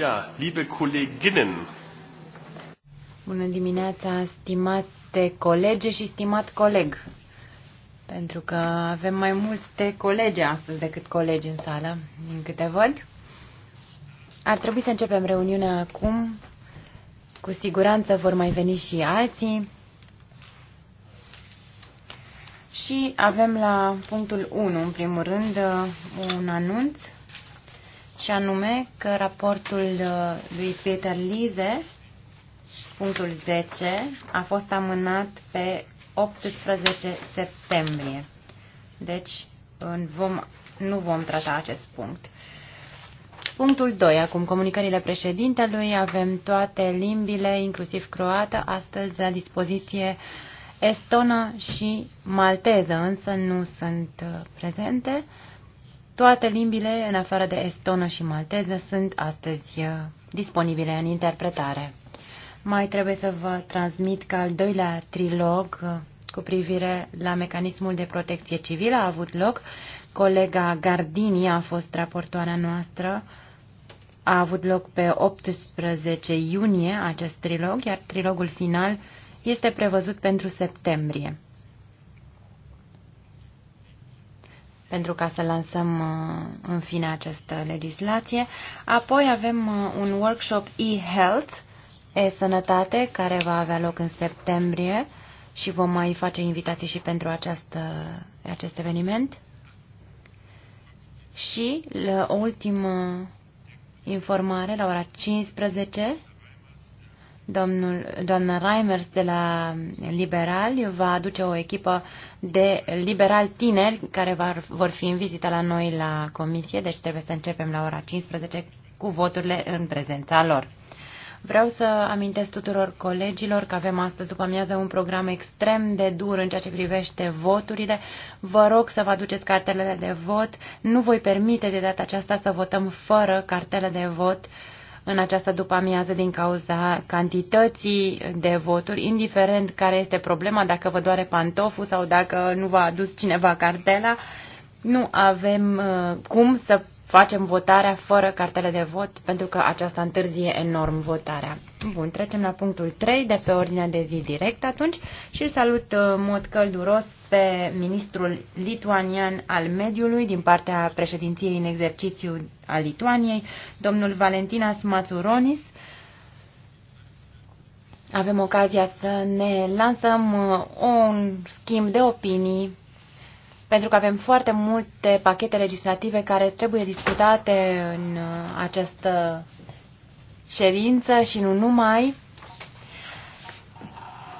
Ja, liebe Kolleginnen. Bună dimineața, stimate colege și stimat coleg. Pentru că avem mai multe colegi astăzi decât colegi în sală, din câte văd. Ar trebui să începem reuniunea acum. Cu siguranță vor mai veni și alții. Și avem la punctul 1, în primul rând, un anunț și anume că raportul uh, lui Peter Lize, punctul 10, a fost amânat pe 18 septembrie. Deci vom, nu vom trata acest punct. Punctul 2. Acum comunicările președintelui. Avem toate limbile, inclusiv croată, astăzi la dispoziție estonă și malteză, însă nu sunt uh, prezente. Toate limbile, în afară de estonă și malteză, sunt astăzi uh, disponibile în interpretare. Mai trebuie să vă transmit că al doilea trilog uh, cu privire la mecanismul de protecție civilă a avut loc. Colega Gardini a fost raportoarea noastră. A avut loc pe 18 iunie acest trilog, iar trilogul final este prevăzut pentru septembrie. pentru ca să lansăm uh, în fine această legislație. Apoi avem uh, un workshop e-health, e-sănătate, care va avea loc în septembrie și vom mai face invitații și pentru această, acest eveniment. Și la ultimă informare la ora 15 Domnul, doamna Reimers de la Liberal va aduce o echipă de liberal tineri care va, vor fi în vizită la noi la comisie, deci trebuie să începem la ora 15 cu voturile în prezența lor. Vreau să amintesc tuturor colegilor că avem astăzi după amiază un program extrem de dur în ceea ce privește voturile. Vă rog să vă aduceți cartelele de vot. Nu voi permite de data aceasta să votăm fără cartele de vot în această după-amiază din cauza cantității de voturi, indiferent care este problema, dacă vă doare pantoful sau dacă nu v-a adus cineva cartela, nu avem uh, cum să facem votarea fără cartele de vot, pentru că aceasta întârzie enorm votarea. Bun, trecem la punctul 3 de pe ordinea de zi direct atunci și îl salut uh, în mod călduros pe ministrul lituanian al mediului din partea președinției în exercițiu a Lituaniei, domnul Valentinas Matsuronis. Avem ocazia să ne lansăm uh, un schimb de opinii pentru că avem foarte multe pachete legislative care trebuie discutate în uh, această ședință și nu numai.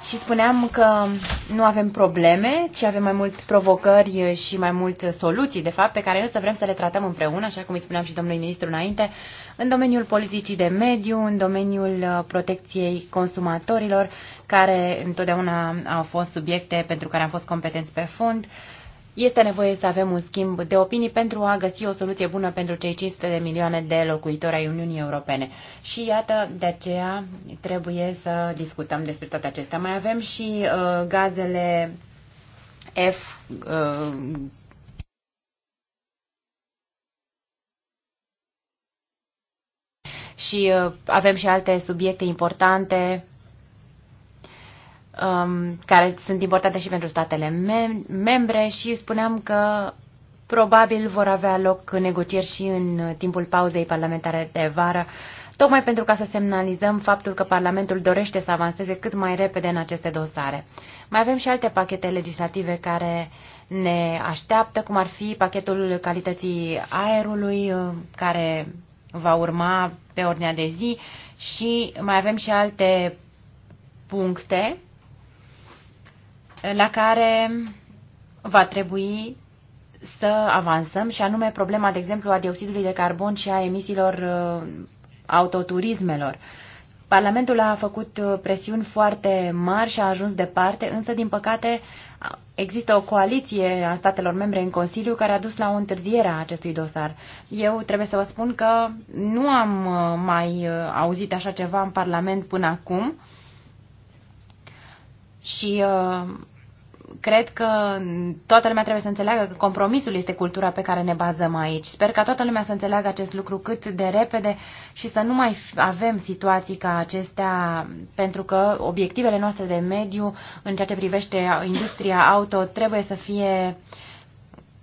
Și spuneam că nu avem probleme, ci avem mai mult provocări și mai mult soluții, de fapt, pe care însă vrem să le tratăm împreună, așa cum îi spuneam și domnului ministru înainte, în domeniul politicii de mediu, în domeniul uh, protecției consumatorilor, care întotdeauna au fost subiecte pentru care am fost competenți pe fond, este nevoie să avem un schimb de opinii pentru a găsi o soluție bună pentru cei 500 de milioane de locuitori ai Uniunii Europene. Și iată, de aceea trebuie să discutăm despre toate acestea. Mai avem și uh, gazele F. Uh, și uh, avem și alte subiecte importante um, care sunt importante și pentru statele mem membre și spuneam că probabil vor avea loc negocieri și în timpul pauzei parlamentare de vară, tocmai pentru ca să semnalizăm faptul că Parlamentul dorește să avanseze cât mai repede în aceste dosare. Mai avem și alte pachete legislative care ne așteaptă, cum ar fi pachetul calității aerului, uh, care va urma pe ordinea de zi și mai avem și alte puncte la care va trebui să avansăm și anume problema, de exemplu, a dioxidului de carbon și a emisiilor uh, autoturismelor. Parlamentul a făcut uh, presiuni foarte mari și a ajuns departe, însă, din păcate, există o coaliție a statelor membre în Consiliu care a dus la o întârziere a acestui dosar. Eu trebuie să vă spun că nu am uh, mai auzit așa ceva în Parlament până acum și uh, cred că toată lumea trebuie să înțeleagă că compromisul este cultura pe care ne bazăm aici. Sper ca toată lumea să înțeleagă acest lucru cât de repede și să nu mai avem situații ca acestea, pentru că obiectivele noastre de mediu în ceea ce privește industria auto trebuie să fie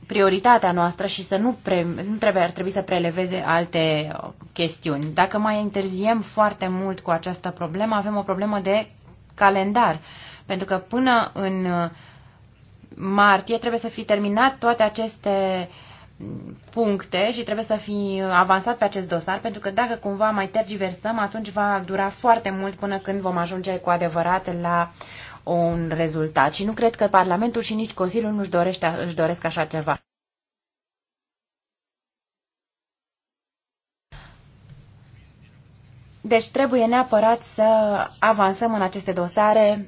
prioritatea noastră și să nu, pre, nu trebuie, ar trebui să preleveze alte uh, chestiuni. Dacă mai interziem foarte mult cu această problemă, avem o problemă de calendar pentru că până în uh, martie trebuie să fi terminat toate aceste mm, puncte și trebuie să fi avansat pe acest dosar, pentru că dacă cumva mai tergiversăm, atunci va dura foarte mult până când vom ajunge cu adevărat la un rezultat. Și nu cred că Parlamentul și nici Consiliul nu-și dorește, își doresc așa ceva. Deci trebuie neapărat să avansăm în aceste dosare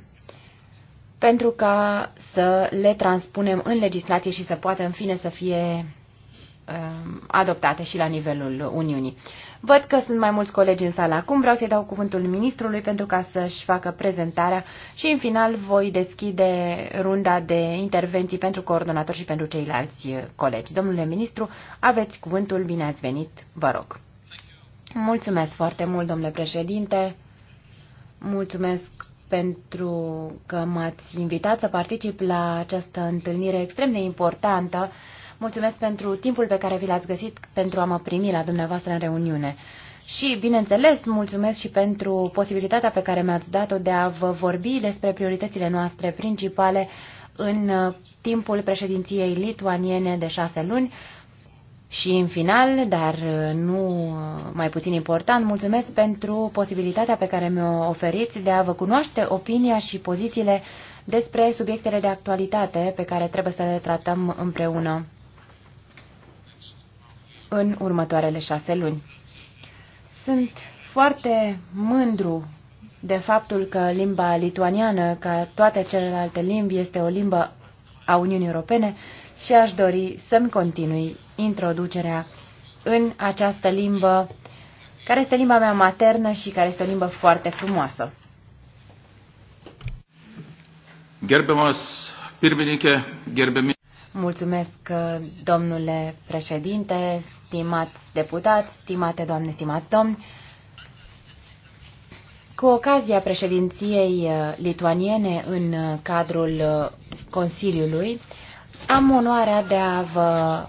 pentru ca să le transpunem în legislație și să poată în fine să fie um, adoptate și la nivelul Uniunii. Văd că sunt mai mulți colegi în sală acum, vreau să-i dau cuvântul ministrului pentru ca să-și facă prezentarea și în final voi deschide runda de intervenții pentru coordonator și pentru ceilalți colegi. Domnule ministru, aveți cuvântul, bine ați venit, vă rog. Mulțumesc foarte mult, domnule președinte, mulțumesc pentru că m-ați invitat să particip la această întâlnire extrem de importantă. Mulțumesc pentru timpul pe care vi l-ați găsit pentru a mă primi la dumneavoastră în reuniune. Și, bineînțeles, mulțumesc și pentru posibilitatea pe care mi-ați dat-o de a vă vorbi despre prioritățile noastre principale în timpul președinției lituaniene de șase luni, și în final, dar uh, nu mai puțin important, mulțumesc pentru posibilitatea pe care mi-o oferiți de a vă cunoaște opinia și pozițiile despre subiectele de actualitate pe care trebuie să le tratăm împreună în următoarele șase luni. Sunt foarte mândru de faptul că limba lituaniană, ca toate celelalte limbi, este o limbă a Uniunii Europene, și aș dori să-mi continui introducerea în această limbă, care este limba mea maternă și care este o limbă foarte frumoasă. Gerbemos, pirmininkė, gerbemi... Mulțumesc, domnule președinte, stimați deputați, stimate doamne, stimați domni. Cu ocazia președinției lituaniene în cadrul Consiliului, am onoarea de a vă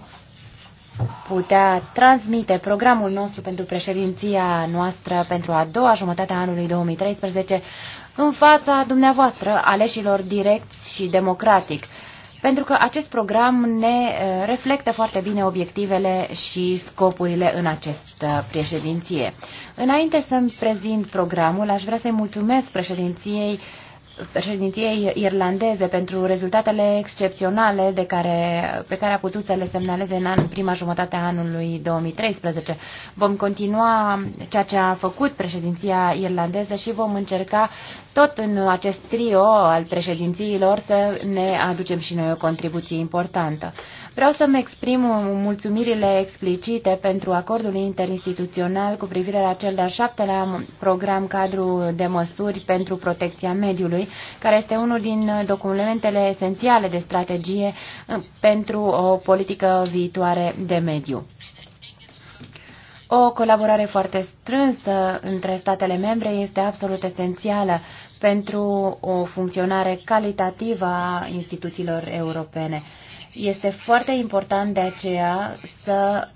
putea transmite programul nostru pentru președinția noastră pentru a doua jumătate a anului 2013 în fața dumneavoastră, aleșilor direcți și democratic, pentru că acest program ne eh, reflectă foarte bine obiectivele și scopurile în această președinție. Înainte să-mi prezint programul, aș vrea să-i mulțumesc președinției președintiei irlandeze pentru rezultatele excepționale de care, pe care a putut să le semnaleze în an, prima jumătate a anului 2013. Vom continua ceea ce a făcut președinția irlandeză și vom încerca tot în acest trio al președințiilor să ne aducem și noi o contribuție importantă. Vreau să-mi exprim mulțumirile explicite pentru acordul interinstituțional cu privire la cel de-al șaptelea program cadru de măsuri pentru protecția mediului, care este unul din documentele esențiale de strategie uh, pentru o politică viitoare de mediu. O colaborare foarte strânsă între statele membre este absolut esențială pentru o funcționare calitativă a instituțiilor europene. Este foarte important de aceea să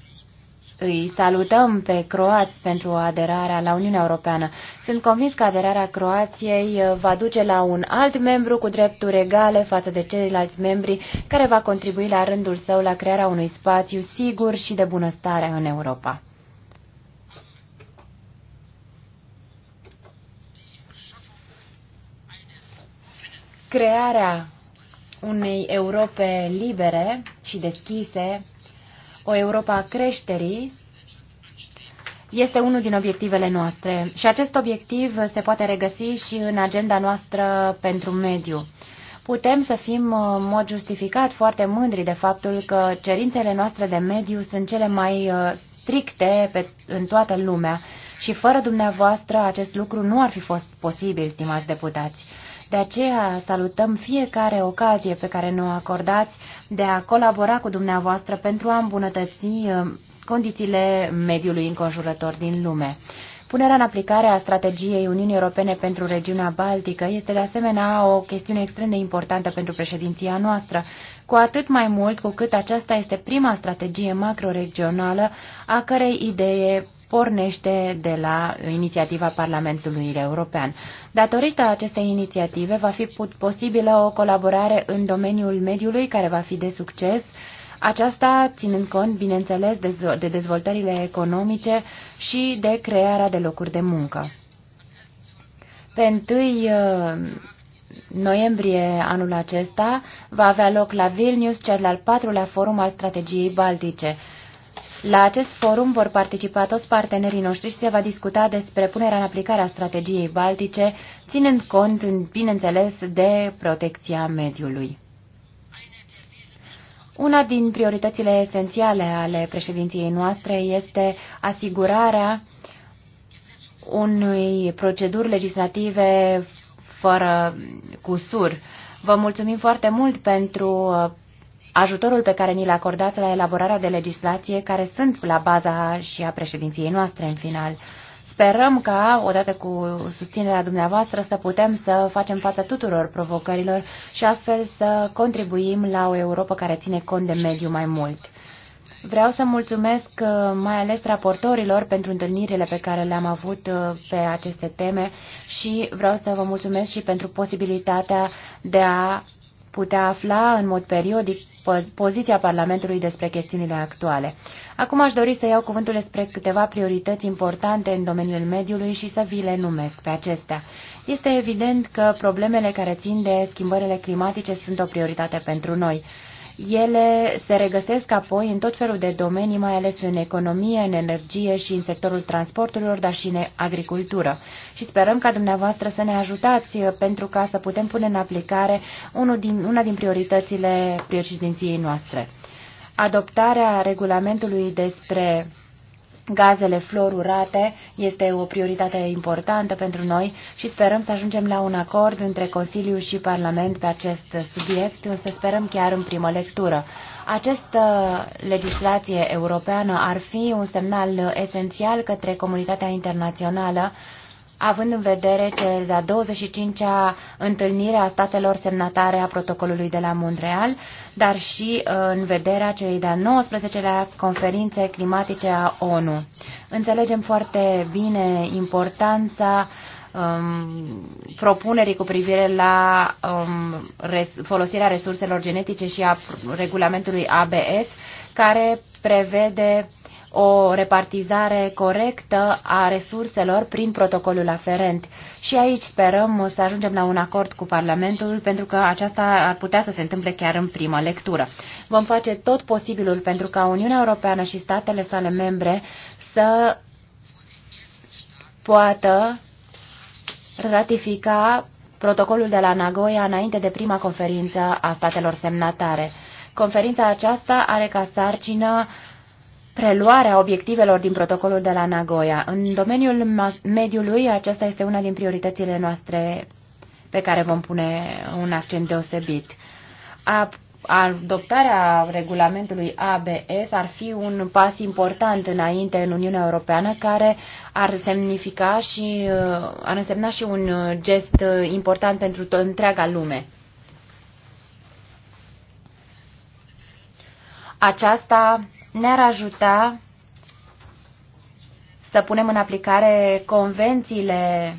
îi salutăm pe croați pentru aderarea la Uniunea Europeană. Sunt convins că aderarea Croației uh, va duce la un alt membru cu drepturi egale față de ceilalți membri, care va contribui la rândul său la crearea unui spațiu sigur și de bunăstare în Europa. Crearea unei Europe libere și deschise, o Europa a creșterii, este unul din obiectivele noastre și acest obiectiv se poate regăsi și în agenda noastră pentru mediu. Putem să fim uh, în mod justificat foarte mândri de faptul că cerințele noastre de mediu sunt cele mai uh, stricte pe, în toată lumea și fără dumneavoastră acest lucru nu ar fi fost posibil, stimați deputați. De aceea salutăm fiecare ocazie pe care ne-o acordați de a colabora cu dumneavoastră pentru a îmbunătăți uh, condițiile mediului înconjurător din lume. Punerea în aplicare a strategiei Uniunii Europene pentru regiunea Baltică este de asemenea o chestiune extrem de importantă pentru președinția noastră, cu atât mai mult cu cât aceasta este prima strategie macroregională a cărei idee pornește de la inițiativa Parlamentului European. Datorită acestei inițiative va fi posibilă o colaborare în domeniul mediului care va fi de succes, aceasta ținând cont, bineînțeles, de dezvoltările economice și de crearea de locuri de muncă. Pe 1 uh, noiembrie anul acesta va avea loc la Vilnius cel al patrulea forum al strategiei baltice. La acest forum vor participa toți partenerii noștri și se va discuta despre punerea în aplicare a strategiei baltice, ținând cont, bineînțeles, de protecția mediului. Una din prioritățile esențiale ale președinției noastre este asigurarea unui proceduri legislative fără cusur. Vă mulțumim foarte mult pentru uh, ajutorul pe care ni l-a acordat la elaborarea de legislație care sunt la baza și a președinției noastre în final. Sperăm ca, odată cu susținerea dumneavoastră, să putem să facem față tuturor provocărilor și astfel să contribuim la o Europa care ține cont de mediu mai mult. Vreau să mulțumesc uh, mai ales raportorilor pentru întâlnirile pe care le-am avut uh, pe aceste teme și vreau să vă mulțumesc și pentru posibilitatea de a putea afla în mod periodic poziția Parlamentului despre chestiunile actuale. Acum aș dori să iau cuvântul despre câteva priorități importante în domeniul mediului și să vi le numesc pe acestea. Este evident că problemele care țin de schimbările climatice sunt o prioritate pentru noi ele se regăsesc apoi în tot felul de domenii, mai ales în economie, în energie și în sectorul transporturilor, dar și în agricultură. Și sperăm ca dumneavoastră să ne ajutați uh, pentru ca să putem pune în aplicare unul din, una din prioritățile președinției noastre. Adoptarea regulamentului despre gazele florurate este o prioritate importantă pentru noi și sperăm să ajungem la un acord între Consiliu și Parlament pe acest subiect, însă sperăm chiar în primă lectură. Această legislație europeană ar fi un semnal esențial către comunitatea internațională având în vedere ce la 25-a întâlnire a statelor semnatare a protocolului de la Montreal, dar și uh, în vederea celei de-a 19-lea conferințe climatice a ONU. Înțelegem foarte bine importanța um, propunerii cu privire la um, res folosirea resurselor genetice și a regulamentului ABS, care prevede o repartizare corectă a resurselor prin protocolul aferent. Și aici sperăm să ajungem la un acord cu Parlamentul, pentru că aceasta ar putea să se întâmple chiar în prima lectură. Vom face tot posibilul pentru ca Uniunea Europeană și statele sale membre să poată ratifica protocolul de la Nagoya înainte de prima conferință a statelor semnatare. Conferința aceasta are ca sarcină preluarea obiectivelor din protocolul de la Nagoya. În domeniul mediului, aceasta este una din prioritățile noastre pe care vom pune un accent deosebit. A adoptarea regulamentului ABS ar fi un pas important înainte în Uniunea Europeană care ar semnifica și uh, ar însemna și un gest important pentru tot, întreaga lume. Aceasta ne-ar ajuta să punem în aplicare convențiile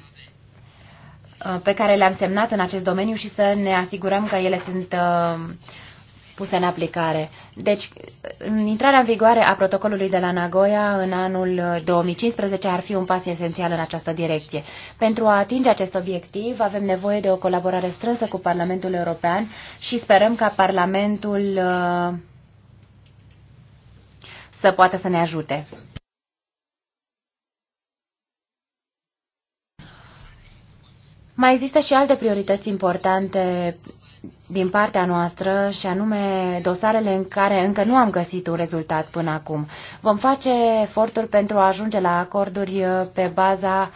uh, pe care le-am semnat în acest domeniu și să ne asigurăm că ele sunt uh, puse în aplicare. Deci, în intrarea în vigoare a protocolului de la Nagoya în anul 2015 ar fi un pas esențial în această direcție. Pentru a atinge acest obiectiv, avem nevoie de o colaborare strânsă cu Parlamentul European și sperăm ca Parlamentul uh, să poată să ne ajute. Mai există și alte priorități importante din partea noastră și anume dosarele în care încă nu am găsit un rezultat până acum. Vom face eforturi pentru a ajunge la acorduri uh, pe baza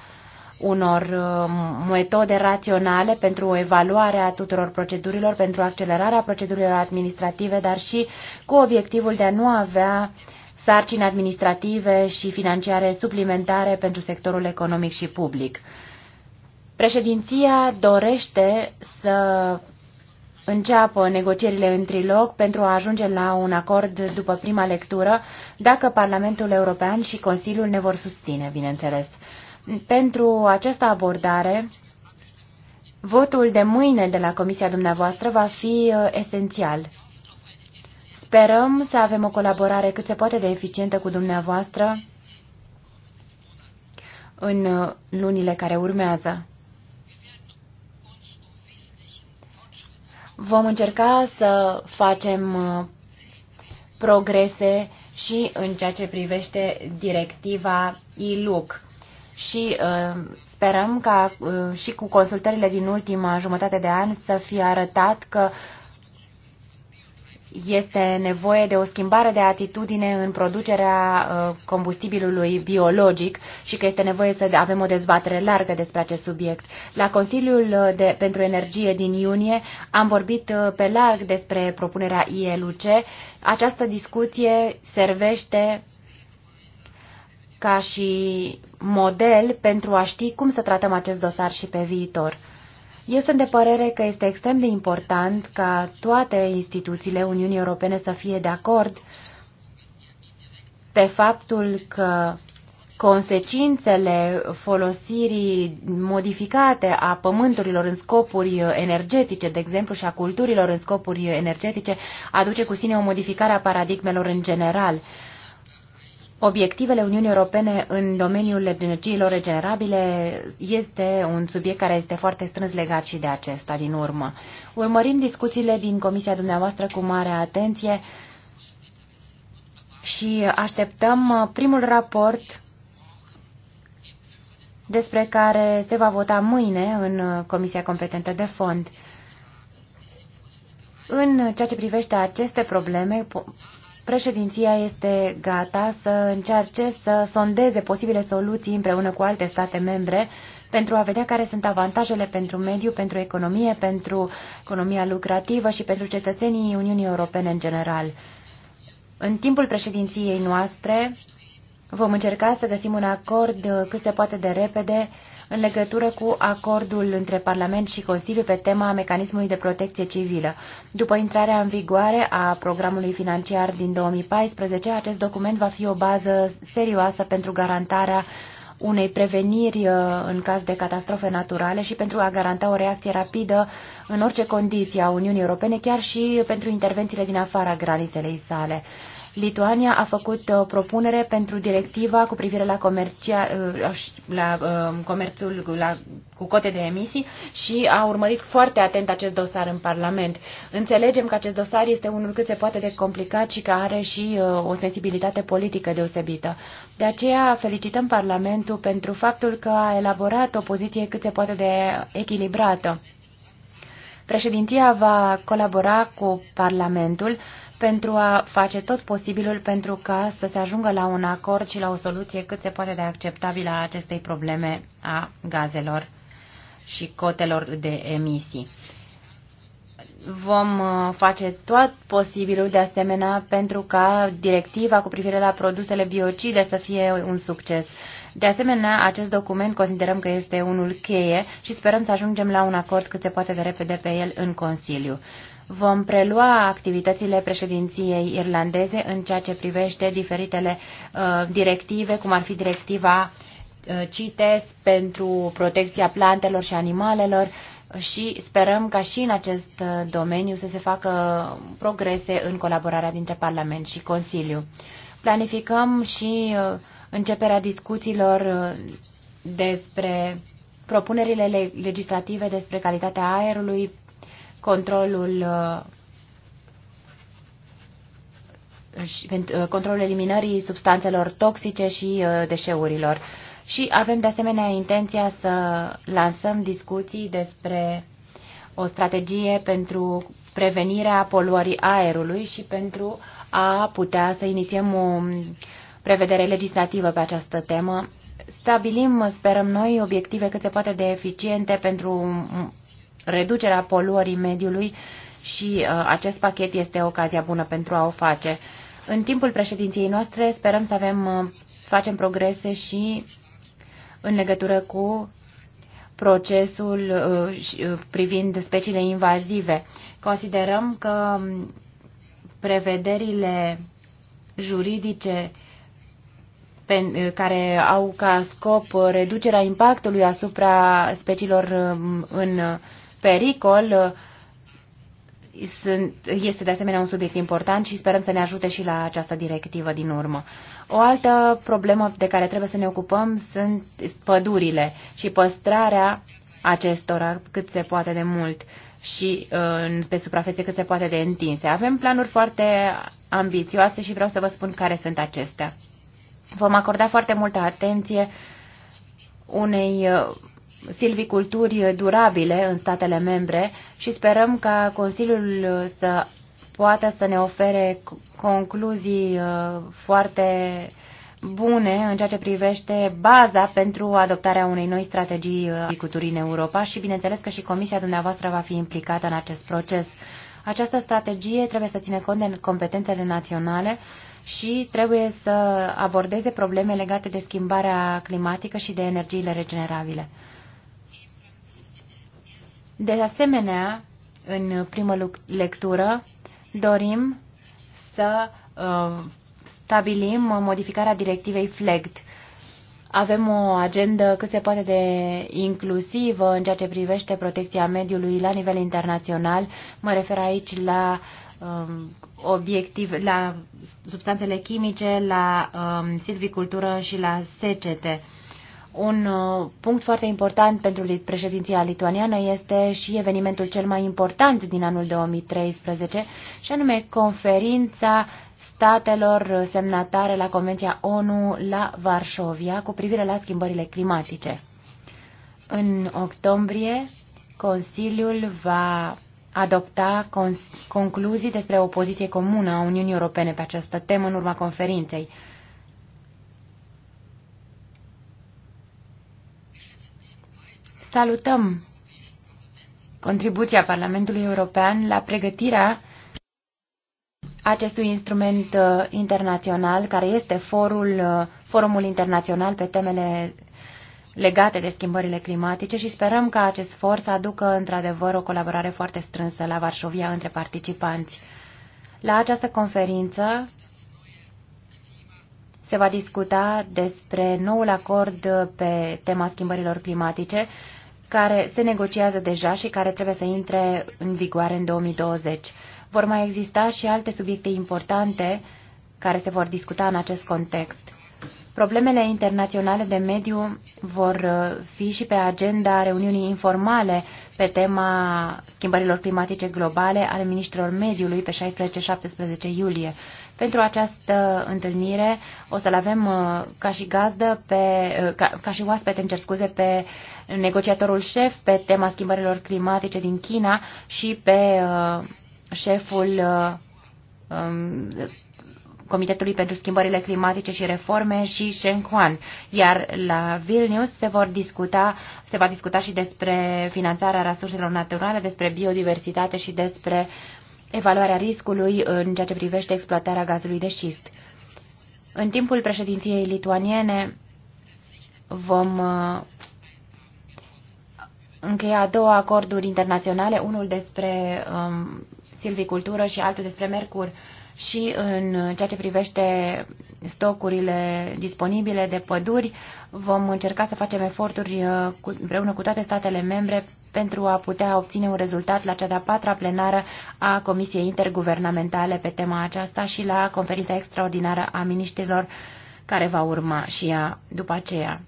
unor uh, metode raționale pentru evaluarea tuturor procedurilor, pentru accelerarea procedurilor administrative, dar și cu obiectivul de a nu avea uh, sarcini administrative și financiare suplimentare pentru sectorul economic și public. Președinția dorește să înceapă negocierile în trilog pentru a ajunge la un acord după prima lectură, dacă Parlamentul European și Consiliul ne vor susține, bineînțeles. Pentru această abordare, votul de mâine de la Comisia dumneavoastră va fi uh, esențial. Sperăm să avem o colaborare cât se poate de eficientă cu dumneavoastră în uh, lunile care urmează. Vom încerca să facem uh, progrese și în ceea ce privește directiva ILUC și uh, sperăm ca uh, și cu consultările din ultima jumătate de an să fie arătat că uh, este nevoie de o schimbare de atitudine în producerea uh, combustibilului biologic și că este nevoie să avem o dezbatere largă despre acest subiect. La Consiliul uh, de, pentru Energie din iunie am vorbit uh, pe larg despre propunerea ILUC. Această discuție servește ca și model pentru a ști cum să tratăm acest dosar și pe viitor. Eu sunt de părere că este extrem de important ca toate instituțiile Uniunii Europene să fie de acord pe faptul că consecințele folosirii modificate a pământurilor în scopuri energetice, de exemplu, și a culturilor în scopuri energetice, aduce cu sine o modificare a paradigmelor în general. Obiectivele Uniunii Europene în domeniul energiilor regenerabile este un subiect care este foarte strâns legat și de acesta din urmă. Urmărim discuțiile din comisia dumneavoastră cu mare atenție și așteptăm uh, primul raport despre care se va vota mâine în uh, Comisia Competentă de Fond. În ceea ce privește aceste probleme, Președinția este gata să încerce să sondeze posibile soluții împreună cu alte state membre pentru a vedea care sunt avantajele pentru mediu, pentru economie, pentru economia lucrativă și pentru cetățenii Uniunii Europene în general. În timpul președinției noastre, Vom încerca să găsim un acord cât se poate de repede în legătură cu acordul între Parlament și Consiliu pe tema mecanismului de protecție civilă. După intrarea în vigoare a programului financiar din 2014, acest document va fi o bază serioasă pentru garantarea unei preveniri uh, în caz de catastrofe naturale și pentru a garanta o reacție rapidă în orice condiție a Uniunii Europene, chiar și pentru intervențiile din afara granițelei sale. Lituania a făcut uh, o propunere pentru directiva cu privire la, comercia, uh, la um, comerțul la, cu cote de emisii și a urmărit foarte atent acest dosar în Parlament. Înțelegem că acest dosar este unul cât se poate de complicat și că are și uh, o sensibilitate politică deosebită. De aceea felicităm Parlamentul pentru faptul că a elaborat o poziție cât se poate de echilibrată. Președintia va colabora cu Parlamentul pentru a face tot posibilul pentru ca să se ajungă la un acord și la o soluție cât se poate de acceptabilă a acestei probleme a gazelor și cotelor de emisii. Vom uh, face tot posibilul de asemenea pentru ca directiva cu privire la produsele biocide să fie un succes. De asemenea, acest document considerăm că este unul cheie și sperăm să ajungem la un acord cât se poate de repede pe el în Consiliu. Vom prelua activitățile președinției irlandeze în ceea ce privește diferitele uh, directive, cum ar fi directiva uh, CITES pentru protecția plantelor și animalelor și sperăm ca și în acest uh, domeniu să se facă progrese în colaborarea dintre Parlament și Consiliu. Planificăm și uh, începerea discuțiilor uh, despre propunerile legislative despre calitatea aerului controlul uh, uh, controlul eliminării substanțelor toxice și uh, deșeurilor. Și avem de asemenea intenția să lansăm discuții despre o strategie pentru prevenirea poluării aerului și pentru a putea să inițiem o prevedere legislativă pe această temă. Stabilim, sperăm noi, obiective cât se poate de eficiente pentru reducerea poluării mediului și uh, acest pachet este ocazia bună pentru a o face. În timpul președinției noastre sperăm să avem, uh, facem progrese și în legătură cu procesul uh, privind speciile invazive. Considerăm că um, prevederile juridice care au ca scop reducerea impactului asupra speciilor um, în pericol uh, sunt, este de asemenea un subiect important și sperăm să ne ajute și la această directivă din urmă. O altă problemă de care trebuie să ne ocupăm sunt pădurile și păstrarea acestora cât se poate de mult și uh, pe suprafețe cât se poate de întinse. Avem planuri foarte ambițioase și vreau să vă spun care sunt acestea. Vom acorda foarte multă atenție unei uh, silviculturi durabile în statele membre și sperăm ca Consiliul să poată să ne ofere concluzii uh, foarte bune în ceea ce privește baza pentru adoptarea unei noi strategii uh, agriculturii în Europa și bineînțeles că și Comisia dumneavoastră va fi implicată în acest proces. Această strategie trebuie să ține cont de competențele naționale și trebuie să abordeze probleme legate de schimbarea climatică și de energiile regenerabile. De asemenea, în primă lectură, dorim să uh, stabilim modificarea directivei FLEGT. Avem o agendă cât se poate de inclusivă în ceea ce privește protecția mediului la nivel internațional. Mă refer aici la um, obiectiv, la substanțele chimice, la um, silvicultură și la secete. Uh, un uh, punct foarte important pentru președinția lituaniană este și evenimentul cel mai important din anul 2013, și anume conferința statelor semnatare la Convenția ONU la Varșovia cu privire la schimbările climatice. În octombrie, Consiliul va adopta concluzii despre o poziție comună a Uniunii Europene pe această temă în urma conferinței. Salutăm contribuția Parlamentului European la pregătirea acestui instrument uh, internațional, care este forul, uh, forumul internațional pe temele legate de schimbările climatice și sperăm ca acest for să aducă într-adevăr o colaborare foarte strânsă la Varșovia între participanți. La această conferință se va discuta despre noul acord pe tema schimbărilor climatice care se negociază deja și care trebuie să intre în vigoare în 2020. Vor mai exista și alte subiecte importante care se vor discuta în acest context. Problemele internaționale de mediu vor uh, fi și pe agenda reuniunii informale pe tema schimbărilor climatice globale ale ministrilor mediului pe 16-17 iulie. Pentru această întâlnire o să-l avem uh, ca și gazdă, pe, uh, ca, ca și oaspete, îmi cer scuze, pe negociatorul șef pe tema schimbărilor climatice din China și pe uh, șeful um, Comitetului pentru Schimbările Climatice și Reforme și Shen Huan. Iar la Vilnius se, vor discuta, se va discuta și despre finanțarea resurselor naturale, despre biodiversitate și despre evaluarea riscului în ceea ce privește exploatarea gazului de șist. În timpul președinției lituaniene vom uh, încheia două acorduri internaționale, unul despre um, silvicultură și altul despre mercur și în ceea ce privește stocurile disponibile de păduri, vom încerca să facem eforturi uh, împreună cu toate statele membre pentru a putea obține un rezultat la cea de-a patra plenară a Comisiei Interguvernamentale pe tema aceasta și la conferința extraordinară a miniștrilor care va urma și ea după aceea.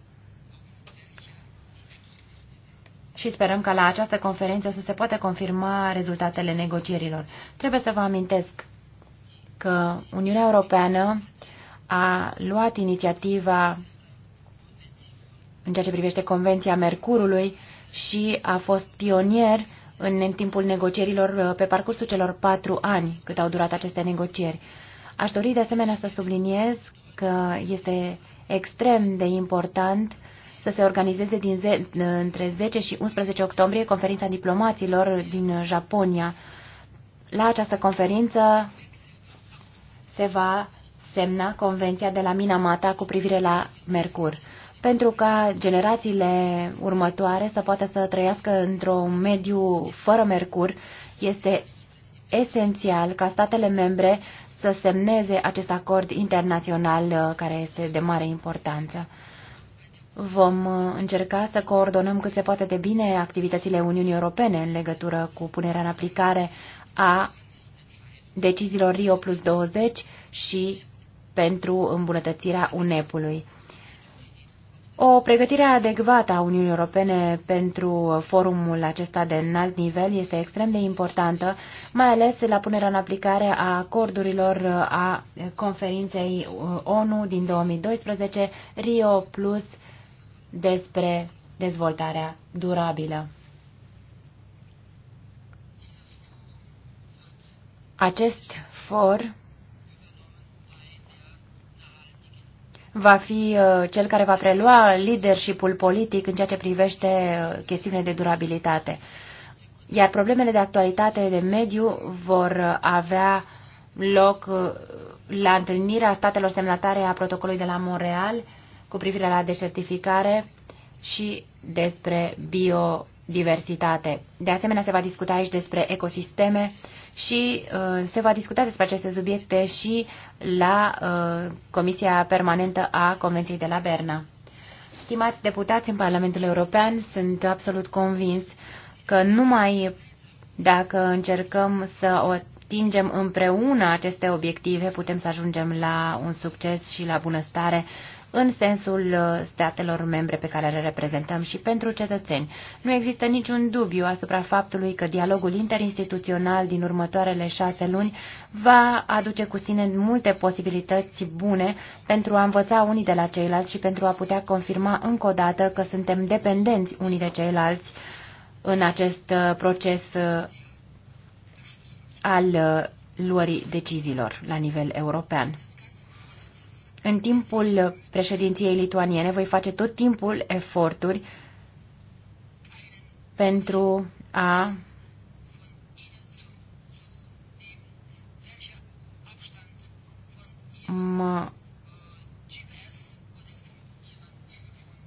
și sperăm ca la această conferință să se poată confirma rezultatele negocierilor. Trebuie să vă amintesc că Uniunea Europeană a luat inițiativa în ceea ce privește Convenția Mercurului și a fost pionier în timpul negocierilor uh, pe parcursul celor patru ani cât au durat aceste negocieri. Aș dori de asemenea să subliniez că este extrem de important să se organizeze din ze- uh, între 10 și 11 octombrie conferința diplomaților din Japonia. La această conferință se va semna Convenția de la Minamata cu privire la Mercur, pentru ca generațiile următoare să poată să trăiască într-un mediu fără Mercur, este esențial ca statele membre să semneze acest acord internațional uh, care este de mare importanță. Vom uh, încerca să coordonăm cât se poate de bine activitățile Uniunii Europene în legătură cu punerea în aplicare a deciziilor Rio plus 20 și pentru îmbunătățirea UNEP-ului. O pregătire adecvată a Uniunii Europene pentru forumul acesta de înalt nivel este extrem de importantă, mai ales la punerea în aplicare a acordurilor a conferinței ONU din 2012, Rio Plus, despre dezvoltarea durabilă. Acest for va fi uh, cel care va prelua leadership-ul politic în ceea ce privește uh, chestiunile de durabilitate. Iar problemele de actualitate de mediu vor uh, avea loc la întâlnirea statelor semnatare a protocolului de la Montreal cu privire la desertificare și despre biodiversitate. De asemenea, se va discuta aici despre ecosisteme și uh, se va discuta despre aceste subiecte și la uh, Comisia Permanentă a Convenției de la Berna. Stimați deputați în Parlamentul European, sunt absolut convins că numai dacă încercăm să atingem împreună aceste obiective, putem să ajungem la un succes și la bunăstare în sensul uh, statelor membre pe care le reprezentăm și pentru cetățeni. Nu există niciun dubiu asupra faptului că dialogul interinstituțional din următoarele șase luni va aduce cu sine multe posibilități bune pentru a învăța unii de la ceilalți și pentru a putea confirma încă o dată că suntem dependenți unii de ceilalți în acest uh, proces uh, al luării deciziilor la nivel european. În timpul președinției lituaniene voi face tot timpul eforturi pentru a mă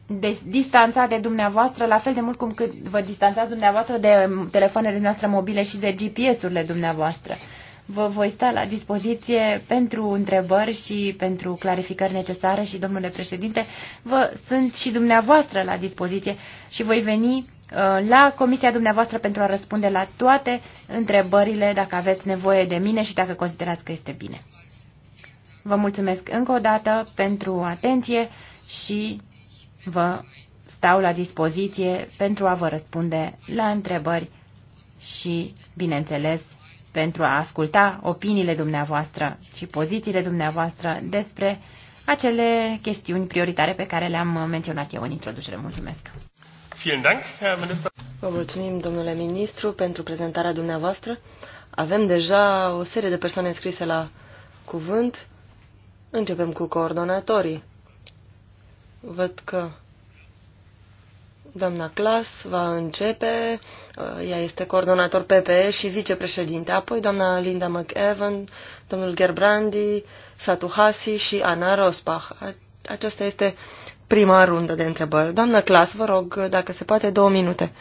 de distanța de dumneavoastră la fel de mult cum cât vă distanțați dumneavoastră de telefoanele noastre mobile și de GPS-urile dumneavoastră. Vă voi sta la dispoziție pentru întrebări și pentru clarificări necesare și, domnule președinte, vă sunt și dumneavoastră la dispoziție și voi veni uh, la comisia dumneavoastră pentru a răspunde la toate întrebările dacă aveți nevoie de mine și dacă considerați că este bine. Vă mulțumesc încă o dată pentru atenție și vă stau la dispoziție pentru a vă răspunde la întrebări și, bineînțeles, pentru a asculta opiniile dumneavoastră și pozițiile dumneavoastră despre acele chestiuni prioritare pe care le-am menționat eu în introducere. Mulțumesc! Vă mulțumim, domnule ministru, pentru prezentarea dumneavoastră. Avem deja o serie de persoane înscrise la cuvânt. Începem cu coordonatorii. Văd că Doamna Clas va începe, uh, ea este coordonator PPE și vicepreședinte, apoi doamna Linda McEvan, domnul Gerbrandi, Satu Hasi și Ana Rosbach. Aceasta este prima rundă de întrebări. Doamna Clas, vă rog, dacă se poate, două minute.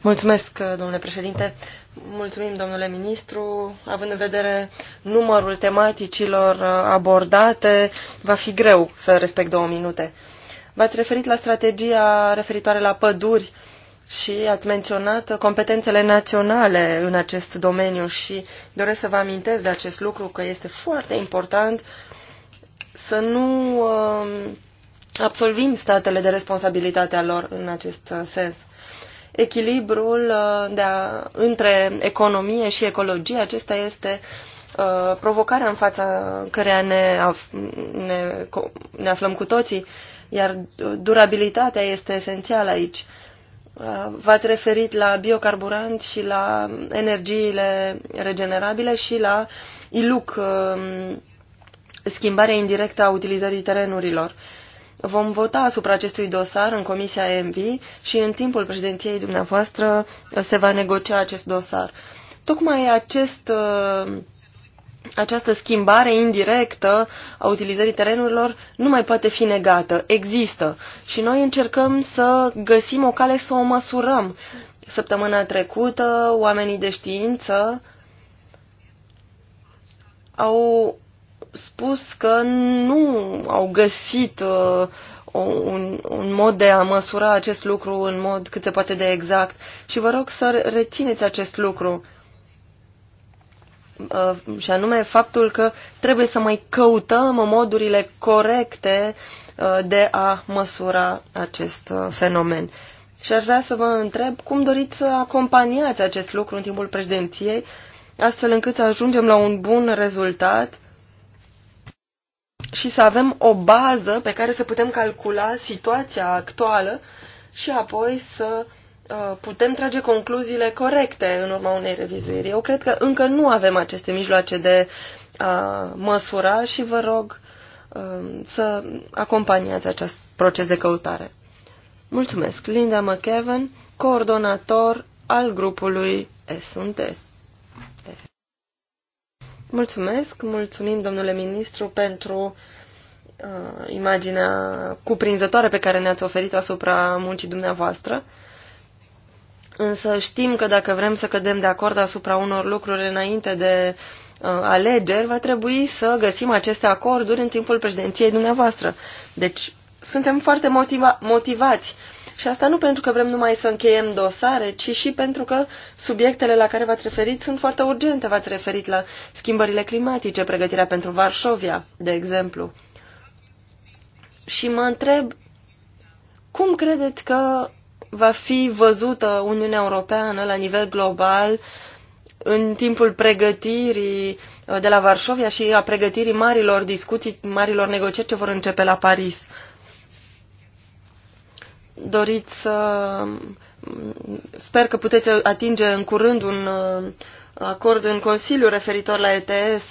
Mulțumesc, uh, domnule președinte. Mulțumim, domnule ministru. Având în vedere numărul tematicilor uh, abordate, va fi greu să respect două minute. V-ați referit la strategia referitoare la păduri și ați menționat competențele naționale în acest domeniu și doresc să vă amintesc de acest lucru că este foarte important să nu um, absolvim statele de responsabilitatea lor în acest sens. Echilibrul uh, de a, între economie și ecologie, acesta este uh, provocarea în fața căreia ne, af, ne, ne aflăm cu toții iar durabilitatea este esențială aici. Uh, v-ați referit la biocarburanți și la energiile regenerabile și la ILUC, um, schimbarea indirectă a utilizării terenurilor. Vom vota asupra acestui dosar în Comisia MV și în timpul președinției dumneavoastră se va negocia acest dosar. Tocmai acest uh, această schimbare indirectă a utilizării terenurilor nu mai poate fi negată, există. Și noi încercăm să găsim o cale să o măsurăm. Săptămâna trecută, oamenii de știință au spus că nu au găsit uh, un, un mod de a măsura acest lucru în mod cât se poate de exact. Și vă rog să rețineți acest lucru Uh, și anume faptul că trebuie să mai căutăm modurile corecte uh, de a măsura acest uh, fenomen. Și aș vrea să vă întreb cum doriți să acompaniați acest lucru în timpul președinției, astfel încât să ajungem la un bun rezultat și să avem o bază pe care să putem calcula situația actuală și apoi să Uh, putem trage concluziile corecte în urma unei revizuiri. Eu cred că încă nu avem aceste mijloace de a uh, măsura și vă rog um, să acompaniați acest proces de căutare. Mulțumesc, Linda McEvan, coordonator al grupului S&T. Mulțumesc, mulțumim, domnule ministru, pentru uh, imaginea cuprinzătoare pe care ne-ați oferit-o asupra muncii dumneavoastră. Însă știm că dacă vrem să cădem de acord asupra unor lucruri înainte de uh, alegeri, va trebui să găsim aceste acorduri în timpul președinției dumneavoastră. Deci suntem foarte motiva- motivați. Și asta nu pentru că vrem numai să încheiem dosare, ci și pentru că subiectele la care v-ați referit sunt foarte urgente. V-ați referit la schimbările climatice, pregătirea pentru Varșovia, de exemplu. Și mă întreb, cum credeți că va fi văzută Uniunea Europeană la nivel global în timpul pregătirii uh, de la Varșovia și a pregătirii marilor discuții, marilor negocieri ce vor începe la Paris. Doriți să... Mm, sper că puteți atinge în curând un uh, acord în Consiliu referitor la ETS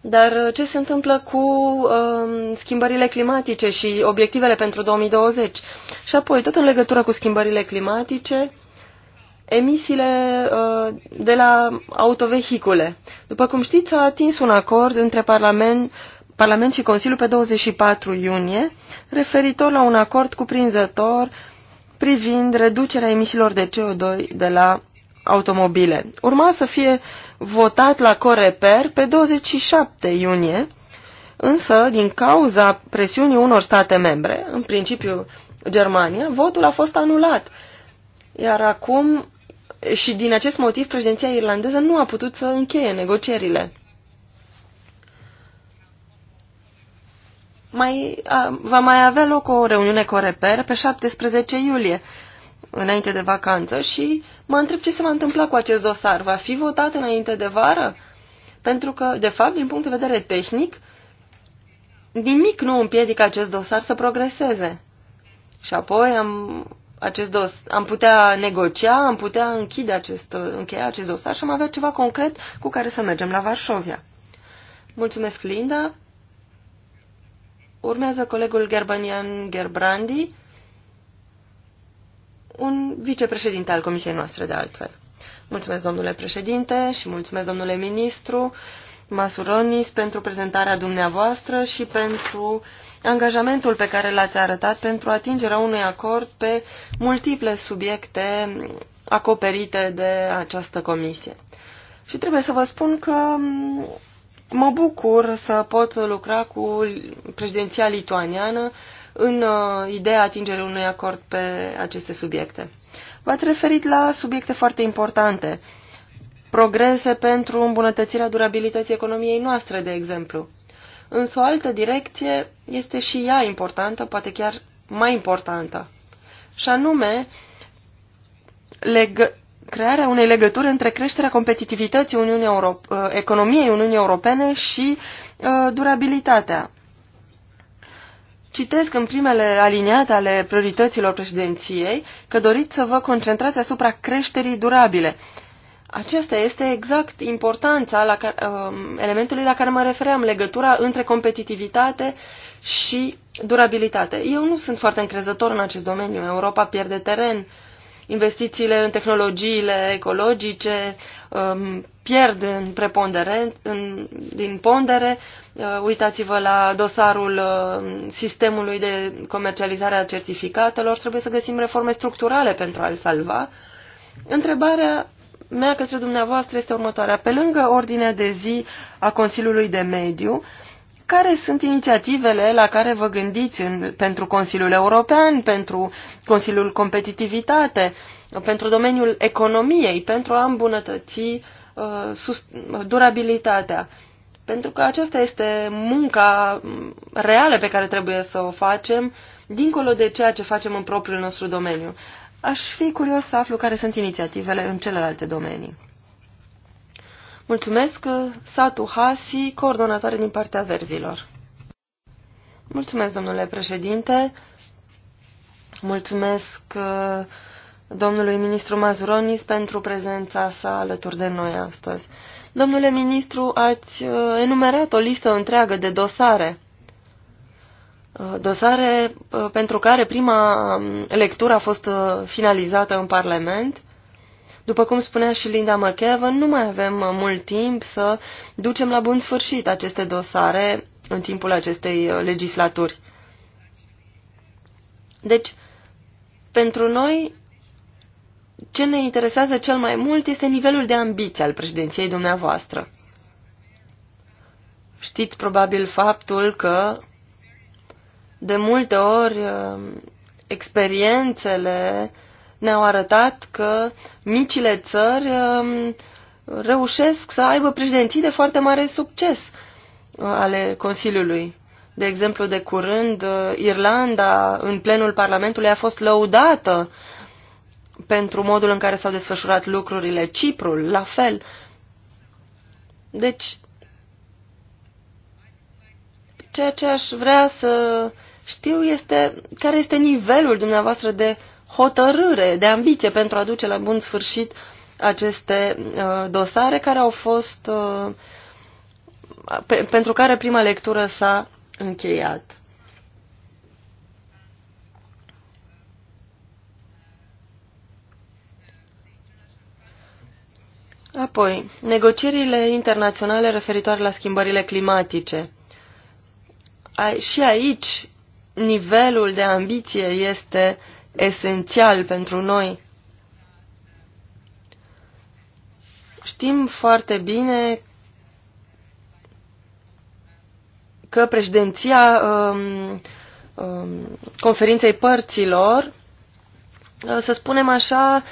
dar uh, ce se întâmplă cu uh, schimbările climatice și obiectivele pentru 2020? Și apoi, tot în legătură cu schimbările climatice, emisiile uh, de la autovehicule. După cum știți, a atins un acord între Parlament, Parlament și Consiliu pe 24 iunie referitor la un acord cuprinzător privind reducerea emisiilor de CO2 de la automobile. Urma să fie uh, votat la Coreper pe 27 iunie, însă din cauza presiunii unor state membre, în principiu Germania, votul a fost anulat. Iar acum și din acest motiv președinția irlandeză nu a putut să încheie negocierile. Mai, a, va mai avea loc o reuniune Coreper pe 17 iulie, înainte de vacanță, și uh, Mă întreb ce se va întâmpla cu acest dosar. Va fi votat înainte de vară? Pentru că, de fapt, din punct de vedere tehnic, nimic nu împiedică acest dosar să progreseze. Și apoi am, acest dos, am putea negocia, am putea închide acest, încheia acest dosar și am avea ceva concret cu care să mergem la Varșovia. Mulțumesc, Linda. Urmează colegul Gerbanian Gerbrandi un vicepreședinte al comisiei noastre, de altfel. Mulțumesc, domnule președinte, și mulțumesc, domnule ministru Masuronis, pentru prezentarea dumneavoastră și pentru angajamentul pe care l-ați arătat pentru atingerea unui acord pe multiple subiecte acoperite de această comisie. Și trebuie să vă spun că mm, mă bucur să pot lucra cu președinția lituaniană în uh, ideea atingerii unui acord pe aceste subiecte. V-ați referit la subiecte foarte importante, progrese pentru îmbunătățirea durabilității economiei noastre, de exemplu. Însă o altă direcție este și ea importantă, poate chiar mai importantă, și anume legă crearea unei legături între creșterea competitivității Uniunii Europe, uh, economiei Uniunii Europene și uh, durabilitatea. Citesc în primele aliniate ale priorităților președinției că doriți să vă concentrați asupra creșterii durabile. Aceasta este exact importanța la care, um, elementului la care mă refeream, legătura între competitivitate și durabilitate. Eu nu sunt foarte încrezător în acest domeniu. Europa pierde teren. Investițiile în tehnologiile ecologice um, pierd în preponderent, în, din pondere. Uh, Uh, uitați-vă la dosarul uh, sistemului de comercializare a certificatelor. Trebuie să găsim reforme structurale pentru a-l salva. Întrebarea mea către dumneavoastră este următoarea. Pe lângă ordinea de zi a Consiliului de Mediu, care sunt inițiativele la care vă gândiți în, pentru Consiliul European, pentru Consiliul Competitivitate, pentru domeniul economiei, pentru a îmbunătăți uh, durabilitatea? Pentru că aceasta este munca reală pe care trebuie să o facem, dincolo de ceea ce facem în propriul nostru domeniu. Aș fi curios să aflu care sunt inițiativele în celelalte domenii. Mulțumesc, Satu Hasi, coordonatoare din partea verzilor. Mulțumesc, domnule președinte. Mulțumesc domnului ministru Mazuronis pentru prezența sa alături de noi astăzi. Domnule ministru, ați uh, enumerat o listă întreagă de dosare. Uh, dosare uh, pentru care prima um, lectură a fost finalizată în Parlament. După cum spunea și Linda McEvan, nu mai avem mult timp să ducem la bun sfârșit aceste dosare în timpul acestei legislaturi. Deci, pentru noi ce ne interesează cel mai mult este nivelul de ambiție al președinției dumneavoastră. Știți probabil faptul că de multe ori um, experiențele ne-au arătat că micile țări um, reușesc să aibă președinții de foarte mare succes uh, ale Consiliului. De exemplu, de curând, uh, Irlanda, în plenul Parlamentului, a fost lăudată pentru modul în care s-au desfășurat lucrurile. Ciprul, la fel. Deci, ceea ce aș vrea să știu este care este nivelul dumneavoastră de hotărâre, de ambiție pentru a duce la bun sfârșit aceste uh, dosare care au fost, uh, pe, pentru care prima lectură s-a încheiat. Apoi, negocierile internaționale referitoare la schimbările climatice. A, și aici, nivelul de ambiție este esențial pentru noi. Știm foarte bine că președinția um, um, conferinței părților, să spunem așa,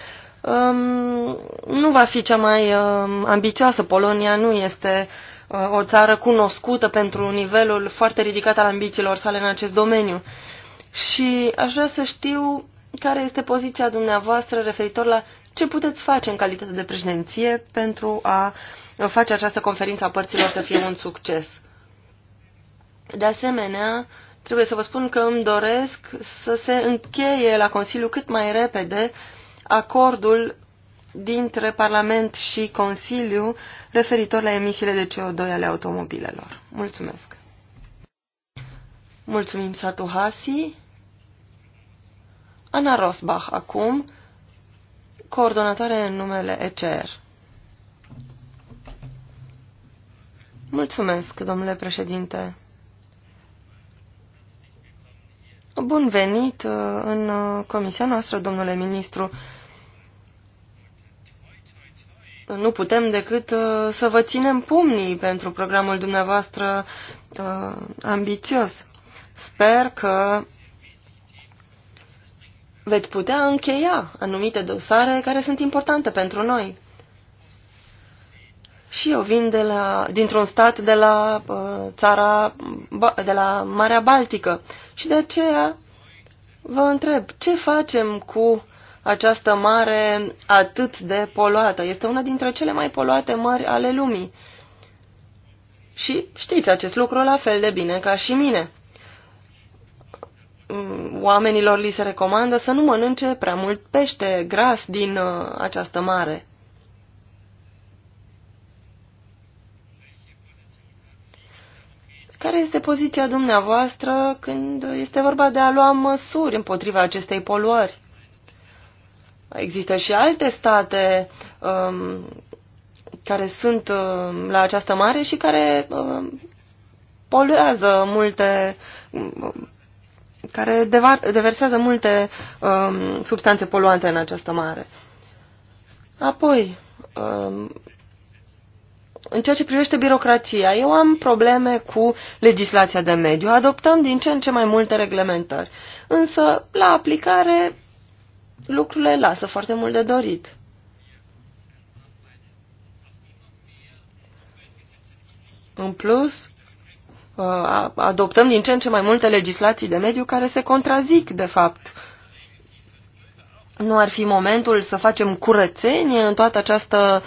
Um, nu va fi cea mai um, ambițioasă. Polonia nu este uh, o țară cunoscută pentru nivelul foarte ridicat al ambițiilor sale în acest domeniu. Și aș vrea să știu care este poziția dumneavoastră referitor la ce puteți face în calitate de președinție pentru a face această conferință a părților să fie un succes. De asemenea, trebuie să vă spun că îmi doresc să se încheie la Consiliu cât mai repede uh, acordul dintre Parlament și Consiliu referitor la emisiile de CO2 ale automobilelor. Mulțumesc! Mulțumim, Satu Hasi. Ana Rosbach, acum, coordonatoare în numele ECR. Mulțumesc, domnule președinte. Bun venit uh, în uh, comisia noastră, domnule ministru nu putem decât uh, să vă ținem pumnii pentru programul dumneavoastră uh, ambițios. Sper că veți putea încheia anumite dosare care sunt importante pentru noi. Și eu vin de la, dintr-un stat de la uh, țara, de la Marea Baltică și de aceea vă întreb ce facem cu această mare atât de poluată. Este una dintre cele mai poluate mări ale lumii. Și știți acest lucru la fel de bine ca și mine. Mm, oamenilor li se recomandă să nu mănânce prea mult pește gras din uh, această mare. Care este poziția dumneavoastră când este vorba de a lua măsuri împotriva acestei poluări? Există și alte state um, care sunt um, la această mare și care um, poluează multe, um, care deversează multe um, substanțe poluante în această mare. Apoi, um, în ceea ce privește birocrația, eu am probleme cu legislația de mediu. Adoptăm din ce în ce mai multe reglementări. Însă, la aplicare, lucrurile lasă foarte mult de dorit. În plus, uh, adoptăm din ce în ce mai multe legislații de mediu care se contrazic, de fapt. Nu ar fi momentul să facem curățenie în toată această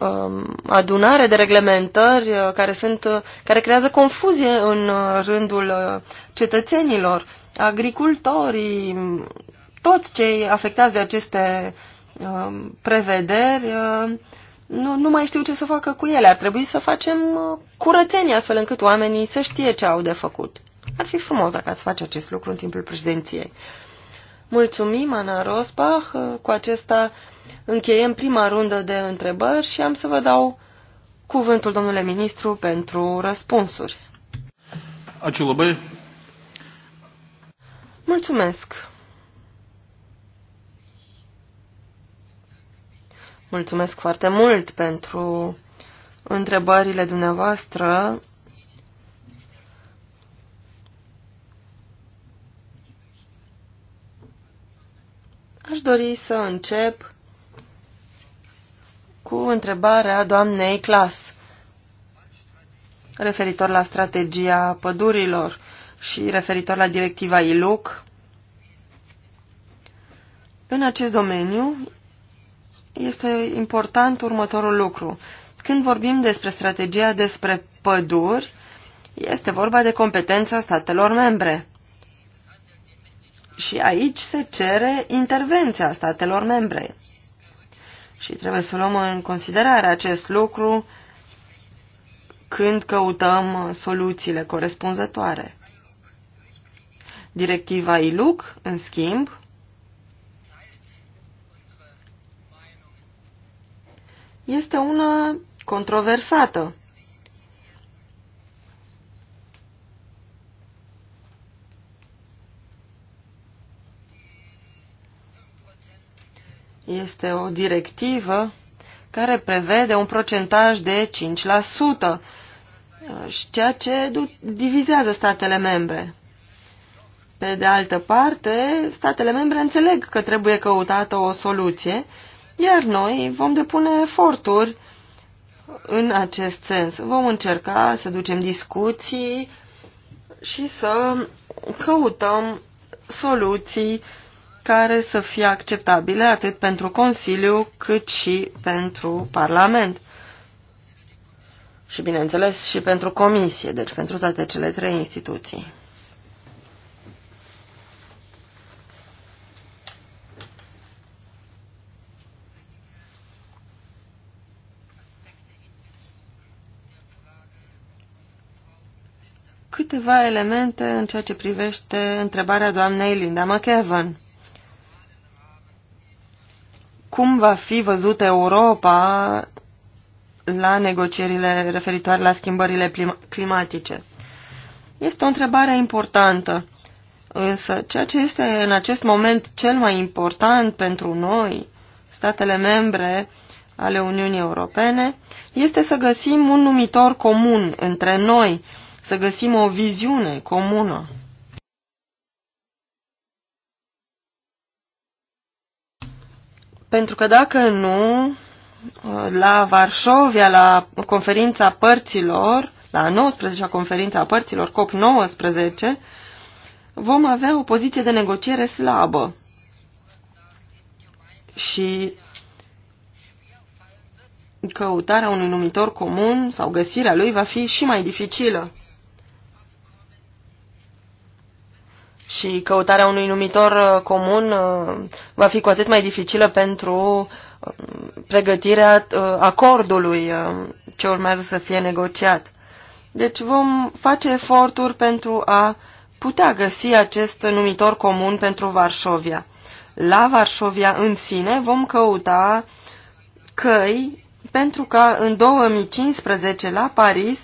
um, adunare de reglementări uh, care, sunt, uh, care creează confuzie în rândul cetățenilor. Agricultorii, toți cei afectați de aceste um, prevederi um, nu, nu mai știu ce să facă cu ele. Ar trebui să facem uh, curățenie astfel încât oamenii să știe ce au de făcut. Ar fi frumos dacă ați face acest lucru în timpul președinției. Mulțumim, Ana Rosbach. Uh, cu acesta încheiem prima rundă de întrebări și am să vă dau cuvântul, domnule ministru, pentru răspunsuri. Aciulăbăi. Mulțumesc. Mulțumesc foarte mult pentru întrebările dumneavoastră. Aș dori să încep cu întrebarea doamnei Clas referitor la strategia pădurilor și referitor la directiva ILUC. În acest domeniu este important următorul lucru. Când vorbim despre strategia despre păduri, este vorba de competența statelor membre. Și aici se cere intervenția statelor membre. Și trebuie să luăm în considerare acest lucru când căutăm soluțiile corespunzătoare. Directiva ILUC, în schimb, este una controversată. Este o directivă care prevede un procentaj de 5%, uh, ceea ce divizează statele membre. Pe de altă parte, statele membre înțeleg că trebuie căutată o soluție iar noi vom depune eforturi în acest sens. Vom încerca să ducem discuții și să căutăm soluții care să fie acceptabile atât pentru Consiliu cât și pentru Parlament. Și bineînțeles și pentru Comisie, deci pentru toate cele trei instituții. câteva elemente în ceea ce privește întrebarea doamnei Linda McEvan. Cum va fi văzută Europa la negocierile referitoare la schimbările climatice? Este o întrebare importantă, însă ceea ce este în acest moment cel mai important pentru noi, statele membre ale Uniunii Europene, este să găsim un numitor comun între noi, să găsim o viziune comună. Pentru că dacă nu, la Varșovia, la conferința părților, la 19-a conferință a părților, COP19, vom avea o poziție de negociere slabă. Și căutarea unui numitor comun sau găsirea lui va fi și mai dificilă. și căutarea unui numitor uh, comun uh, va fi cu atât mai dificilă pentru uh, pregătirea acordului ce urmează să fie negociat. Deci vom face eforturi pentru a putea găsi acest numitor comun pentru Varșovia. La Varșovia în sine vom căuta căi pentru ca în 2015 la Paris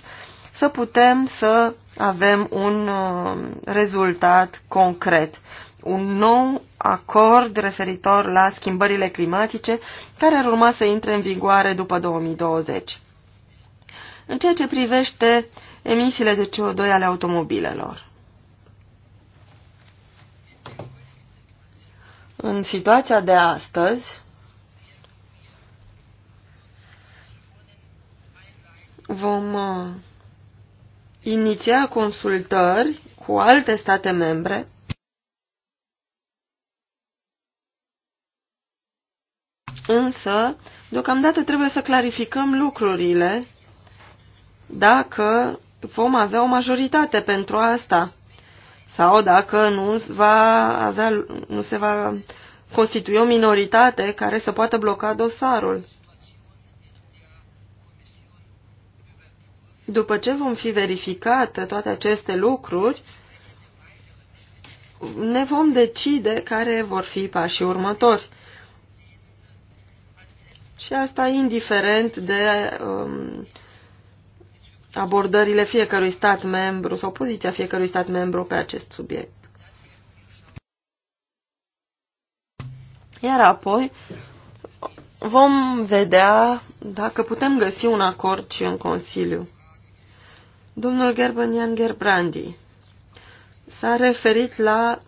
să putem să avem un uh, rezultat concret, un nou acord referitor la schimbările climatice care ar urma să intre în vigoare după 2020. În ceea ce privește emisiile de CO2 ale automobilelor. În situația de astăzi, vom uh, iniția consultări cu alte state membre Însă, deocamdată trebuie să clarificăm lucrurile dacă vom avea o majoritate pentru asta sau dacă nu, va avea, nu se va constitui o minoritate care să poată bloca dosarul. După ce vom fi verificat toate aceste lucruri, ne vom decide care vor fi pașii următori. Și asta indiferent de um, abordările fiecărui stat membru sau poziția fiecărui stat membru pe acest subiect. Iar apoi vom vedea dacă putem găsi un acord și în Consiliu. Domnul Gerbenian Gerbrandi s-a referit la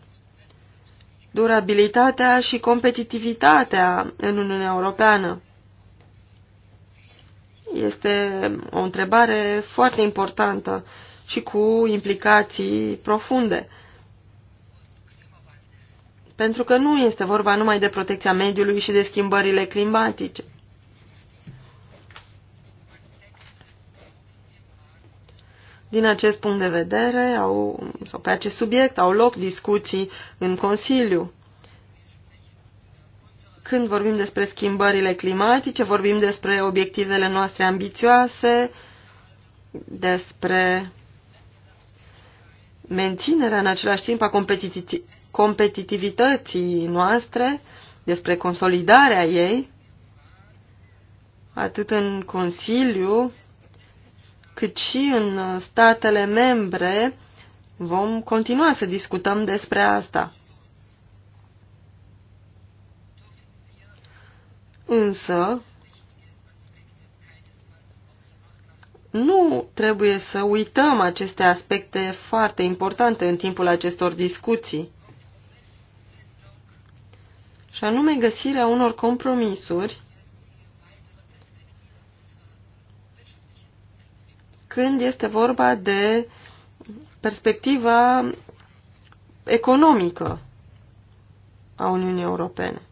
durabilitatea și competitivitatea în Uniunea Europeană. Este o întrebare foarte importantă și cu implicații profunde. Pentru că nu este vorba numai de protecția mediului și de schimbările climatice. Din acest punct de vedere, au, sau pe acest subiect, au loc discuții în Consiliu. Când vorbim despre schimbările climatice, vorbim despre obiectivele noastre ambițioase, despre menținerea în același timp a competitivității noastre, despre consolidarea ei, atât în Consiliu, cât și în statele membre vom continua să discutăm despre asta. Însă, nu trebuie să uităm aceste aspecte foarte importante în timpul acestor discuții, și anume găsirea unor compromisuri când este vorba de perspectiva economică a Uniunii Europene.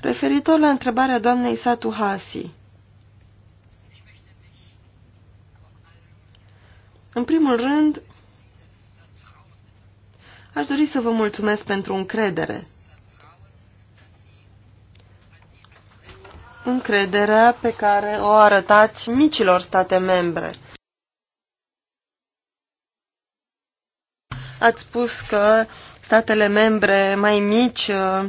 Referitor la întrebarea doamnei Satu Hasi, în primul rând, Aș dori să vă mulțumesc pentru încredere. Încrederea pe care o arătați micilor state membre. Ați spus că statele membre mai mici uh,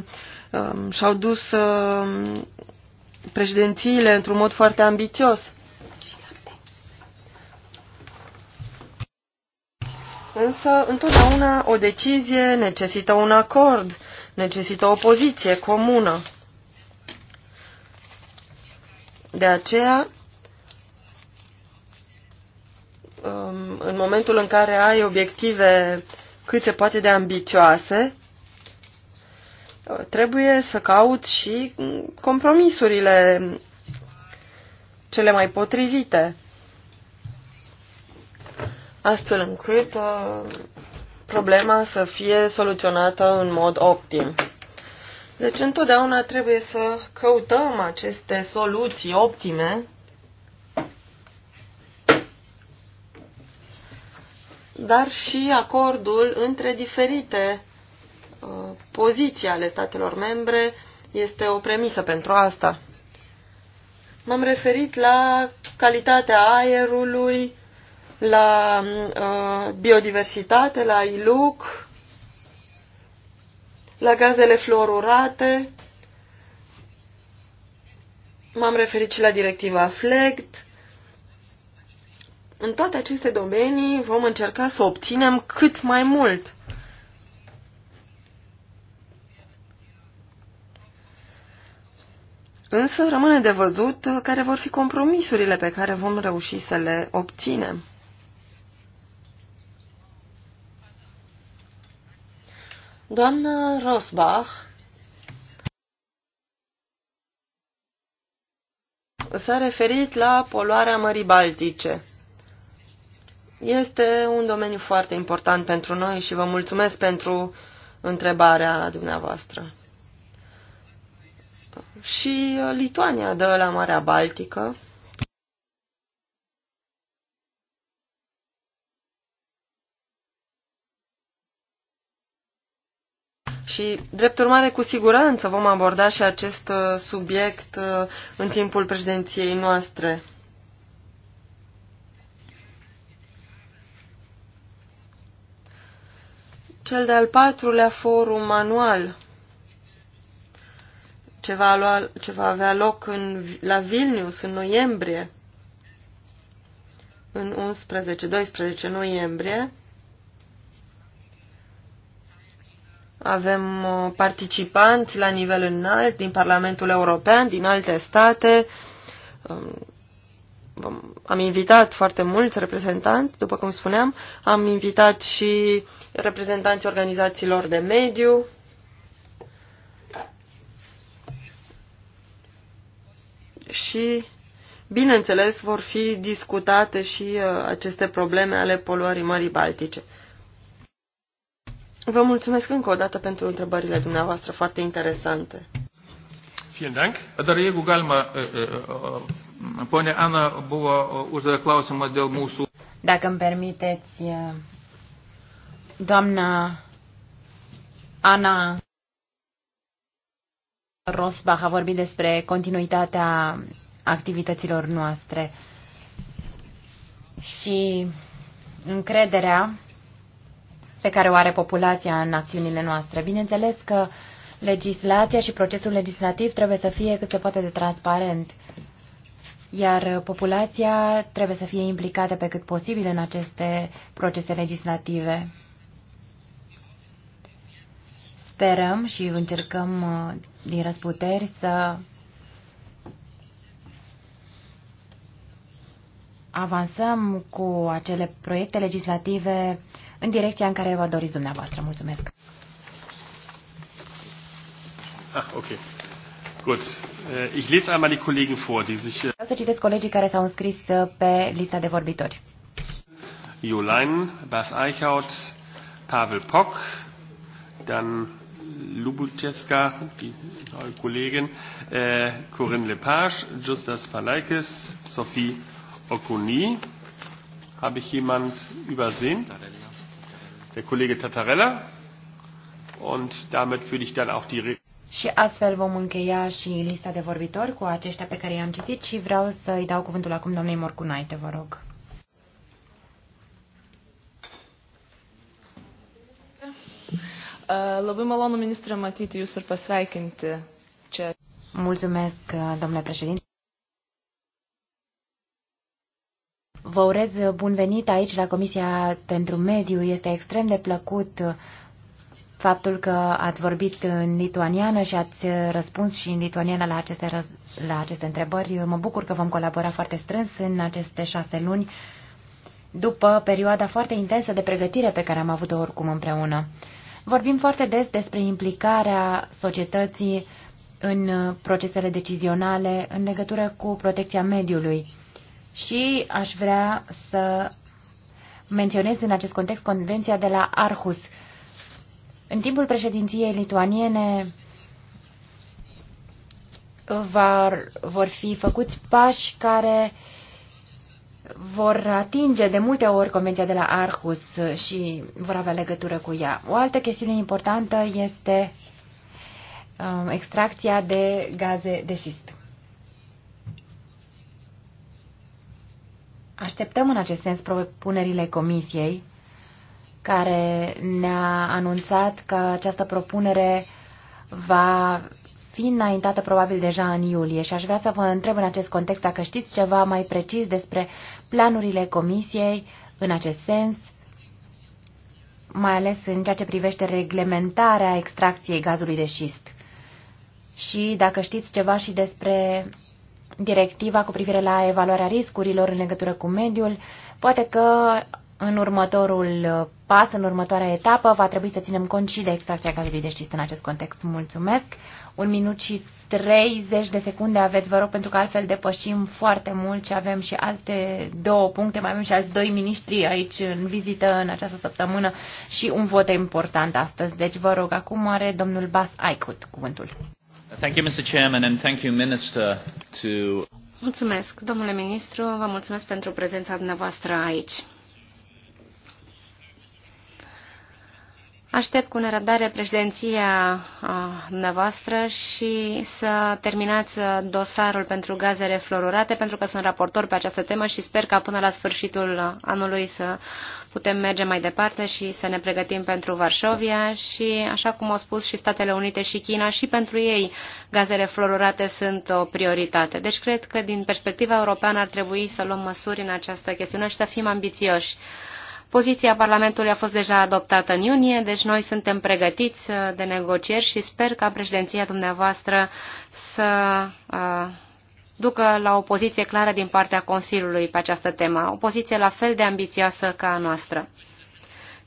uh, și-au dus uh, președințiile într-un mod foarte ambițios. Însă, întotdeauna o decizie necesită un acord, necesită o poziție comună. De aceea, um, în momentul în care ai obiective cât se poate de ambițioase, uh, trebuie să cauți și mm, compromisurile cele mai potrivite astfel încât uh, problema să fie soluționată în mod optim. Deci întotdeauna trebuie să căutăm aceste soluții optime dar și acordul între diferite uh, poziții ale statelor membre este o premisă pentru asta. M-am referit la calitatea aerului, la uh, biodiversitate, la iluc, la gazele fluorurate. M-am referit și la directiva FLECT. În toate aceste domenii vom încerca să obținem cât mai mult. Însă rămâne de văzut care vor fi compromisurile pe care vom reuși să le obținem. Doamnă Rosbach, s-a referit la poluarea Mării Baltice. Este un domeniu foarte important pentru noi și vă mulțumesc pentru întrebarea dumneavoastră. Și Lituania dă la Marea Baltică Și, drept urmare, cu siguranță vom aborda și acest uh, subiect uh, în timpul președinției noastre. Cel de-al patrulea forum anual ce va, lua, ce va avea loc în, la Vilnius în noiembrie, în 11-12 noiembrie, Avem uh, participanți la nivel înalt din Parlamentul European, din alte state. Um, am invitat foarte mulți reprezentanți, după cum spuneam. Am invitat și reprezentanții organizațiilor de mediu, și, bineînțeles, vor fi discutate și uh, aceste probleme ale poluării Mării Baltice. Vă mulțumesc încă o dată pentru întrebările dumneavoastră foarte interesante. Vielen Dank. Dar jeigu galima, pune Ana buvo uždavė klausimą dėl mūsų. Dacă îmi permiteți, doamna Ana Rosbach a vorbit despre continuitatea activităților noastre și încrederea pe care o are populația în acțiunile noastre. Bineînțeles că legislația și procesul legislativ trebuie să fie cât se poate de transparent, iar populația trebuie să fie implicată pe cât posibil în aceste procese legislative. Sperăm și încercăm uh, din răsputeri să avansăm cu acele proiecte legislative în direcția în care vă doriți dumneavoastră. Mulțumesc! Ah, ok. Gut. Äh, ich lese einmal die Kollegen vor, die sich... Äh, Vreau să citesc colegii care s-au înscris äh, pe lista de vorbitori. Jo Lein, Bas Eichhaut, Pavel Pock, dann Lubutjeska, die neue Kollegin, äh, Corinne Lepage, Justas Palaikis, Sophie Okuni. Habe ich jemand übersehen? Tarelli der Kollege Tattarella. Und damit würde ich dann auch die Re și astfel vom încheia și lista de vorbitori cu aceștia pe care i-am citit și vreau să îi dau cuvântul acum doamnei Morcunaite, vă rog. Uh, labai malonu, ministrė, matyti jūs ir pasveikinti čia. Mulțumesc, domnule președinte. Vă urez bun venit aici la Comisia pentru Mediu. Este extrem de plăcut faptul că ați vorbit în lituaniană și ați răspuns și în lituaniană la aceste, la aceste întrebări. Mă bucur că vom colabora foarte strâns în aceste șase luni după perioada foarte intensă de pregătire pe care am avut-o oricum împreună. Vorbim foarte des despre implicarea societății în procesele decizionale în legătură cu protecția mediului. Și aș vrea să menționez în acest context Convenția de la Arhus. În timpul președinției lituaniene var, vor fi făcuți pași care vor atinge de multe ori Convenția de la Arhus și vor avea legătură cu ea. O altă chestiune importantă este um, extracția de gaze de șist. Așteptăm în acest sens propunerile Comisiei, care ne-a anunțat că această propunere va fi înaintată probabil deja în iulie și aș vrea să vă întreb în acest context dacă știți ceva mai precis despre planurile Comisiei în acest sens, mai ales în ceea ce privește reglementarea extracției gazului de șist. Și dacă știți ceva și despre directiva cu privire la evaluarea riscurilor în legătură cu mediul. Poate că în următorul pas, în următoarea etapă, va trebui să ținem cont și de extracția gazului de șist în acest context. Mulțumesc! Un minut și 30 de secunde aveți, vă rog, pentru că altfel depășim foarte mult și avem și alte două puncte, mai avem și alți doi miniștri aici în vizită în această săptămână și un vot important astăzi. Deci vă rog, acum are domnul Bas Aicut cuvântul. Mulțumesc, domnule ministru, vă mulțumesc pentru prezența dumneavoastră aici. Aștept cu nerăbdare președinția dumneavoastră și să terminați dosarul pentru gazele fluorurate, pentru că sunt raportor pe această temă și sper ca până la sfârșitul anului să putem merge mai departe și să ne pregătim pentru Varșovia și, așa cum au spus și Statele Unite și China, și pentru ei gazele fluorurate sunt o prioritate. Deci cred că din perspectiva europeană ar trebui să luăm măsuri în această chestiune și să fim ambițioși. Poziția Parlamentului a fost deja adoptată în iunie, deci noi suntem pregătiți uh, de negocieri și sper ca președinția dumneavoastră să uh, ducă la o poziție clară din partea Consiliului pe această temă, o poziție la fel de ambițioasă ca a noastră.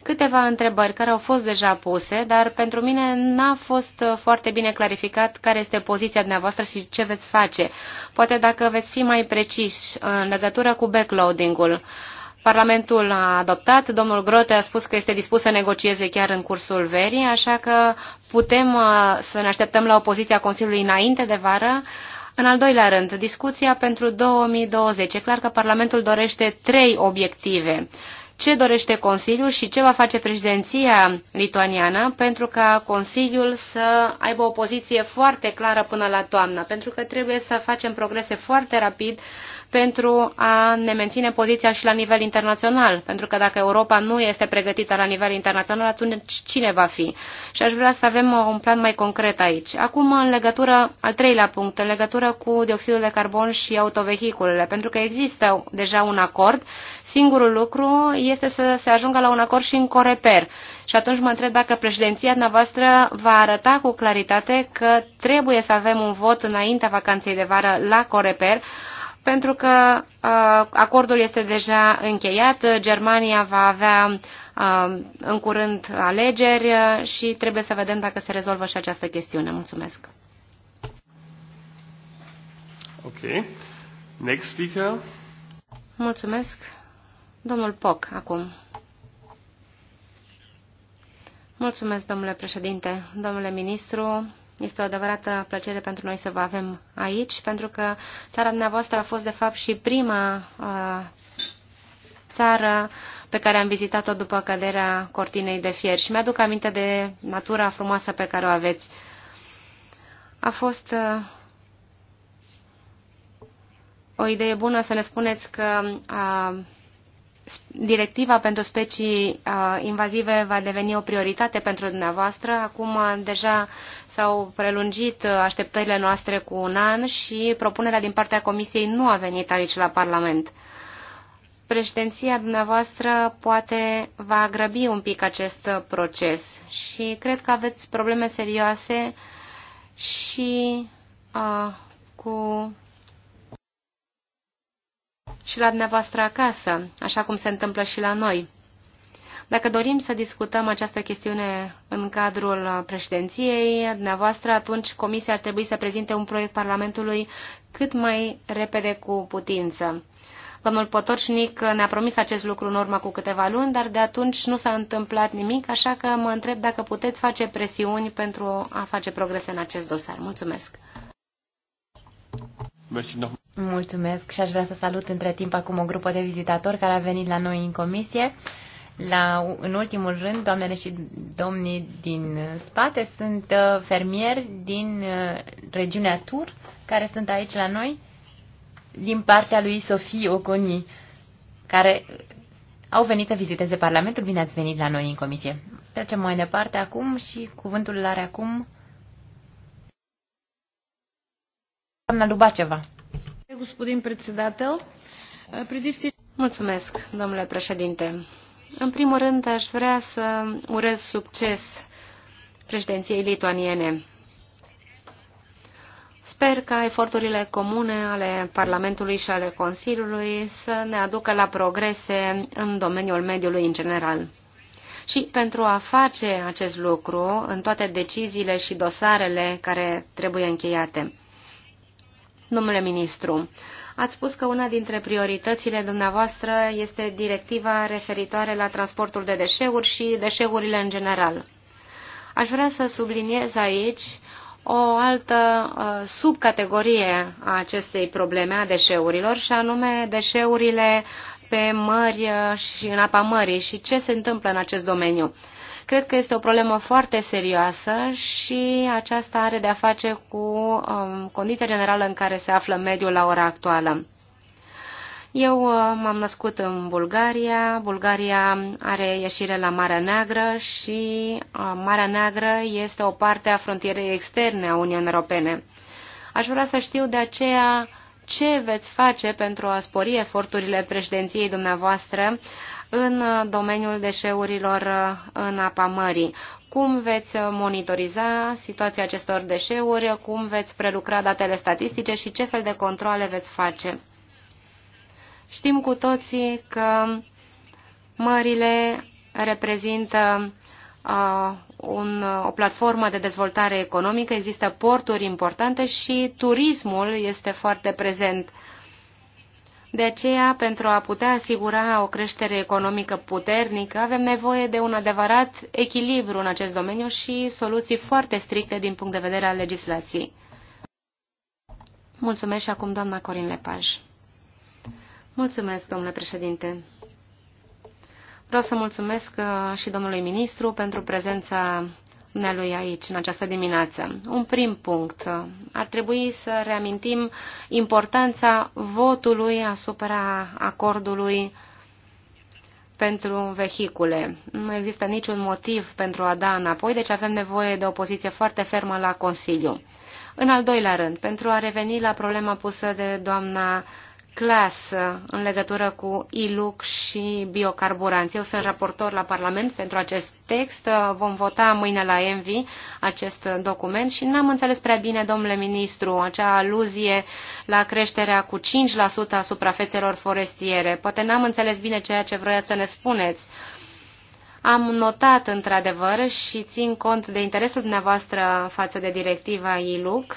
Câteva întrebări care au fost deja puse, dar pentru mine n-a fost foarte bine clarificat care este poziția dumneavoastră și ce veți face. Poate dacă veți fi mai preciși în legătură cu backloading-ul. Parlamentul a adoptat, domnul Grote a spus că este dispus să negocieze chiar în cursul verii, așa că putem uh, să ne așteptăm la opoziția Consiliului înainte de vară în al doilea rând, discuția pentru 2020. E clar că Parlamentul dorește trei obiective ce dorește Consiliul și ce va face președinția lituaniană pentru ca Consiliul să aibă o poziție foarte clară până la toamnă, pentru că trebuie să facem progrese foarte rapid pentru a ne menține poziția și la nivel internațional. Pentru că dacă Europa nu este pregătită la nivel internațional, atunci cine va fi? Și aș vrea să avem uh, un plan mai concret aici. Acum, în legătură, al treilea punct, în legătură cu dioxidul de carbon și autovehiculele, pentru că există deja un acord, singurul lucru este să se ajungă la un acord și în Coreper. Și atunci mă întreb dacă președinția noastră va arăta cu claritate că trebuie să avem un vot înaintea vacanței de vară la Coreper, pentru că uh, acordul este deja încheiat, Germania va avea uh, în curând alegeri uh, și trebuie să vedem dacă se rezolvă și această chestiune. Mulțumesc. Ok. Next speaker. Mulțumesc. Domnul Poc, acum. Mulțumesc, domnule președinte, domnule ministru, este o adevărată plăcere pentru noi să vă avem aici, pentru că țara dumneavoastră a fost, de fapt, și prima uh, țară pe care am vizitat-o după căderea cortinei de fier și mi-aduc aminte de natura frumoasă pe care o aveți. A fost uh, o idee bună să ne spuneți că uh, directiva pentru specii uh, invazive va deveni o prioritate pentru dumneavoastră. Acum uh, deja s-au prelungit uh, așteptările noastre cu un an și propunerea din partea Comisiei nu a venit aici la Parlament. Președinția dumneavoastră poate va grăbi un pic acest proces și cred că aveți probleme serioase și uh, cu și la dumneavoastră acasă, așa cum se întâmplă și la noi. Dacă dorim să discutăm această chestiune în cadrul președinției dumneavoastră, atunci Comisia ar trebui să prezinte un proiect Parlamentului cât mai repede cu putință. Domnul Potorșnic ne-a promis acest lucru în urmă cu câteva luni, dar de atunci nu s-a întâmplat nimic, așa că mă întreb dacă puteți face presiuni pentru a face progrese în acest dosar. Mulțumesc! Mulțumesc și aș vrea să salut între timp acum o grupă de vizitatori care a venit la noi în comisie. La, în ultimul rând, doamnele și domnii din spate sunt uh, fermieri din uh, regiunea Tur, care sunt aici la noi, din partea lui Sofie Oconi, care uh, au venit să viziteze Parlamentul. Bine ați venit la noi în comisie. Trecem mai departe acum și cuvântul îl are acum Doamna Lubaceva. Господин председател, преди Mulțumesc, domnule președinte. În primul rând, aș vrea să urez succes președinției lituaniene. Sper ca eforturile comune ale Parlamentului și ale Consiliului să ne aducă la progrese în domeniul mediului în general. Și pentru a face acest lucru în toate deciziile și dosarele care trebuie încheiate. Domnule ministru, ați spus că una dintre prioritățile dumneavoastră este directiva referitoare la transportul de deșeuri și deșeurile în general. Aș vrea să subliniez aici o altă uh, subcategorie a acestei probleme a deșeurilor și anume deșeurile pe mări uh, și în apa mării și ce se întâmplă în acest domeniu. Cred că este o problemă foarte serioasă și aceasta are de-a face cu um, condiția generală în care se află mediul la ora actuală. Eu uh, m-am născut în Bulgaria. Bulgaria are ieșire la Marea Neagră și uh, Marea Neagră este o parte a frontierei externe a Uniunii Europene. Aș vrea să știu de aceea ce veți face pentru a spori eforturile președinției dumneavoastră în domeniul deșeurilor uh, în apa mării. Cum veți monitoriza situația acestor deșeuri, cum veți prelucra datele statistice și ce fel de controle veți face? Știm cu toții că mările reprezintă uh, un, o platformă de dezvoltare economică, există porturi importante și turismul este foarte prezent. Uh, de aceea, pentru a putea asigura o creștere economică puternică, avem nevoie de un adevărat echilibru în acest domeniu și soluții foarte stricte din punct de vedere al legislației. Mulțumesc și acum doamna Corin Lepaj. Mulțumesc, domnule președinte. Vreau să mulțumesc uh, și domnului ministru pentru prezența dumnealui aici, în această dimineață. Un prim punct. Ar trebui să reamintim importanța votului asupra acordului pentru vehicule. Nu există niciun motiv pentru a da înapoi, deci avem nevoie de o poziție foarte fermă la Consiliu. În al doilea rând, pentru a reveni la problema pusă de doamna clasă în legătură cu ILUC și biocarburanți. Eu sunt raportor la Parlament pentru acest text. Vom vota mâine la ENVI acest document și n-am înțeles prea bine, domnule ministru, acea aluzie la creșterea cu 5% a suprafețelor forestiere. Poate n-am înțeles bine ceea ce vroiați să ne spuneți. Am notat într-adevăr și țin cont de interesul dumneavoastră față de directiva ILUC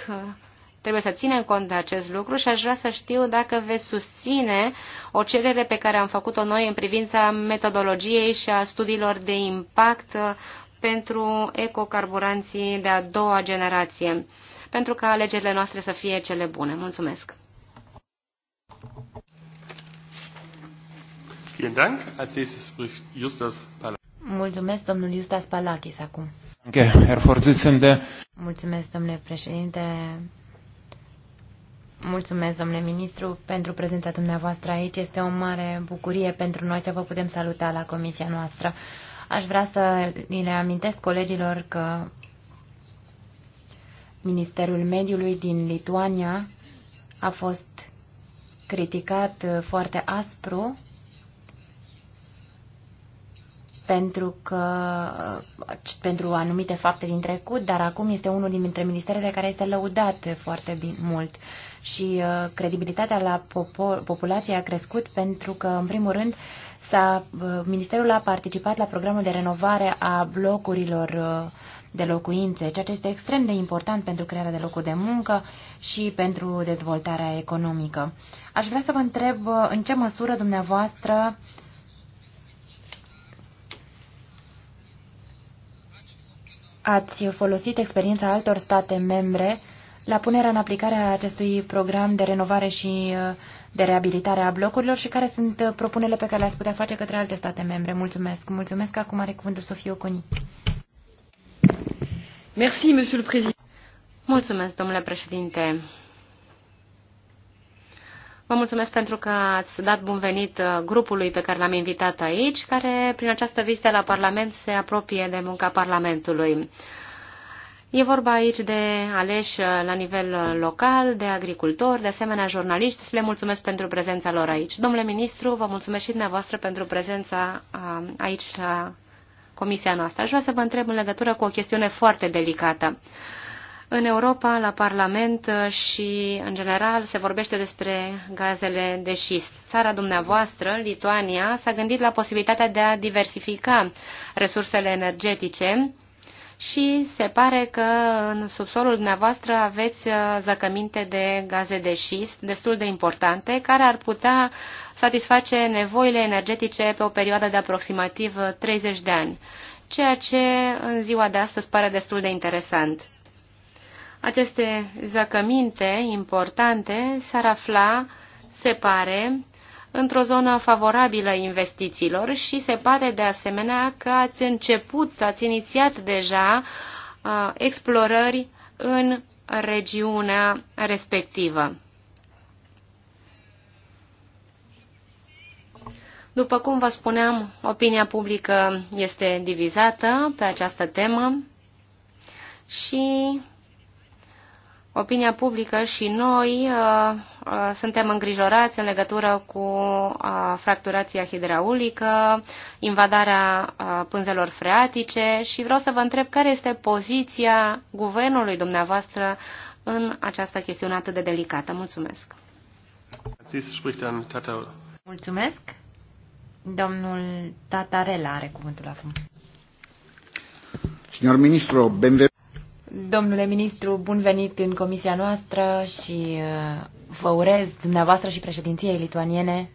Trebuie să ținem cont de acest lucru și aș vrea să știu dacă veți susține o cerere pe care am făcut-o noi în privința metodologiei și a studiilor de impact pentru ecocarburanții de a doua generație, pentru ca alegerile noastre să fie cele bune. Mulțumesc! Mulțumesc, domnul Justas Palakis, acum. Mulțumesc, domnule președinte, Mulțumesc, domnule ministru, pentru prezența dumneavoastră aici. Este o mare bucurie pentru noi să vă putem saluta la comisia noastră. Aș vrea să le amintesc colegilor că Ministerul Mediului din Lituania a fost criticat foarte aspru pentru că pentru anumite fapte din trecut, dar acum este unul dintre ministerele care este lăudat foarte bine, mult și uh, credibilitatea la popor, populație a crescut pentru că, în primul rând, s-a, uh, Ministerul a participat la programul de renovare a blocurilor uh, de locuințe, ceea ce este extrem de important pentru crearea de locuri de muncă și pentru dezvoltarea economică. Aș vrea să vă întreb în ce măsură dumneavoastră ați folosit experiența altor state membre la punerea în aplicare a acestui program de renovare și uh, de reabilitare a blocurilor și care sunt uh, propunerile pe care le-ați putea face către alte state membre. Mulțumesc. Mulțumesc. Acum are cuvântul Sofie Oconi. Merci, monsieur le président. Mulțumesc, domnule președinte. Vă mulțumesc pentru că ați dat bun venit uh, grupului pe care l-am invitat aici, care prin această vizită la Parlament se apropie de munca Parlamentului. E vorba aici de aleși uh, la nivel uh, local, de agricultori, de asemenea jurnaliști. Le mulțumesc pentru prezența lor aici. Domnule ministru, vă mulțumesc și dumneavoastră pentru prezența uh, aici la comisia noastră. Aș vrea să vă întreb în legătură cu o chestiune foarte delicată. În Europa, la Parlament și în general se vorbește despre gazele de șist. Țara dumneavoastră, Lituania, s-a gândit la posibilitatea de a diversifica resursele energetice și se pare că în subsolul dumneavoastră aveți uh, zăcăminte de gaze de șist destul de importante care ar putea satisface nevoile energetice pe o perioadă de aproximativ 30 uh, de ani, ceea ce în ziua de astăzi pare destul de interesant. Aceste zăcăminte importante s-ar afla, se pare, într-o zonă favorabilă investițiilor și se pare de asemenea că ați început, ați inițiat deja uh, explorări în regiunea respectivă. După cum vă spuneam, opinia publică este divizată pe această temă și opinia publică și noi uh, uh, suntem îngrijorați în legătură cu uh, fracturația hidraulică, invadarea uh, pânzelor freatice și vreau să vă întreb care este poziția guvernului dumneavoastră în această chestiune atât de delicată. Mulțumesc! Mulțumesc! Domnul Tatarela are cuvântul acum. Signor Ministro, benvenuto. Domnule ministru, bun venit în comisia noastră și uh, vă urez dumneavoastră și președinției lituaniene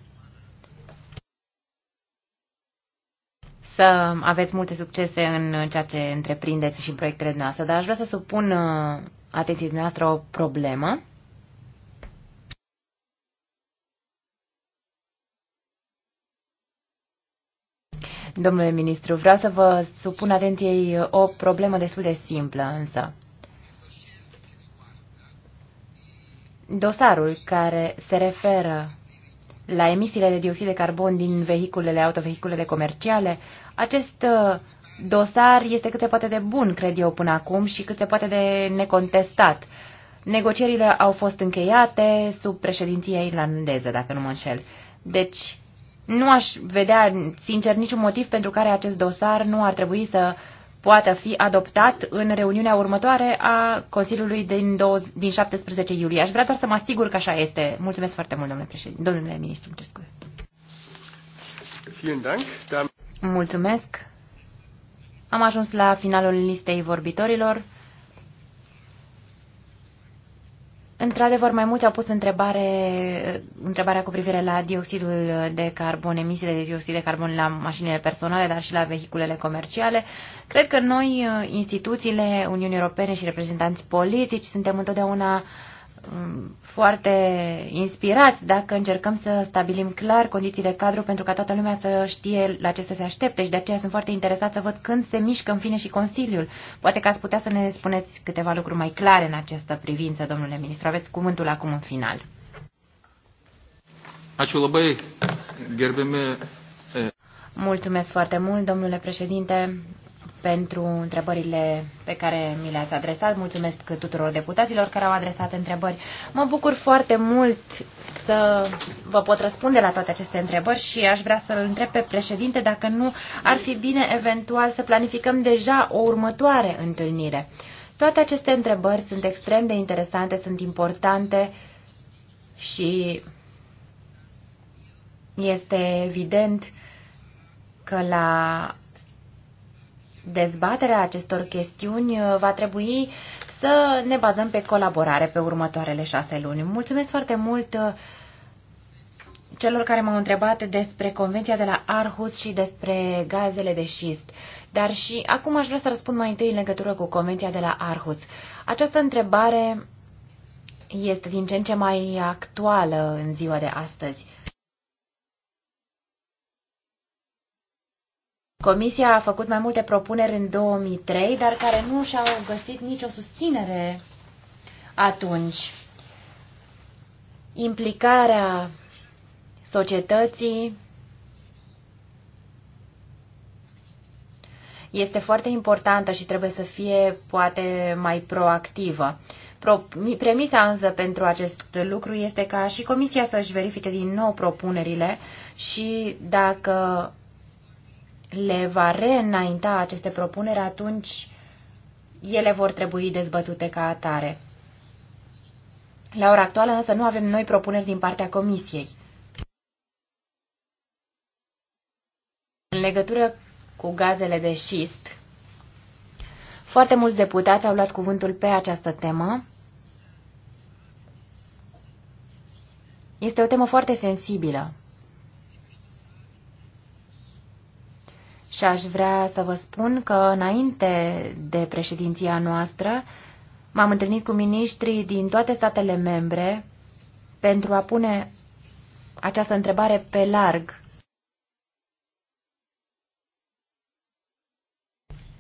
să aveți multe succese în ceea ce întreprindeți și în proiectele noastre, dar aș vrea să supun uh, atenției noastre o problemă Domnule ministru, vreau să vă supun atenției o problemă destul de simplă, însă. Dosarul care se referă la emisiile de dioxid de carbon din vehiculele, autovehiculele comerciale, acest uh, dosar este cât se poate de bun, cred eu, până acum și cât se poate de necontestat. Negocierile au fost încheiate sub președinția irlandeză, dacă nu mă înșel. Deci, nu aș vedea, sincer, niciun motiv pentru care acest dosar nu ar trebui să poată fi adoptat în reuniunea următoare a Consiliului din, 20, din 17 iulie. Aș vrea doar să mă asigur că așa este. Mulțumesc foarte mult, domnule președinte. Domnule ministru, îmi da. Mulțumesc. Am ajuns la finalul listei vorbitorilor. Într-adevăr, mai mulți au pus întrebare, întrebarea cu privire la dioxidul de carbon, emisiile de dioxid de carbon la mașinile personale, dar și la vehiculele comerciale. Cred că noi, instituțiile Uniunii Europene și reprezentanți politici, suntem întotdeauna uh, Um, foarte inspirați dacă încercăm să stabilim clar condiții de cadru pentru ca toată lumea să știe la ce să se aștepte și de aceea sunt foarte interesat să văd când se mișcă în fine și Consiliul. Poate că ați putea să ne spuneți câteva lucruri mai clare în această privință, domnule ministru. Aveți cuvântul acum în final. Mulțumesc foarte mult, domnule președinte, pentru întrebările pe care mi le-ați adresat. Mulțumesc tuturor deputaților care au adresat întrebări. Mă bucur foarte mult să vă pot răspunde la toate aceste întrebări și aș vrea să-l întreb pe președinte dacă nu ar fi bine eventual să planificăm deja o următoare întâlnire. Toate aceste întrebări sunt extrem de interesante, sunt importante și este evident că la dezbaterea acestor chestiuni uh, va trebui să ne bazăm pe colaborare pe următoarele șase luni. Mulțumesc foarte mult uh, celor care m-au întrebat despre Convenția de la Arhus și despre gazele de șist. Dar și acum aș vrea să răspund mai întâi în legătură cu Convenția de la Arhus. Această întrebare este din ce în ce mai actuală în ziua de astăzi. Comisia a făcut mai multe propuneri în 2003, dar care nu și-au găsit nicio susținere atunci. Implicarea societății este foarte importantă și trebuie să fie poate mai proactivă. Premisa însă pentru acest lucru este ca și Comisia să-și verifice din nou propunerile și dacă le va reînainta aceste propuneri, atunci ele vor trebui dezbătute ca atare. La ora actuală însă nu avem noi propuneri din partea Comisiei. În legătură cu gazele de șist, foarte mulți deputați au luat cuvântul pe această temă. Este o temă foarte sensibilă. Și aș vrea să vă spun că înainte de președinția noastră m-am întâlnit cu miniștrii din toate statele membre pentru a pune această întrebare pe larg.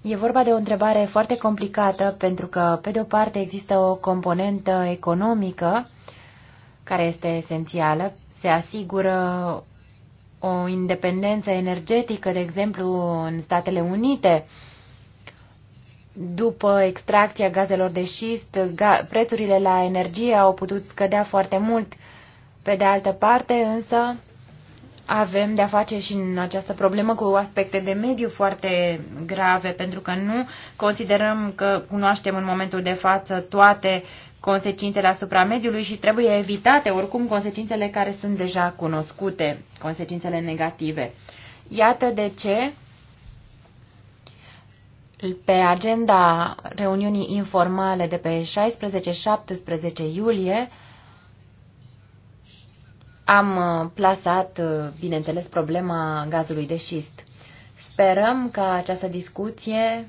E vorba de o întrebare foarte complicată pentru că, pe de o parte, există o componentă economică care este esențială. Se asigură o independență energetică, de exemplu, în Statele Unite. După extracția gazelor de șist, ga prețurile la energie au putut scădea foarte mult. Pe de altă parte, însă, avem de-a face și în această problemă cu aspecte de mediu foarte grave, pentru că nu considerăm că cunoaștem în momentul de față toate consecințele asupra mediului și trebuie evitate oricum consecințele care sunt deja cunoscute, consecințele negative. Iată de ce pe agenda reuniunii informale de pe 16-17 iulie am uh, plasat, uh, bineînțeles, problema gazului de șist. Sperăm ca această discuție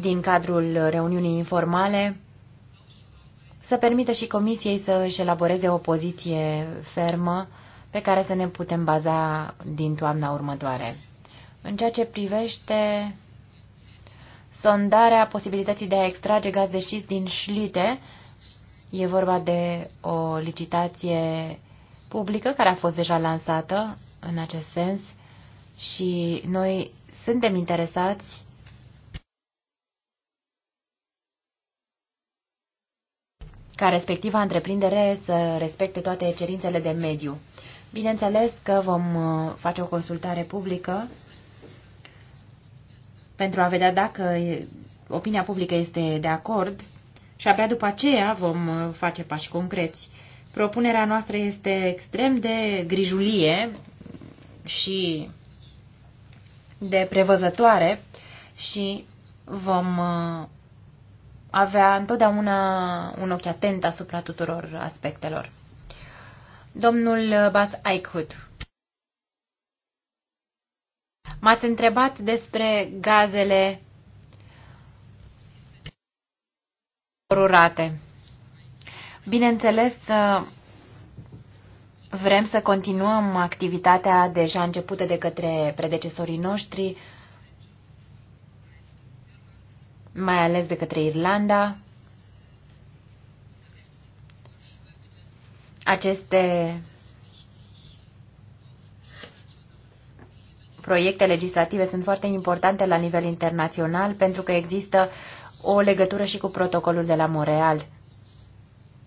din cadrul reuniunii informale să permită și Comisiei să își elaboreze o poziție fermă pe care să ne putem baza din toamna următoare. În ceea ce privește sondarea posibilității de a extrage gaz de șist din șlite, e vorba de o licitație publică care a fost deja lansată în acest sens și noi suntem interesați ca respectiva întreprindere să respecte toate cerințele de mediu. Bineînțeles că vom uh, face o consultare publică pentru a vedea dacă opinia publică este de acord și abia după aceea vom uh, face pași concreți. Propunerea noastră este extrem de grijulie și de prevăzătoare și vom uh, avea întotdeauna un ochi atent asupra tuturor aspectelor. Domnul Bas Eichhut, m-ați întrebat despre gazele orurate. Bineînțeles, uh, vrem să continuăm activitatea deja începută de către predecesorii noștri, mai ales de către Irlanda. Aceste proiecte legislative sunt foarte importante la nivel internațional pentru că există o legătură și cu protocolul de la Montreal.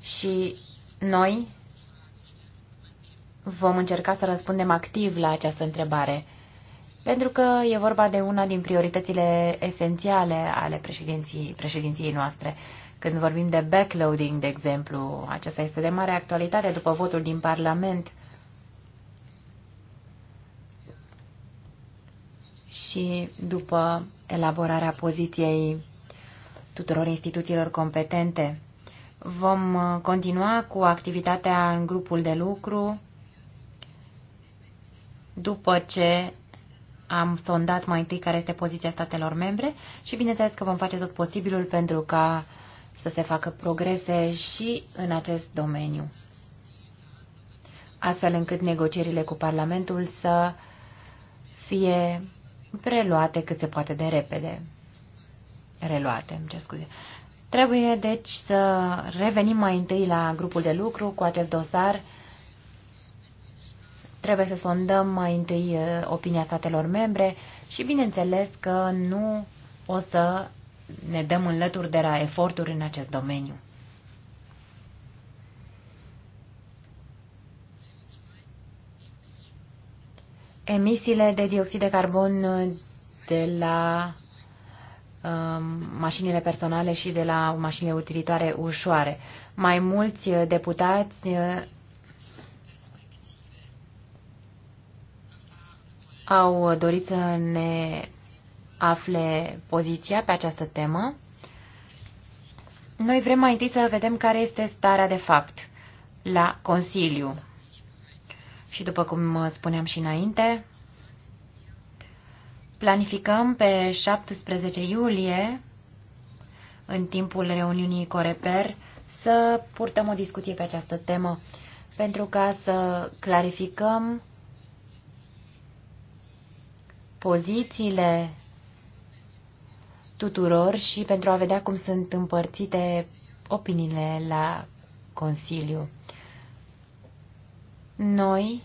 Și noi vom încerca să răspundem activ la această întrebare pentru că e vorba de una din prioritățile esențiale ale președinției, președinției noastre. Când vorbim de backloading, de exemplu, acesta este de mare actualitate după votul din Parlament. și după elaborarea poziției tuturor instituțiilor competente. Vom uh, continua cu activitatea în grupul de lucru după ce am sondat mai întâi care este poziția statelor membre și bineînțeles că vom face tot posibilul pentru ca să se facă progrese și în acest domeniu, astfel încât negocierile cu Parlamentul să fie preluate cât se poate de repede. Reluate, îmi cer scuze. Trebuie, deci, să revenim mai întâi la grupul de lucru cu acest dosar Trebuie să sondăm mai întâi opinia statelor membre și bineînțeles că nu o să ne dăm înlături de la eforturi în acest domeniu. Emisiile de dioxid de carbon de la um, mașinile personale și de la mașinile utilitare ușoare. Mai mulți deputați au dorit să ne afle poziția pe această temă. Noi vrem mai întâi să vedem care este starea de fapt la Consiliu. Și după cum spuneam și înainte, planificăm pe 17 iulie, în timpul reuniunii Coreper, să purtăm o discuție pe această temă pentru ca să clarificăm pozițiile tuturor și pentru a vedea cum sunt împărțite opiniile la Consiliu. Noi,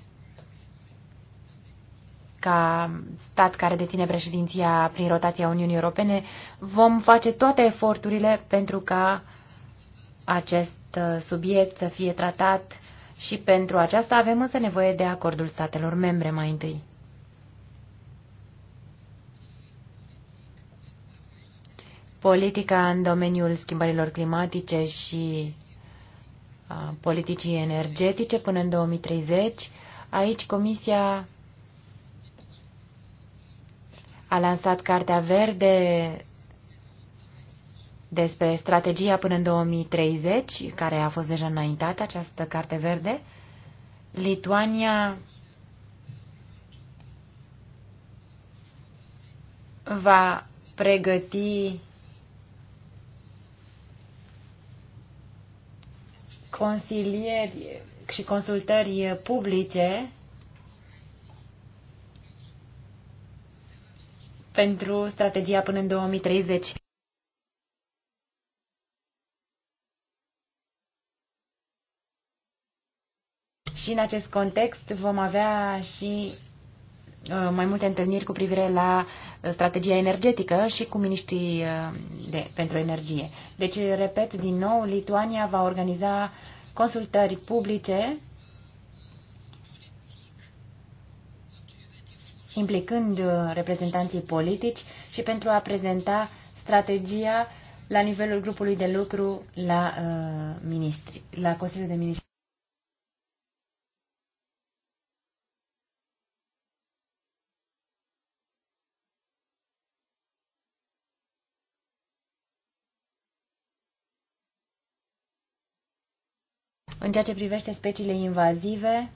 ca stat care deține președinția prin rotația Uniunii Europene, vom face toate eforturile pentru ca acest uh, subiect să fie tratat și pentru aceasta avem însă nevoie de acordul statelor membre mai întâi. politica în domeniul schimbărilor climatice și politicii energetice până în 2030. Aici Comisia a lansat Cartea Verde despre strategia până în 2030, care a fost deja înaintată, această Carte Verde. Lituania va pregăti consilieri și consultări publice pentru strategia până în 2030. Și în acest context vom avea și Uh, mai multe întâlniri cu privire la uh, strategia energetică și cu miniștrii uh, de, pentru energie. Deci, repet din nou, Lituania va organiza consultări publice implicând reprezentanții politici și pentru a prezenta strategia la nivelul grupului de lucru la, uh, la Consiliul de Ministri. În ceea ce privește speciile invazive,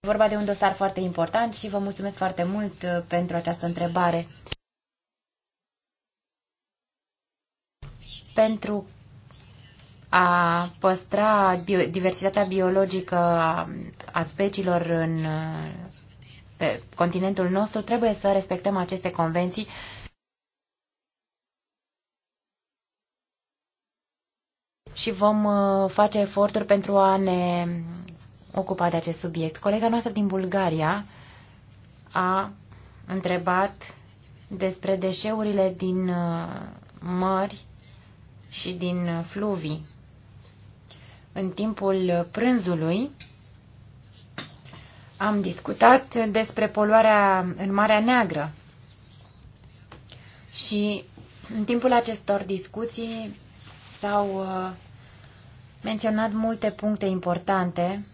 E vorba de un dosar foarte important și vă mulțumesc foarte mult uh, pentru această întrebare. Pentru a păstra biodiversitatea biologică a speciilor în uh, pe continentul nostru, trebuie să respectăm aceste convenții și vom uh, face eforturi pentru a ne ocupa de acest subiect. Colega noastră din Bulgaria a întrebat despre deșeurile din uh, mări și din fluvii. În timpul prânzului am discutat despre poluarea în Marea Neagră. Și în timpul acestor discuții s-au uh, menționat multe puncte importante.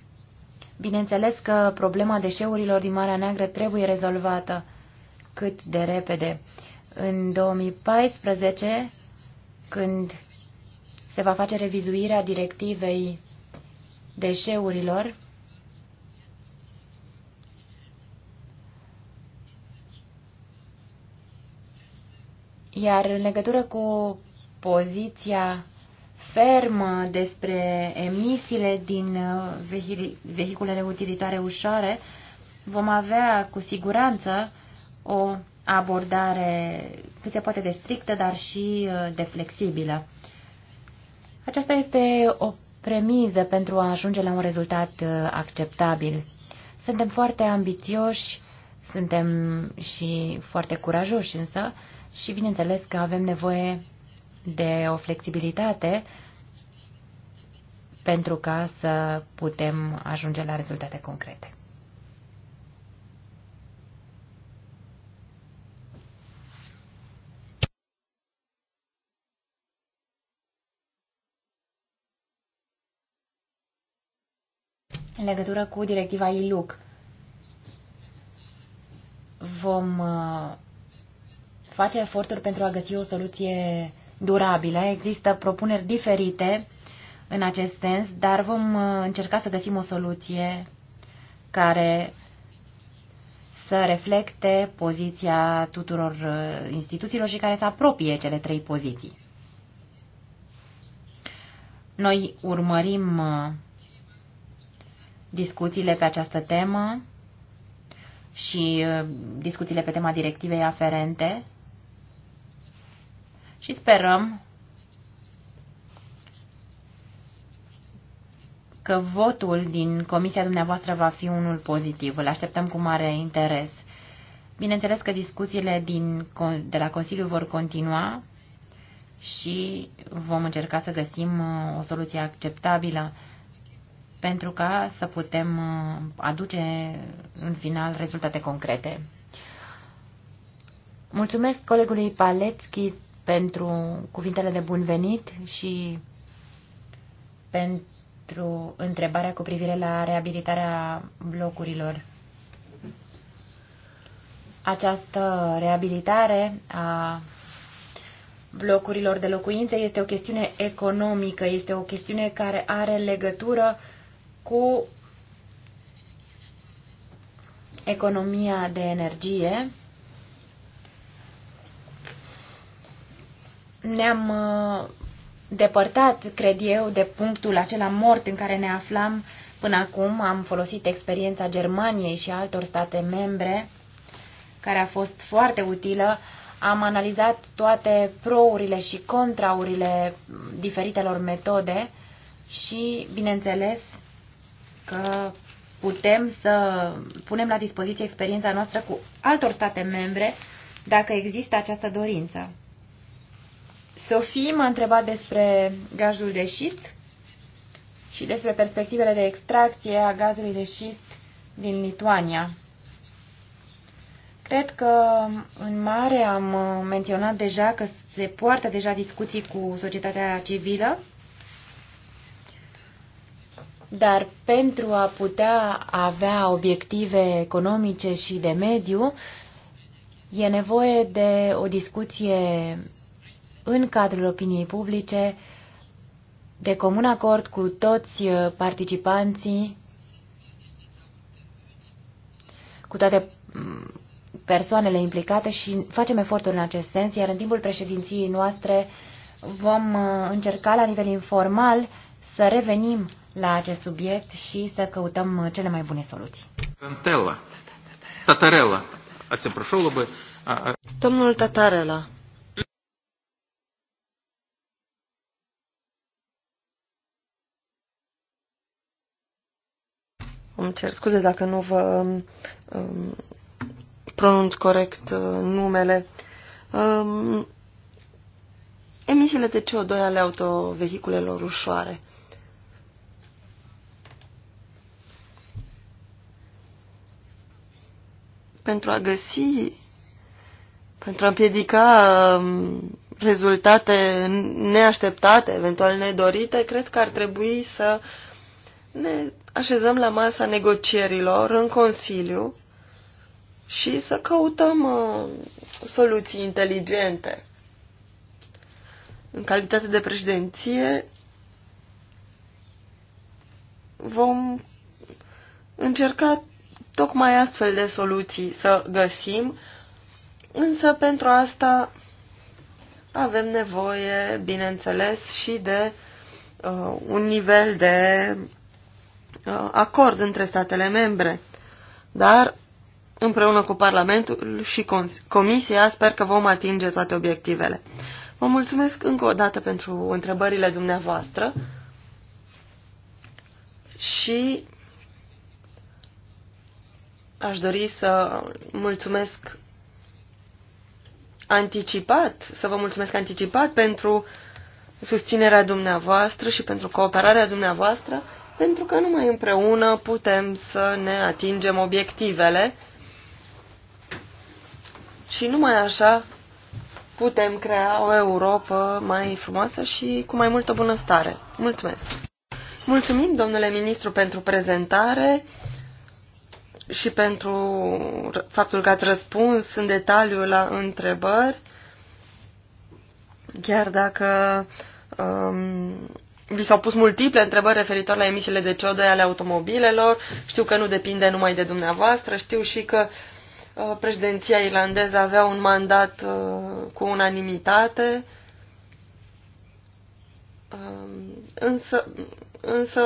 Bineînțeles că problema deșeurilor din Marea Neagră trebuie rezolvată cât de repede. În 2014, când se va face revizuirea directivei deșeurilor, Iar în legătură cu poziția fermă despre emisiile din uh, vehiculele utilitare ușoare, vom avea cu siguranță o abordare cât se poate de strictă, dar și uh, de flexibilă. Aceasta este o premiză pentru a ajunge la un rezultat uh, acceptabil. Suntem foarte ambițioși, suntem și foarte curajoși însă și bineînțeles că avem nevoie de o flexibilitate pentru ca să putem ajunge la rezultate concrete. În legătură cu directiva ILUC, vom uh, face eforturi pentru a găsi o soluție durabilă. Există propuneri diferite în acest sens, dar vom uh, încerca să găsim o soluție care să reflecte poziția tuturor uh, instituțiilor și care să apropie cele trei poziții. Noi urmărim uh, discuțiile pe această temă și discuțiile pe tema directivei aferente și sperăm că votul din comisia dumneavoastră va fi unul pozitiv. Îl așteptăm cu mare interes. Bineînțeles că discuțiile din, de la Consiliu vor continua și vom încerca să găsim uh, o soluție acceptabilă pentru ca să putem uh, aduce în final rezultate concrete. Mulțumesc colegului Paletski pentru cuvintele de bun venit și pentru întrebarea cu privire la reabilitarea blocurilor. Această reabilitare a blocurilor de locuințe este o chestiune economică, este o chestiune care are legătură cu economia de energie ne-am uh, depărtat, cred eu, de punctul acela mort în care ne aflam până acum. Am folosit experiența Germaniei și altor state membre, care a fost foarte utilă. Am analizat toate prourile și contraurile diferitelor metode și, bineînțeles, că putem să punem la dispoziție experiența noastră cu altor state membre dacă există această dorință. Sofie m-a întrebat despre gazul de șist și despre perspectivele de extracție a gazului de șist din Lituania. Cred că în mare am menționat deja că se poartă deja discuții cu societatea civilă, dar pentru a putea avea obiective economice și de mediu, e nevoie de o discuție în cadrul opiniei publice, de comun acord cu toți uh, participanții, cu toate mm, persoanele implicate și facem eforturi în acest sens, iar în timpul președinției noastre vom uh, încerca la nivel informal să revenim la acest subiect și să căutăm uh, cele mai bune soluții. Tatarella. Tatarella. Ați proșolă, Domnul Tatarella. Îmi cer scuze dacă nu vă um, um, pronunț corect uh, numele. Um, emisiile de CO2 ale autovehiculelor ușoare. Pentru a găsi, pentru a împiedica um, rezultate neașteptate, eventual nedorite, cred că ar trebui să uh, ne așezăm la masa negocierilor în Consiliu și să căutăm uh, soluții inteligente. În calitate de președinție vom încerca tocmai astfel de soluții să găsim, însă pentru asta avem nevoie, bineînțeles, și de uh, un nivel de Uh, acord între statele membre, dar împreună cu Parlamentul și Comisia sper că vom atinge toate obiectivele. Vă mulțumesc încă o dată pentru întrebările dumneavoastră și aș dori să mulțumesc anticipat, să vă mulțumesc anticipat pentru susținerea dumneavoastră și pentru cooperarea dumneavoastră pentru că numai împreună putem să ne atingem obiectivele și numai așa putem crea o Europa mai frumoasă și cu mai multă bunăstare. Mulțumesc! Mulțumim, domnule ministru, pentru prezentare și pentru faptul că ați răspuns în detaliu la întrebări, chiar dacă um, vi s-au pus multiple întrebări referitor la emisiile de CO2 ale automobilelor. Știu că nu depinde numai de dumneavoastră. Știu și că uh, președinția irlandeză avea un mandat uh, cu unanimitate. Um, însă, însă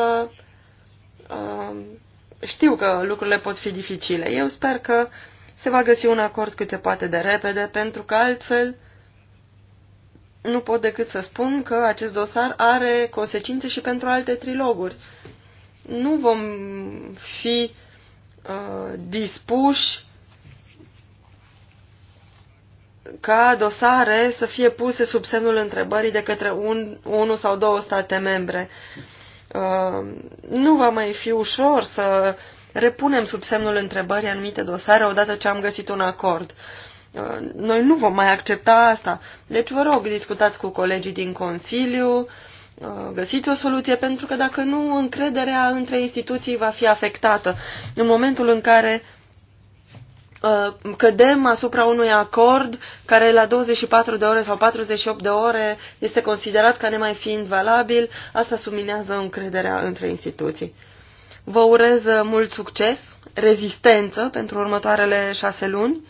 um, știu că lucrurile pot fi dificile. Eu sper că se va găsi un acord cât se poate de repede, pentru că altfel nu pot decât să spun că acest dosar are consecințe și pentru alte triloguri. Nu vom fi uh, dispuși ca dosare să fie puse sub semnul întrebării de către un, unul sau două state membre. Uh, nu va mai fi ușor să repunem sub semnul întrebării anumite dosare odată ce am găsit un acord. Uh, noi nu vom mai accepta asta. Deci vă rog, discutați cu colegii din Consiliu, uh, găsiți o soluție, pentru că dacă nu, încrederea între instituții va fi afectată. În momentul în care uh, cădem asupra unui acord care la 24 de ore sau 48 de ore este considerat ca nemai fiind valabil, asta subminează încrederea între instituții. Vă urez mult succes, rezistență pentru următoarele șase luni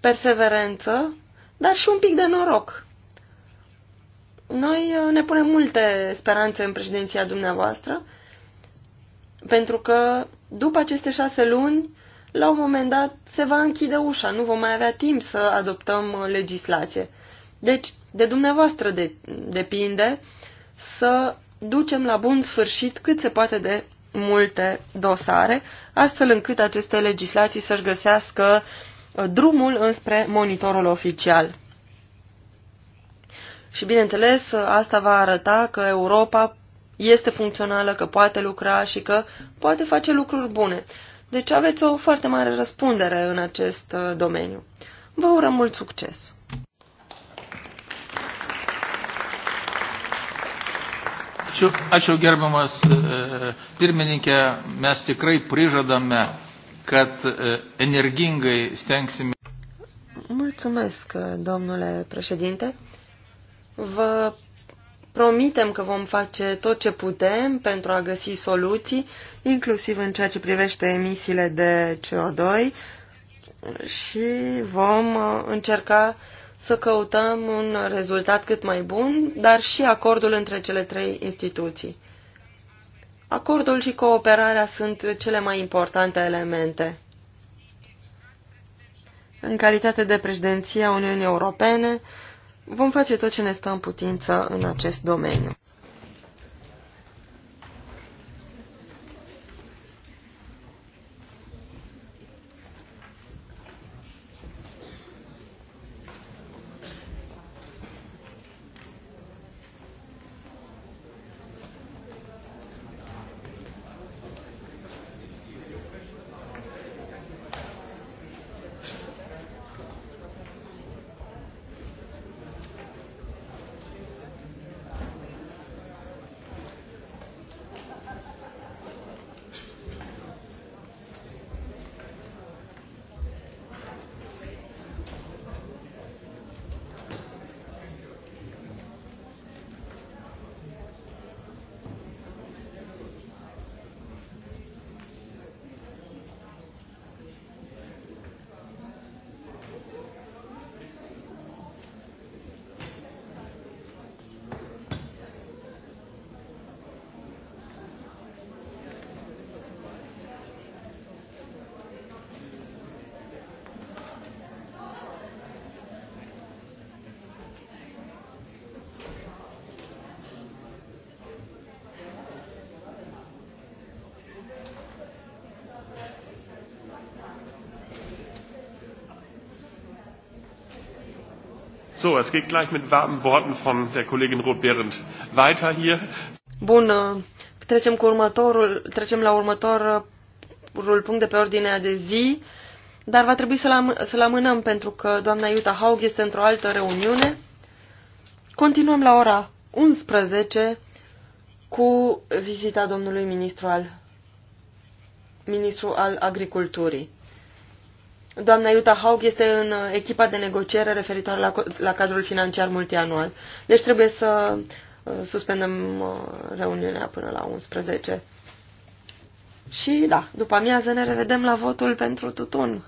perseverență, dar și un pic de noroc. Noi uh, ne punem multe speranțe în președinția dumneavoastră, pentru că după aceste șase luni, la un moment dat, se va închide ușa, nu vom mai avea timp să adoptăm uh, legislație. Deci, de dumneavoastră de, depinde să ducem la bun sfârșit cât se poate de multe dosare, astfel încât aceste legislații să-și găsească Uh, drumul înspre monitorul oficial. Și bineînțeles, asta va arăta că Europa este funcțională, că poate lucra și că poate face lucruri bune. Deci aveți o foarte mare răspundere în acest uh, domeniu. Vă urăm mult succes! Ačiū, gerbiamas uh, pirmininkė, mes tikrai prižadame kad energingai stengsime. Mulțumesc, domnule președinte. Vă promitem că vom face tot ce putem pentru a găsi soluții, inclusiv în ceea ce privește emisiile de CO2 și vom uh, încerca să căutăm un rezultat cât mai bun, dar și acordul între cele trei instituții. Acordul și cooperarea sunt cele mai importante elemente. În calitate de președinție a Uniunii Europene, vom face tot ce ne stă în putință în acest domeniu. So, es geht gleich mit warmen Worten von der Kollegin Ruth behrendt weiter hier. Bun, uh, trecem, cu următorul, trecem la următorul punct de pe ordinea de zi, dar va trebui să-l, am, să amânăm pentru că doamna Iuta Haug este într-o altă reuniune. Continuăm la ora 11 cu vizita domnului ministru al, ministru al agriculturii. Doamna Iuta Haug este în uh, echipa de negociere referitoare la, la cadrul financiar multianual. Deci trebuie să uh, suspendăm uh, reuniunea până la 11. Și da, după amiază ne revedem la votul pentru tutun.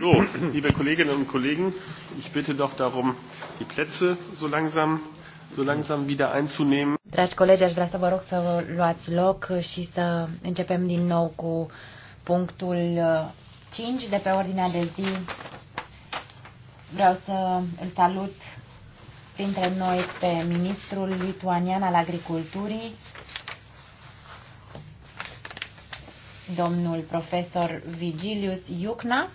So, liebe Kolleginnen und Kollegen, ich bitte doch darum, die Plätze so langsam, so langsam wieder einzunehmen. Dragi colegi, aș vrea să vă rog să luați loc și să începem din nou cu punctul 5 uh, de pe ordinea de zi. Vreau să îl salut printre noi pe ministrul lituanian al agriculturii, domnul profesor Vigilius Iucna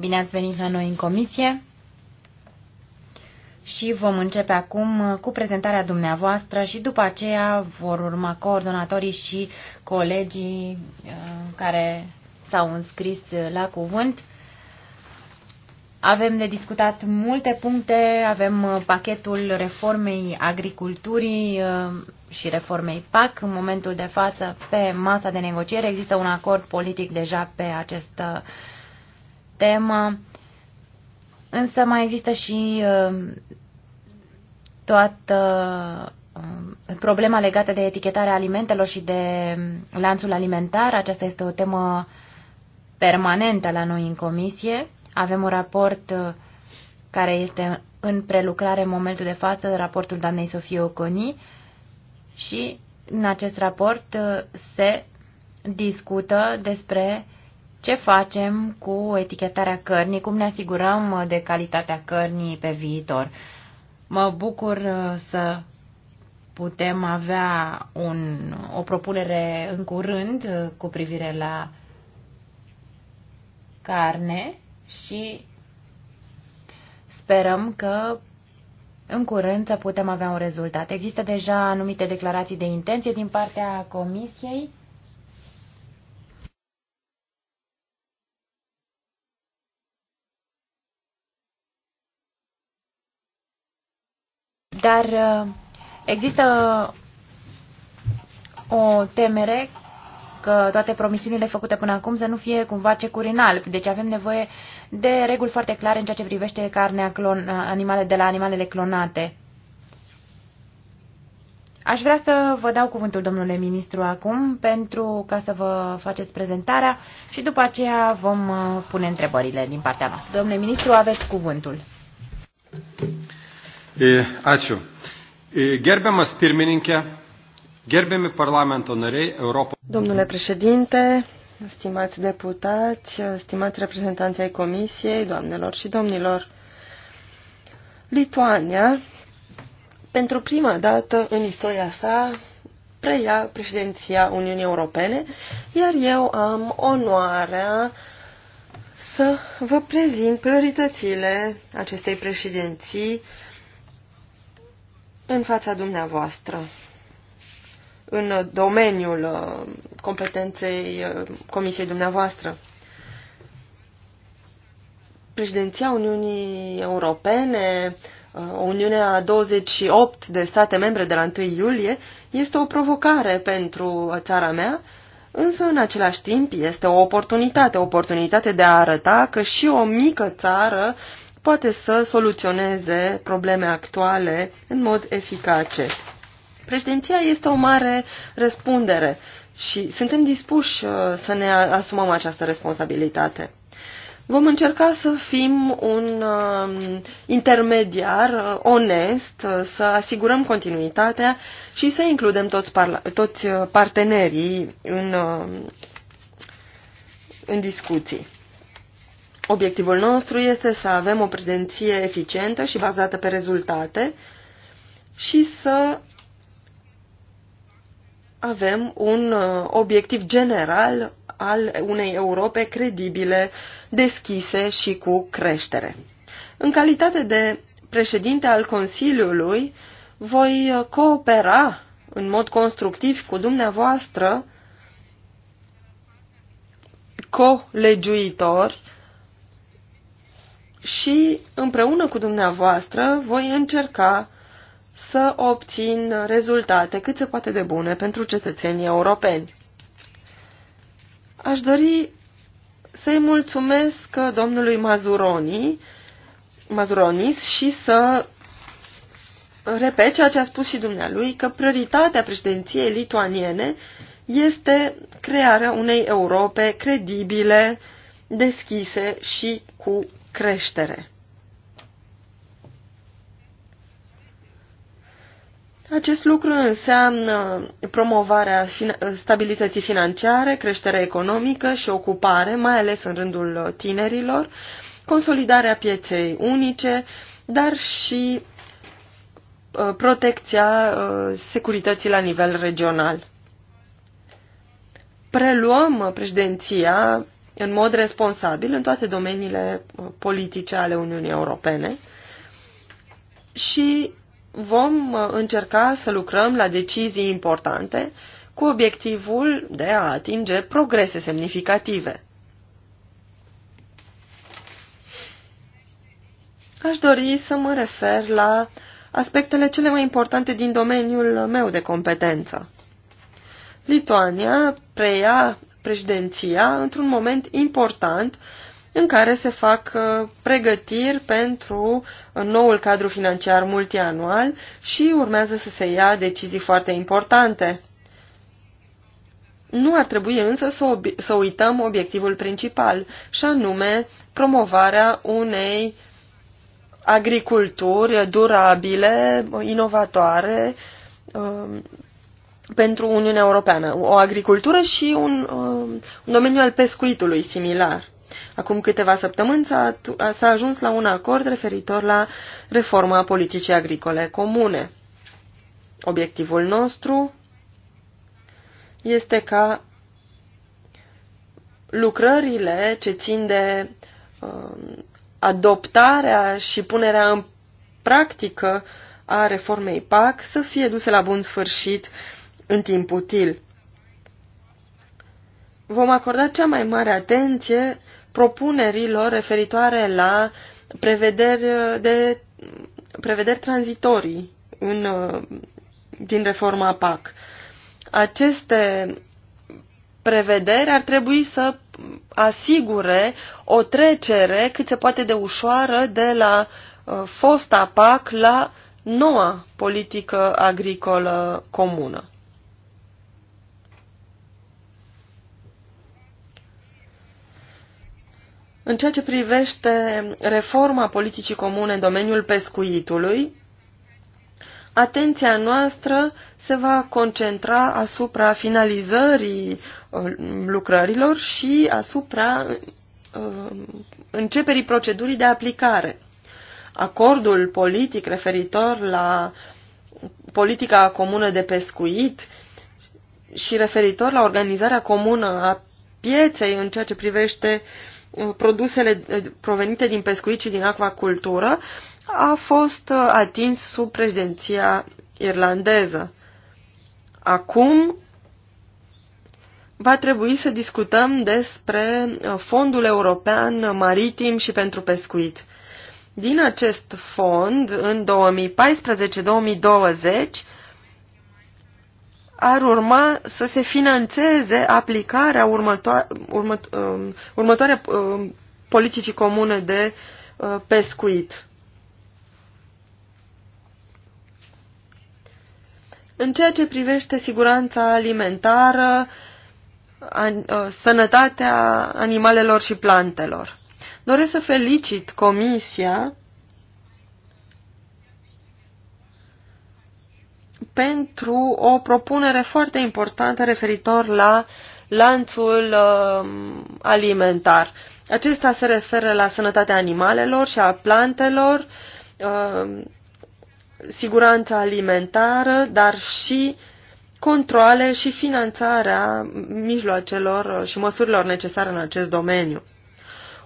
Bine ați venit la noi în comisie și vom începe acum cu prezentarea dumneavoastră și după aceea vor urma coordonatorii și colegii uh, care s-au înscris la cuvânt. Avem de discutat multe puncte, avem uh, pachetul reformei agriculturii uh, și reformei PAC. În momentul de față, pe masa de negociere, există un acord politic deja pe această uh, temă, însă mai există și uh, toată uh, problema legată de etichetarea alimentelor și de um, lanțul alimentar. Aceasta este o temă permanentă la noi în comisie. Avem un raport uh, care este în prelucrare în momentul de față, raportul doamnei Sofie Oconi și în acest raport se discută despre uh, ce facem cu etichetarea cărnii? Cum ne asigurăm uh, de calitatea cărnii pe viitor? Mă bucur uh, să putem avea un, o propunere în curând uh, cu privire la carne și sperăm că în curând să putem avea un rezultat. Există deja anumite declarații de intenție din partea Comisiei Dar uh, există o temere că toate promisiunile făcute până acum să nu fie cumva cecuri în alb. Deci avem nevoie de reguli foarte clare în ceea ce privește carnea clon, uh, animale de la animalele clonate. Aș vrea să vă dau cuvântul, domnule ministru, acum pentru ca să vă faceți prezentarea și după aceea vom uh, pune întrebările din partea noastră. Domnule ministru, aveți cuvântul. Ačiū. Gerbiamas pirmininkė, gerbiami parlamento nariai Europos. Domnule președinte, stimați deputați, stimați reprezentanți ai Comisiei, doamnelor și domnilor, Lituania, pentru prima dată în istoria sa, preia președinția Uniunii Europene, iar eu am onoarea să vă prezint prioritățile acestei președinții în fața dumneavoastră, în domeniul uh, competenței uh, comisiei dumneavoastră. Președinția Uniunii Europene, uh, Uniunea 28 de state membre de la 1 iulie, este o provocare pentru țara mea, însă în același timp este o oportunitate, o oportunitate de a arăta că și o mică țară uh, poate să soluționeze probleme actuale în mod eficace. Președinția este o mare răspundere și suntem dispuși uh, să ne asumăm această responsabilitate. Vom încerca să fim un um, intermediar uh, onest, uh, să asigurăm continuitatea și să includem toți, toți partenerii în, în discuții. Obiectivul nostru este să avem o prezenție eficientă și bazată pe rezultate și să avem un uh, obiectiv general al unei Europe credibile, deschise și cu creștere. În calitate de președinte al Consiliului, voi uh, coopera în mod constructiv cu dumneavoastră colegiuitori și împreună cu dumneavoastră voi încerca să obțin rezultate cât se poate de bune pentru cetățenii europeni. Aș dori să-i mulțumesc domnului Mazuroni, Mazuronis și să repet ceea ce a spus și dumnealui, că prioritatea președinției lituaniene este crearea unei Europe credibile, deschise și cu creștere. Acest lucru înseamnă promovarea stabilității financiare, creșterea economică și ocupare, mai ales în rândul tinerilor, consolidarea pieței unice, dar și uh, protecția uh, securității la nivel regional. Preluăm președinția în mod responsabil în toate domeniile uh, politice ale Uniunii Europene și vom uh, încerca să lucrăm la decizii importante cu obiectivul de a atinge progrese semnificative. Aș dori să mă refer la aspectele cele mai importante din domeniul meu de competență. Lituania preia președinția într-un moment important în care se fac uh, pregătiri pentru uh, noul cadru financiar multianual și urmează să se ia decizii foarte importante. Nu ar trebui însă să, ob- să uităm obiectivul principal, și anume promovarea unei agriculturi durabile, inovatoare, um, pentru Uniunea Europeană, o agricultură și un, um, un domeniu al pescuitului similar. Acum câteva săptămâni s-a ajuns la un acord referitor la reforma politicii agricole comune. Obiectivul nostru este ca lucrările ce țin de uh, adoptarea și punerea în practică a reformei PAC să fie duse la bun sfârșit uh, în timp util. Vom acorda cea mai mare atenție propunerilor referitoare la prevederi, uh, de, prevederi tranzitorii în, uh, din reforma PAC. Aceste prevederi ar trebui să asigure o trecere cât se poate de ușoară de la uh, fosta PAC la noua politică agricolă comună. În ceea ce privește reforma politicii comune în domeniul pescuitului, atenția noastră se va concentra asupra finalizării uh, lucrărilor și asupra uh, începerii procedurii de aplicare. Acordul politic referitor la politica comună de pescuit și referitor la organizarea comună a pieței în ceea ce privește uh, Uh, produsele uh, provenite din pescuit și din acvacultură a fost uh, atins sub președinția irlandeză. Acum va trebui să discutăm despre Fondul European Maritim și pentru Pescuit. Din acest fond, în 2014-2020, ar urma să se financeze aplicarea um, următoare, urmă, următoare politicii comune de uh, pescuit. În ceea ce privește siguranța alimentară, uh, sănătatea animalelor și plantelor, doresc să felicit Comisia pentru o propunere foarte importantă referitor la lanțul uh, alimentar. Acesta se referă la sănătatea animalelor și a plantelor, uh, siguranța alimentară, dar și controle și finanțarea mijloacelor și măsurilor necesare în acest domeniu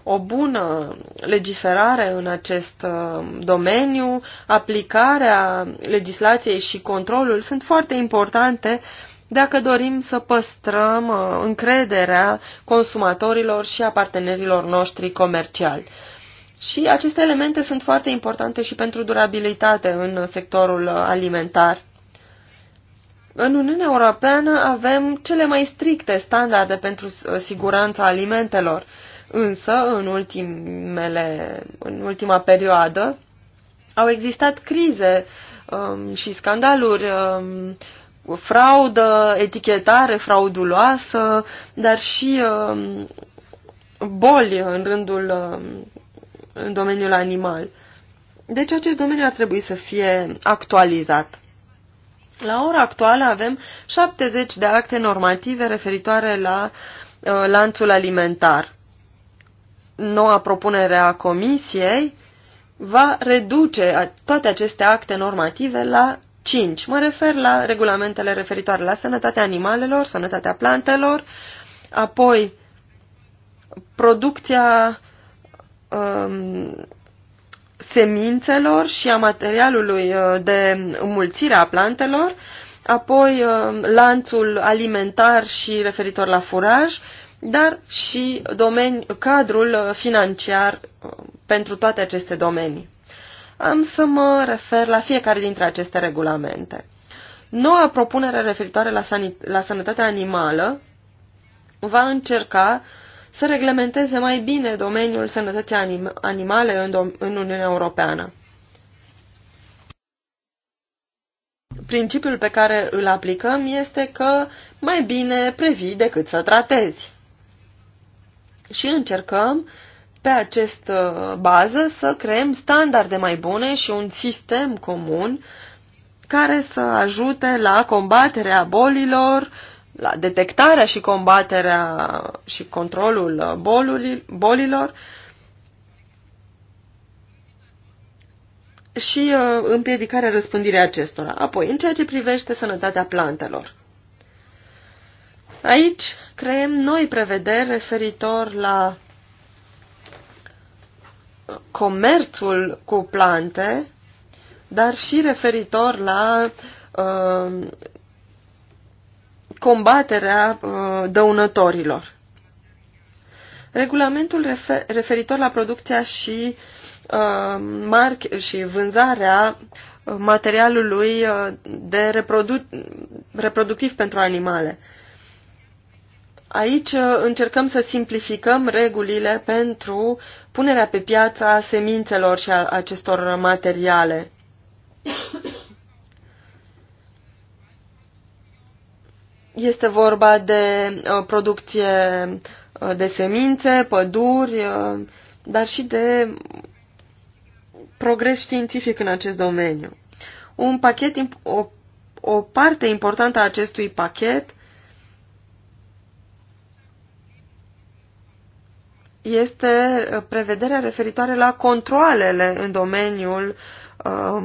o bună legiferare în acest uh, domeniu, aplicarea legislației și controlul sunt foarte importante dacă dorim să păstrăm uh, încrederea consumatorilor și a partenerilor noștri comerciali. Și aceste elemente sunt foarte importante și pentru durabilitate în sectorul uh, alimentar. În Uniunea Europeană avem cele mai stricte standarde pentru siguranța alimentelor Însă, în, ultimele, în ultima perioadă, au existat crize um, și scandaluri, um, fraudă, etichetare frauduloasă, dar și um, boli în rândul um, în domeniul animal. Deci acest domeniu ar trebui să fie actualizat. La ora actuală avem 70 de acte normative referitoare la uh, lanțul alimentar noua propunere a Comisiei va reduce toate aceste acte normative la 5. Mă refer la regulamentele referitoare la sănătatea animalelor, sănătatea plantelor, apoi producția um, semințelor și a materialului uh, de înmulțire a plantelor, apoi uh, lanțul alimentar și referitor la furaj, dar și domeni, cadrul uh, financiar uh, pentru toate aceste domenii. Am să mă refer la fiecare dintre aceste regulamente. Noua propunere referitoare la, la sănătatea animală va încerca să reglementeze mai bine domeniul sănătății anim, animale în, dom în Uniunea Europeană. principiul pe care îl aplicăm este că mai bine previi decât să tratezi. Și încercăm pe această bază să creăm standarde mai bune și un sistem comun care să ajute la combaterea bolilor, la detectarea și combaterea și controlul bolilor și uh, împiedicarea răspândirii acestora. Apoi, în ceea ce privește sănătatea plantelor. Aici creăm noi prevederi referitor la uh, comerțul cu plante, dar și referitor la uh, combaterea uh, dăunătorilor. Regulamentul refer referitor la producția și uh, Uh, marc și vânzarea materialului uh, de reprodu- reproductiv pentru animale. Aici uh, încercăm să simplificăm regulile pentru punerea pe piață a semințelor și a acestor materiale. Este vorba de producție de semințe, păduri, dar și de progres științific în acest domeniu. Un pachet, o, o parte importantă a acestui pachet este uh, prevederea referitoare la controlele în domeniul um,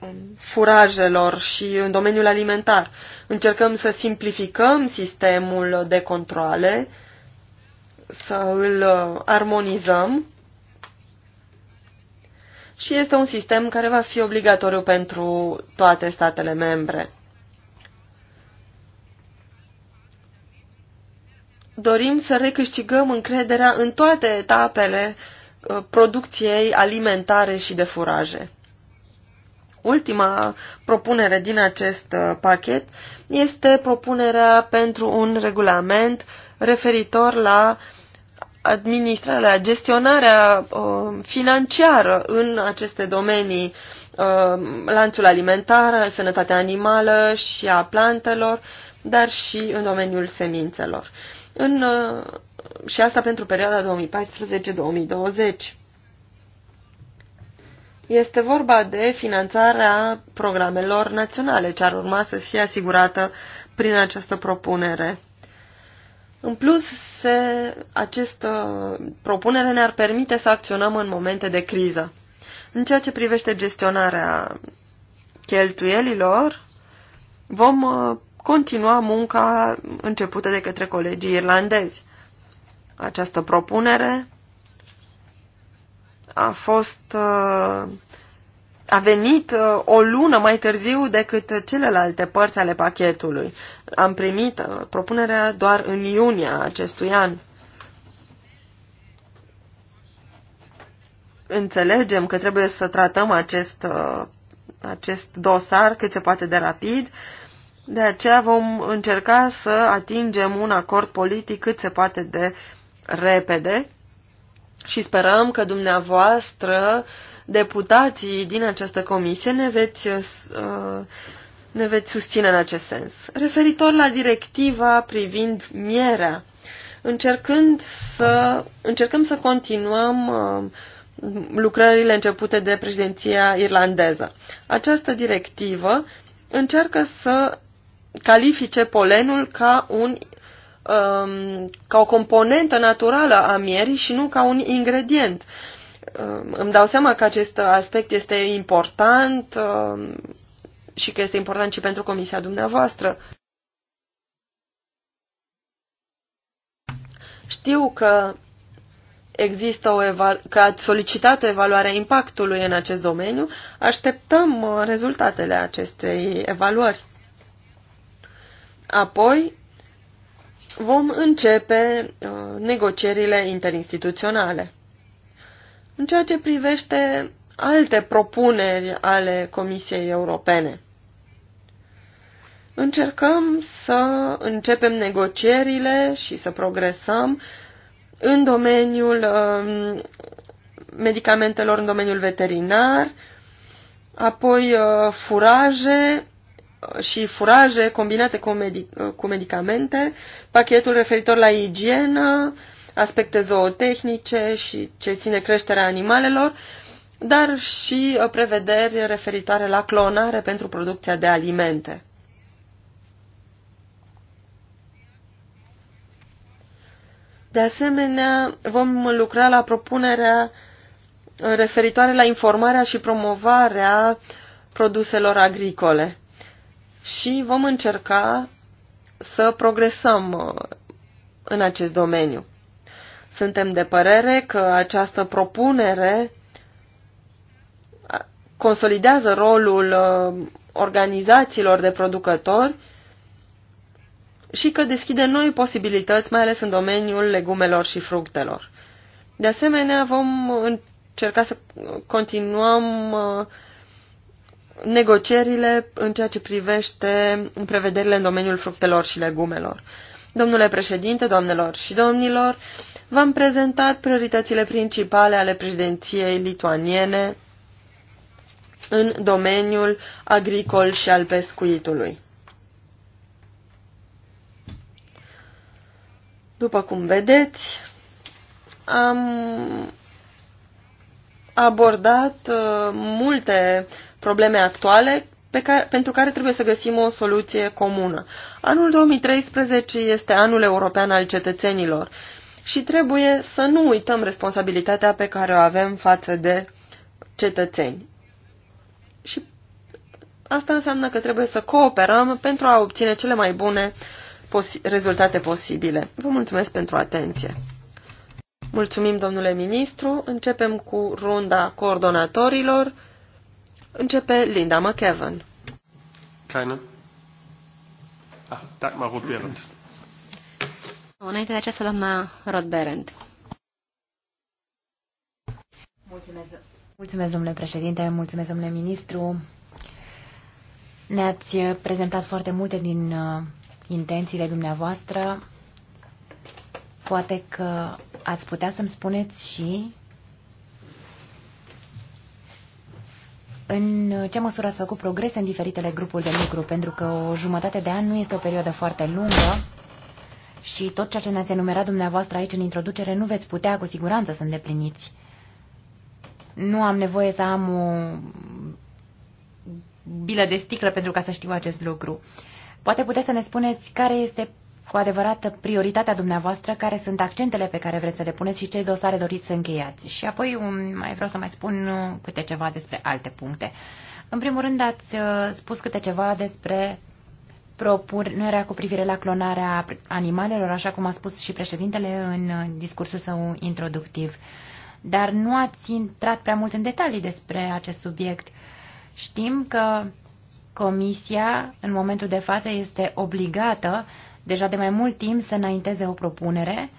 um, furajelor și în domeniul alimentar. Încercăm să simplificăm sistemul de controle, să îl uh, armonizăm și este un sistem care va fi obligatoriu pentru toate statele membre. Dorim să recâștigăm încrederea în toate etapele uh, producției alimentare și de furaje. Ultima propunere din acest uh, pachet este propunerea pentru un regulament referitor la uh, administrarea, gestionarea uh, financiară în aceste domenii, uh, lanțul alimentar, sănătatea animală și a plantelor, dar și în domeniul semințelor. În, uh, și asta pentru perioada 2014-2020. Este vorba de finanțarea programelor naționale, ce ar urma să fie asigurată prin această propunere. În plus, se, această propunere ne-ar permite să acționăm în momente de criză. În ceea ce privește gestionarea cheltuielilor, vom uh, continua munca începută de către colegii irlandezi. Această propunere a fost uh, a venit uh, o lună mai târziu decât celelalte părți ale pachetului. Am primit uh, propunerea doar în iunie acestui an. Înțelegem că trebuie să tratăm acest, uh, acest dosar cât se poate de rapid, de aceea vom încerca să atingem un acord politic cât se poate de repede și sperăm că dumneavoastră uh, deputații din această comisie ne veți, uh, ne veți susține în acest sens. Referitor la directiva privind mierea, încercând să, încercăm să continuăm uh, lucrările începute de președinția irlandeză. Această directivă încearcă să califice polenul ca un um, ca o componentă naturală a mierii și nu ca un ingredient. Um, îmi dau seama că acest aspect este important um, și că este important și pentru comisia dumneavoastră. Știu că există o că ați solicitat o evaluare a impactului în acest domeniu. Așteptăm uh, rezultatele acestei evaluări. Apoi vom începe uh, negocierile interinstituționale. În ceea ce privește alte propuneri ale Comisiei Europene, încercăm să începem negocierile și să progresăm în domeniul um, medicamentelor, în domeniul veterinar, apoi uh, furaje uh, și furaje combinate cu, medic uh, cu medicamente, pachetul referitor la igienă, aspecte zootehnice și ce ține creșterea animalelor, dar și uh, prevederi referitoare la clonare pentru producția de alimente. De asemenea, vom lucra la propunerea uh, referitoare la informarea și promovarea produselor agricole și vom încerca să progresăm uh, în acest domeniu. Suntem de părere că această propunere consolidează rolul uh, organizațiilor de producători și că deschide noi posibilități, mai ales în domeniul legumelor și fructelor. De asemenea, vom încerca să continuăm uh, negocierile în ceea ce privește prevederile în domeniul fructelor și legumelor. Domnule președinte, doamnelor și domnilor, V-am prezentat prioritățile principale ale președinției lituaniene în domeniul agricol și al pescuitului. După cum vedeți, am abordat uh, multe probleme actuale pe care, pentru care trebuie să găsim o soluție comună. Anul 2013 este anul european al cetățenilor și trebuie să nu uităm responsabilitatea pe care o avem față de cetățeni. Și asta înseamnă că trebuie să cooperăm pentru a obține cele mai bune posi rezultate posibile. Vă mulțumesc pentru atenție. Mulțumim, domnule ministru. Începem cu runda coordonatorilor. Începe Linda McEvan. Keine. Ah, Dagmar Roth-Behrendt. Înainte de aceasta, doamna Rodberend. Mulțumesc, mulțumesc, domnule președinte, mulțumesc, domnule ministru. Ne-ați prezentat foarte multe din uh, intențiile dumneavoastră. Poate că ați putea să-mi spuneți și în ce măsură ați făcut progrese în diferitele grupuri de lucru, pentru că o jumătate de an nu este o perioadă foarte lungă și tot ceea ce ne-ați enumerat dumneavoastră aici în introducere nu veți putea cu siguranță să îndepliniți. Nu am nevoie să am o bilă de sticlă pentru ca să știu acest lucru. Poate puteți să ne spuneți care este cu adevărat prioritatea dumneavoastră, care sunt accentele pe care vreți să le puneți și ce dosare doriți să încheiați. Și apoi um, mai vreau să mai spun uh, câte ceva despre alte puncte. În primul rând ați uh, spus câte ceva despre propunerea cu privire la clonarea animalelor, așa cum a spus și președintele în discursul său introductiv. Dar nu ați intrat prea mult în detalii despre acest subiect. Știm că Comisia, în momentul de față, este obligată deja de mai mult timp să înainteze o propunere.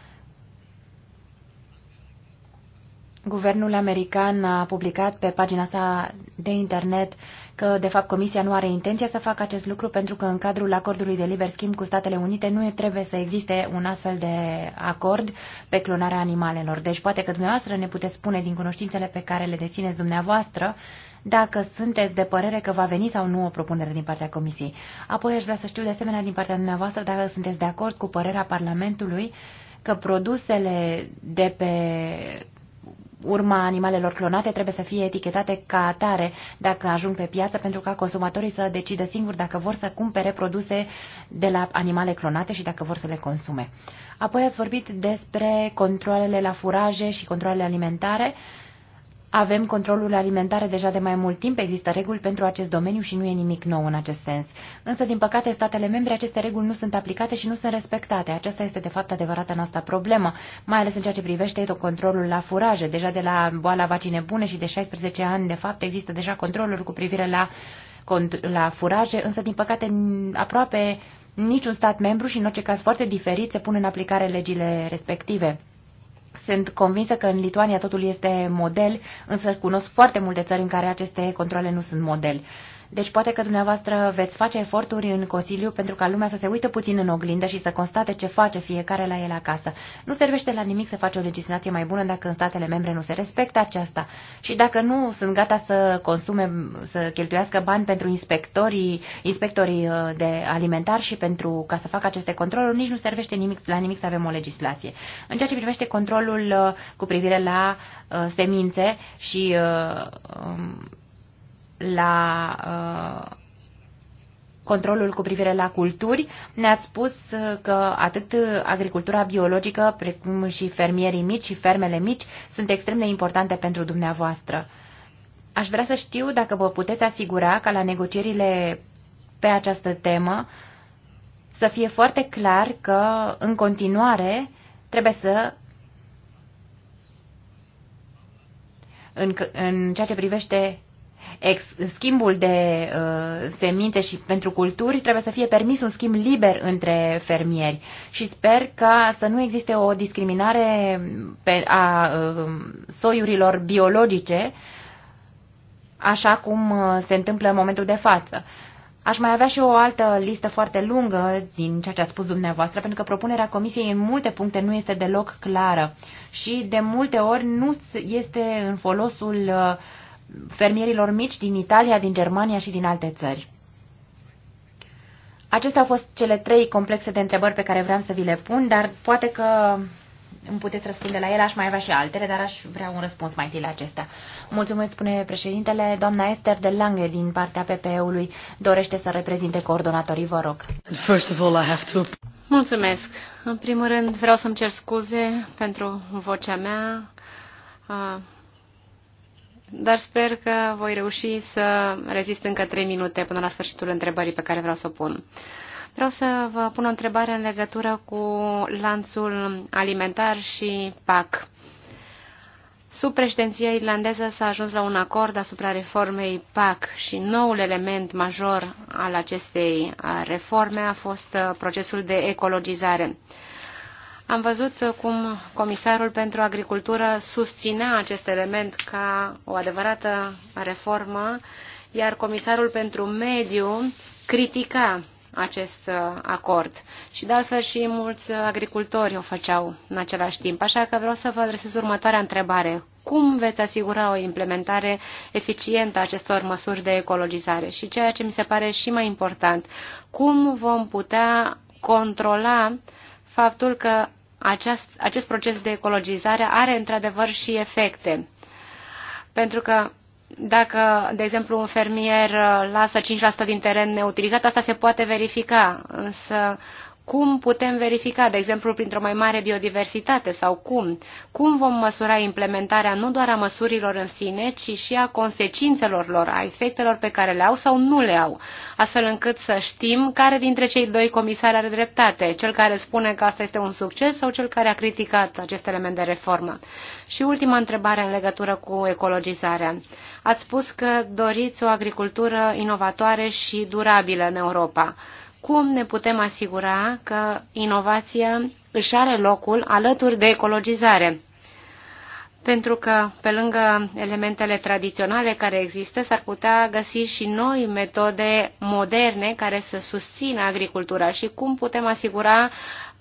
Guvernul american a publicat pe pagina sa de internet uh, că, de fapt, Comisia nu are intenția să facă acest lucru pentru că în cadrul acordului de liber schimb cu Statele Unite nu trebuie să existe un astfel de acord pe clonarea animalelor. Deci poate că dumneavoastră ne puteți spune din cunoștințele pe care le dețineți dumneavoastră dacă sunteți de părere că va veni sau nu o propunere din partea Comisiei. Apoi aș vrea să știu de asemenea din partea dumneavoastră dacă sunteți de acord cu părerea Parlamentului că produsele de pe urma animalelor clonate trebuie să fie etichetate ca atare dacă ajung pe piață pentru ca consumatorii să decidă singuri dacă vor să cumpere produse de la animale clonate și dacă vor să le consume. Apoi ați vorbit despre controlele la furaje și controlele alimentare. Uh, avem controlul alimentare deja de mai mult timp, există reguli pentru acest domeniu și nu e nimic nou în acest sens. Însă, din păcate, statele membre aceste reguli nu sunt aplicate și nu sunt respectate. Aceasta este, de fapt, adevărata noastră problemă, mai ales în ceea ce privește controlul la furaje. Deja de la boala vacine bune și de 16 ani, de fapt, există deja controluri cu privire la, la furaje, însă, din păcate, aproape niciun stat membru și, în orice caz, foarte diferit se pun în aplicare legile respective. Sunt convinsă că în Lituania totul este model, însă cunosc foarte multe țări în care aceste controle nu sunt model. Deci poate că dumneavoastră veți face eforturi în Consiliu pentru ca lumea să se uită puțin în oglindă și să constate ce face fiecare la el acasă. Nu servește la nimic să faci o legislație mai bună dacă în statele membre nu se respectă aceasta. Și dacă nu sunt gata să consume, să cheltuiască bani pentru inspectorii, inspectorii uh, de alimentar și pentru ca să facă aceste controluri, nici nu servește nimic, la nimic să avem o legislație. În ceea ce privește controlul uh, cu privire la uh, semințe și uh, um, la uh, controlul cu privire la culturi, ne-ați spus uh, că atât agricultura biologică, precum și fermierii mici și fermele mici, sunt extrem de importante pentru dumneavoastră. Aș vrea să știu dacă vă puteți asigura ca la negocierile pe această temă să fie foarte clar că în continuare trebuie să în, în ceea ce privește ex, schimbul de uh, semințe și pentru culturi trebuie să fie permis un schimb liber între fermieri și sper ca să nu existe o discriminare pe, a uh, soiurilor biologice așa cum uh, se întâmplă în momentul de față. Aș mai avea și o altă listă foarte lungă din ceea ce a spus dumneavoastră, pentru că propunerea comisiei în multe puncte nu este deloc clară și de multe ori nu este în folosul uh, fermierilor mici din Italia, din Germania și din alte țări. Acestea au fost cele trei complexe de întrebări pe care vreau să vi le pun, dar poate că îmi puteți răspunde la ele, aș mai avea și altele, dar aș vrea un răspuns mai întâi la acestea. Mulțumesc, spune președintele. Doamna Esther de Lange, din partea PPE-ului, dorește să reprezinte coordonatorii, vă rog. First of all, I have to... Mulțumesc. În primul rând, vreau să-mi cer scuze pentru vocea mea dar sper că voi reuși să rezist încă trei minute până la sfârșitul întrebării pe care vreau să o pun. Vreau să vă pun o întrebare în legătură cu lanțul alimentar și PAC. Sub președinția irlandeză s-a ajuns la un acord asupra reformei PAC și noul element major al acestei uh, reforme a fost uh, procesul de ecologizare. Am văzut uh, cum Comisarul pentru Agricultură susținea acest element ca o adevărată reformă, iar Comisarul pentru Mediu critica acest uh, acord. Și de altfel și mulți agricultori o făceau în același timp. Așa că vreau să vă adresez următoarea întrebare. Cum veți asigura o implementare eficientă a acestor măsuri de ecologizare? Și ceea ce mi se pare și mai important, cum vom putea controla uh, faptul că aceast, acest proces de ecologizare are într-adevăr și efecte. Pentru că dacă, de exemplu, un fermier uh, lasă 5% din teren neutilizat, asta se poate verifica, însă cum putem verifica, de exemplu, printr-o mai mare biodiversitate sau cum? Cum vom măsura implementarea nu doar a măsurilor în sine, ci și a consecințelor lor, a efectelor pe care le au sau nu le au, astfel încât să știm care dintre cei doi comisari are dreptate, cel care spune că asta este un succes sau cel care a criticat acest element de reformă. Și ultima întrebare în legătură cu ecologizarea. Ați spus că doriți o agricultură inovatoare și durabilă în Europa cum ne putem asigura că inovația își are locul alături de ecologizare. Pentru că, pe lângă elementele tradiționale care există, s-ar putea găsi și noi metode moderne care să susțină agricultura și cum putem asigura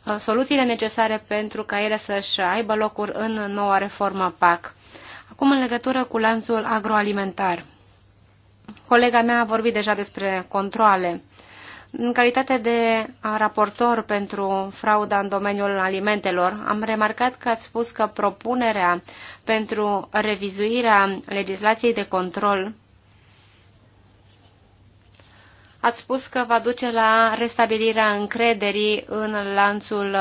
uh, soluțiile necesare pentru ca ele să-și aibă locuri în noua reformă PAC. Acum, în legătură cu lanțul agroalimentar. Colega mea a vorbit deja despre controle. În calitate de raportor pentru frauda în domeniul alimentelor, am remarcat că ați spus că propunerea pentru revizuirea legislației de control Ați spus că va duce la restabilirea încrederii în lanțul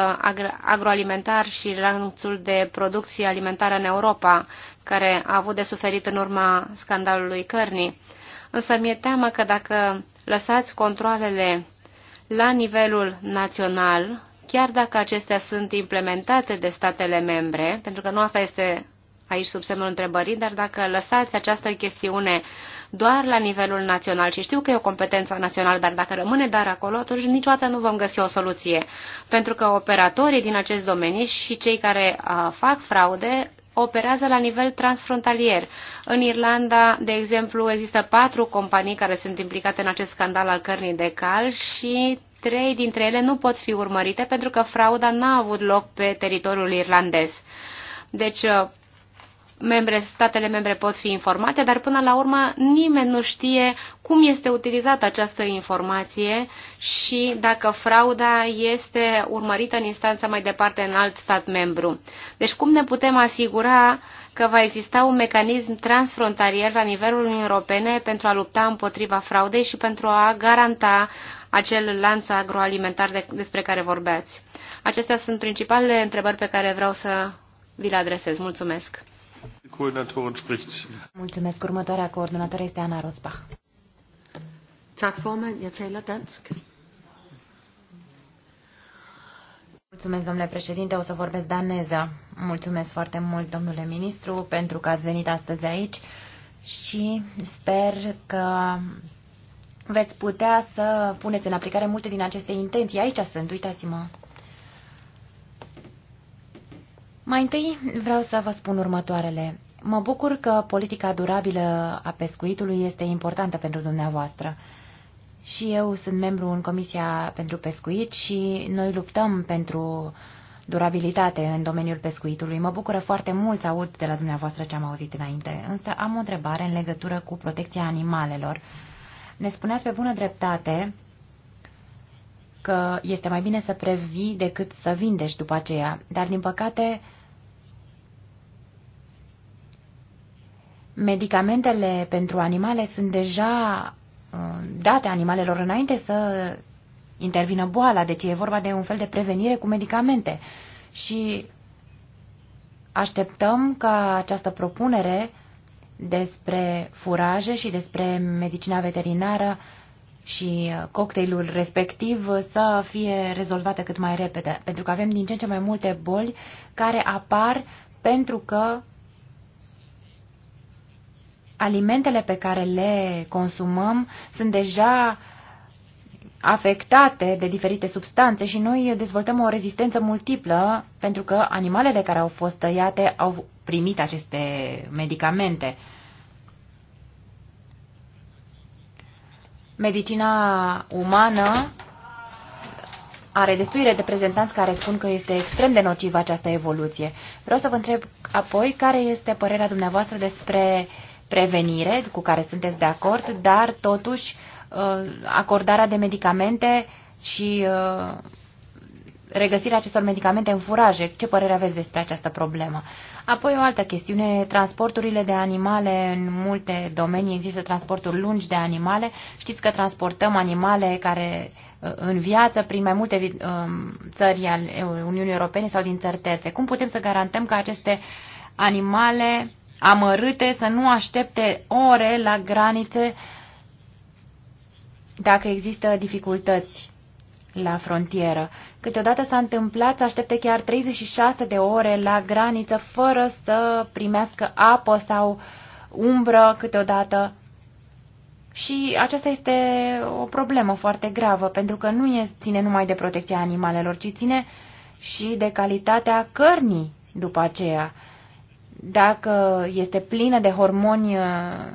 agroalimentar și lanțul de producție alimentară în Europa, care a avut de suferit în urma scandalului cărnii. Însă mi-e teamă că dacă lăsați controlele la nivelul național, chiar dacă acestea sunt implementate de statele membre, pentru că nu asta este aici sub semnul întrebării, dar dacă lăsați această chestiune doar la nivelul național, și știu că e o competență națională, dar dacă rămâne doar acolo, atunci niciodată nu vom găsi o soluție, pentru că operatorii din acest domeniu și cei care fac fraude operează la nivel transfrontalier. În Irlanda, de exemplu, există patru companii care sunt implicate în acest scandal al cărnii de cal și trei dintre ele nu pot fi urmărite pentru că frauda n-a avut loc pe teritoriul irlandez. Deci, membre, statele membre pot fi informate, dar până la urmă nimeni nu știe cum este utilizată această informație și dacă frauda este urmărită în instanța mai departe în alt stat membru. Deci cum ne putem asigura că va exista un mecanism transfrontalier la nivelul Uniunii Europene pentru a lupta împotriva fraudei și pentru a garanta acel lanț agroalimentar de, despre care vorbeați. Acestea sunt principalele întrebări pe care vreau să vi le adresez. Mulțumesc! Mulțumesc. Următoarea coordonatoare este Ana Rosbach. Tak, formand. Jeg taler dansk. Mulțumesc, domnule președinte, o să vorbesc daneză. Mulțumesc foarte mult, domnule ministru, pentru că ați venit astăzi aici și sper că veți putea să puneți în aplicare multe din aceste intenții. Aici sunt, uitați-mă. Mai întâi vreau să vă spun următoarele. Mă bucur că politica durabilă a pescuitului este importantă pentru dumneavoastră. Și eu sunt membru în Comisia pentru Pescuit și noi luptăm pentru durabilitate în domeniul pescuitului. Mă bucură foarte mult să aud de la dumneavoastră ce am auzit înainte, însă am o întrebare în legătură cu protecția animalelor. Ne spuneați pe bună dreptate că este mai bine să previi decât să vindești după aceea, dar din păcate Medicamentele pentru animale sunt deja uh, date animalelor înainte să intervină boala, deci e vorba de un fel de prevenire cu medicamente. Și așteptăm ca această propunere despre furaje și despre medicina veterinară și cocktailul respectiv să fie rezolvată cât mai repede, pentru că avem din ce în ce mai multe boli care apar pentru că alimentele pe care le consumăm sunt deja afectate de diferite substanțe și noi dezvoltăm o rezistență multiplă pentru că animalele care au fost tăiate au primit aceste medicamente. Medicina umană are destui reprezentanți care spun că este extrem de nocivă această evoluție. Vreau să vă întreb apoi care este părerea dumneavoastră despre uh, prevenire, cu care sunteți de acord, dar totuși uh, acordarea de medicamente și uh, regăsirea acestor medicamente în furaje. Ce părere aveți despre această problemă? Apoi o altă chestiune, transporturile de animale în multe domenii există transporturi lungi de animale. Știți că transportăm animale care uh, în viață prin mai multe țări ale Uniunii Europene sau din țări terțe. Cum putem să garantăm că aceste animale amărâte să nu aștepte ore la granițe dacă există dificultăți la frontieră. Câteodată s-a întâmplat să aștepte chiar 36 de ore la graniță fără să primească apă sau umbră câteodată. Și aceasta este o problemă foarte gravă, pentru că nu e, ține numai de protecția animalelor, ci ține și de calitatea cărnii după aceea dacă este plină de hormoni uh,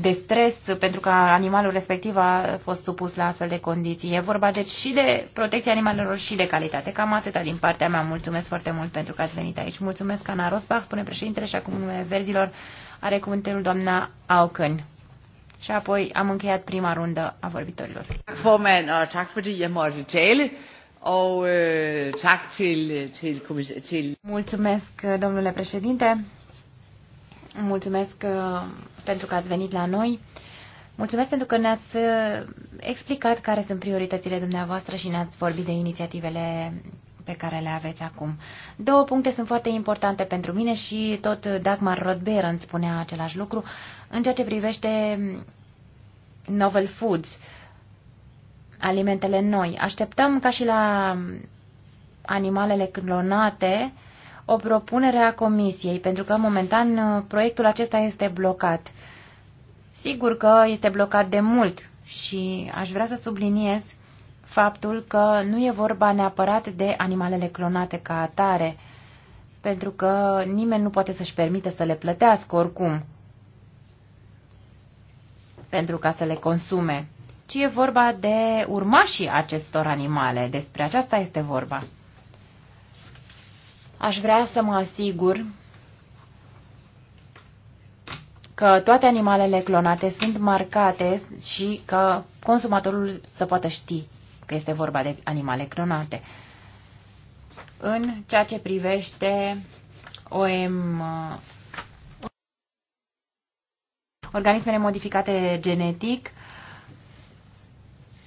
de stres pentru că animalul respectiv a fost supus la astfel de condiții. E vorba deci și de protecția animalelor și de calitate. Cam atâta din partea mea. Mulțumesc foarte mult pentru că ați venit aici. Mulțumesc, Ana Rosbach, spune președintele și acum numele verzilor are cuvântul doamna Aucân. Și apoi am încheiat prima rundă a vorbitorilor. Tak, formand, og tak Og øh, tak til, øh, til, til... Mulțumesc, domnule președinte. Mulțumesc uh, pentru că ați venit la noi. Mulțumesc pentru că ne-ați uh, explicat care sunt prioritățile dumneavoastră și ne-ați vorbit de inițiativele pe care le aveți acum. Două puncte sunt foarte importante pentru mine și tot Dagmar îmi spunea același lucru în ceea ce privește novel foods. Uh, alimentele noi. Așteptăm ca și la animalele clonate o propunere a Comisiei, pentru că momentan uh, proiectul acesta este blocat. Sigur că este blocat de mult și aș vrea să subliniez faptul că nu e vorba neapărat de animalele clonate ca atare, pentru că nimeni nu poate să-și permite să le plătească oricum pentru ca să le consume ci e vorba de urmașii acestor animale. Despre aceasta este vorba. Aș vrea să mă asigur că toate animalele clonate sunt marcate și că consumatorul să poată ști că este vorba de animale clonate. În ceea ce privește OM, organismele modificate genetic,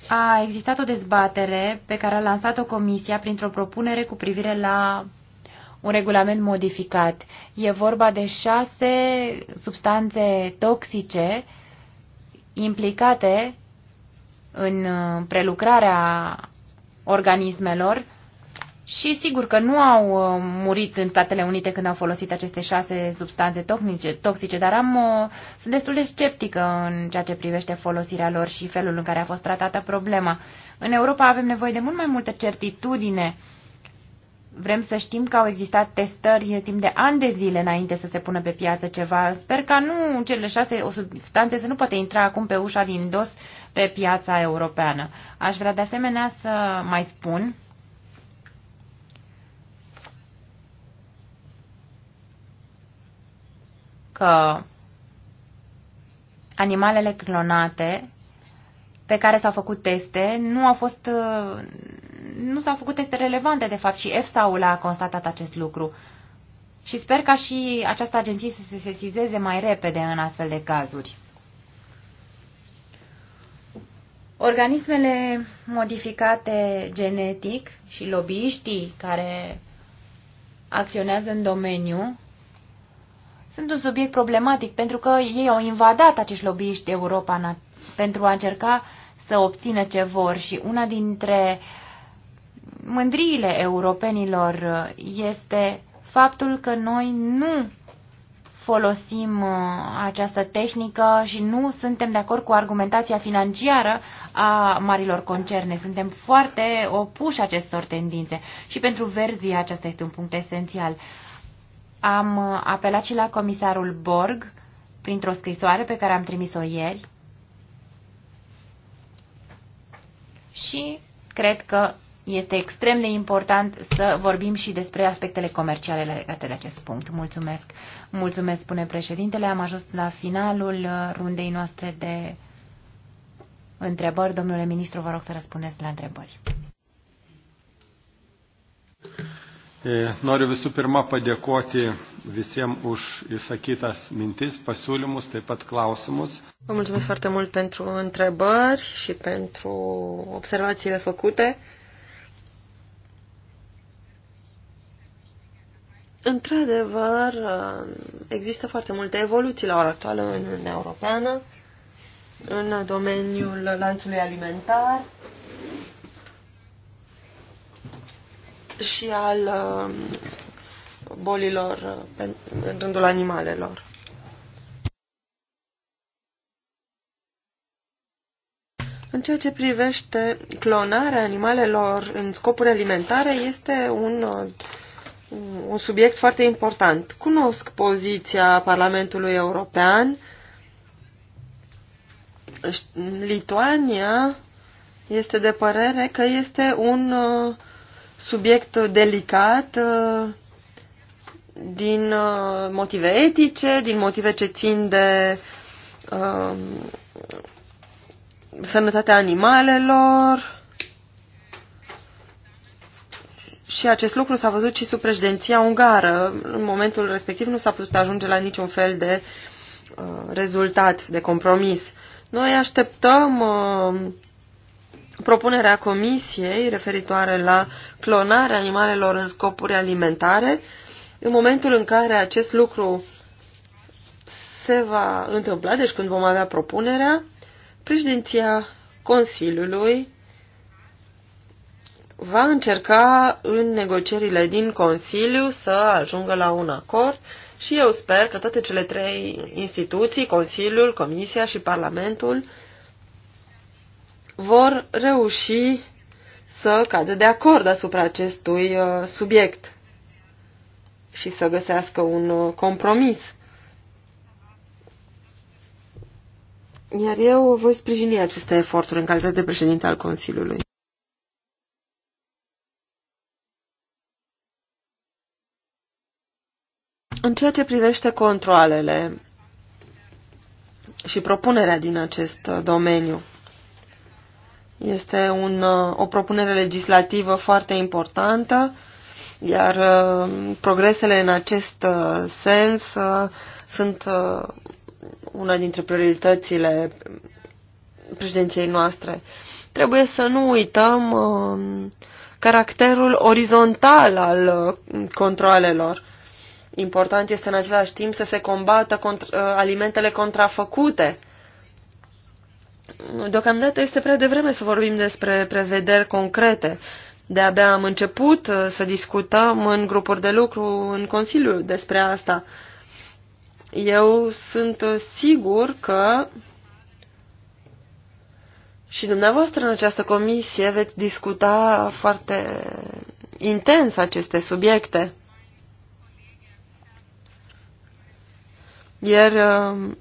a existat o dezbatere pe care a lansat-o Comisia printr-o propunere cu privire la un regulament modificat. E vorba de șase substanțe toxice implicate în uh, prelucrarea organismelor și sigur că nu au uh, murit în Statele Unite când au folosit aceste șase substanțe toxice, toxice dar am, uh, sunt destul de sceptică în ceea ce privește folosirea lor și felul în care a fost tratată problema. În Europa avem nevoie de mult mai multă certitudine. Vrem să știm că au existat testări timp de ani de zile înainte să se pună pe piață ceva. Sper ca nu cele șase substanțe să nu poate intra acum pe ușa din dos pe piața europeană. Aș vrea de asemenea să mai spun că animalele clonate pe care s-au făcut teste nu au fost nu s-au făcut teste relevante de fapt și EFSA-ul a constatat acest lucru. Și sper ca și această agenție să se sesizeze mai repede în astfel de cazuri. Organismele modificate genetic și lobbyiștii care acționează în domeniu sunt un subiect problematic pentru că ei au invadat acești lobbyiști Europa în pentru a încerca să obțină ce vor și una dintre mândriile europenilor este faptul că noi nu folosim uh, această tehnică și nu suntem de acord cu argumentația financiară a marilor concerne. Suntem foarte opuși acestor tendințe și pentru verzii acesta este un punct esențial. Am uh, apelat și la comisarul Borg printr-o scrisoare pe care am trimis-o ieri și cred că este extrem de important să vorbim și despre aspectele comerciale legate de acest punct. Mulțumesc. Mulțumesc, spune președintele. Am ajuns la finalul uh, rundei noastre de întrebări. Domnule ministru, vă rog să răspundeți la întrebări. Noriu visų pirma padėkoti visiems už įsakytas mintis, pasiūlymus, taip pat klausimus. Vă mulțumesc foarte mult pentru întrebări și pentru observațiile făcute. Într-adevăr, există foarte multe evoluții la ora actuală în Uniunea Europeană, în domeniul lanțului alimentar, și al uh, bolilor uh, în rândul animalelor. În ceea ce privește clonarea animalelor în scopuri alimentare, este un, uh, un subiect foarte important. Cunosc poziția Parlamentului European. Lituania este de părere că este un uh, subiect delicat uh, din uh, motive etice, din motive ce țin de uh, sănătatea animalelor. Și acest lucru s-a văzut și sub președinția ungară. În momentul respectiv nu s-a putut ajunge la niciun fel de uh, rezultat, de compromis. Noi așteptăm uh, propunerea comisiei referitoare la clonarea animalelor în scopuri alimentare, în momentul în care acest lucru se va întâmpla, deci când vom avea propunerea, președinția Consiliului va încerca în negocierile din Consiliu să ajungă la un acord și eu sper că toate cele trei instituții, Consiliul, Comisia și Parlamentul, vor reuși să cadă de acord asupra acestui uh, subiect și să găsească un uh, compromis. Iar eu voi sprijini aceste eforturi în calitate de președinte al Consiliului. În ceea ce privește controlele și propunerea din acest uh, domeniu, este un, uh, o propunere legislativă foarte importantă, iar uh, progresele în acest uh, sens sunt una dintre prioritățile președinției noastre. Trebuie să nu uităm um, caracterul orizontal al controalelor. Important este în același timp să se combată contra alimentele contrafăcute, Deocamdată este prea devreme să vorbim despre prevederi concrete. De-abia am început uh, să discutăm în grupuri de lucru în Consiliu despre asta. Eu sunt uh, sigur că și dumneavoastră în această comisie veți discuta foarte intens aceste subiecte. Ieri uh,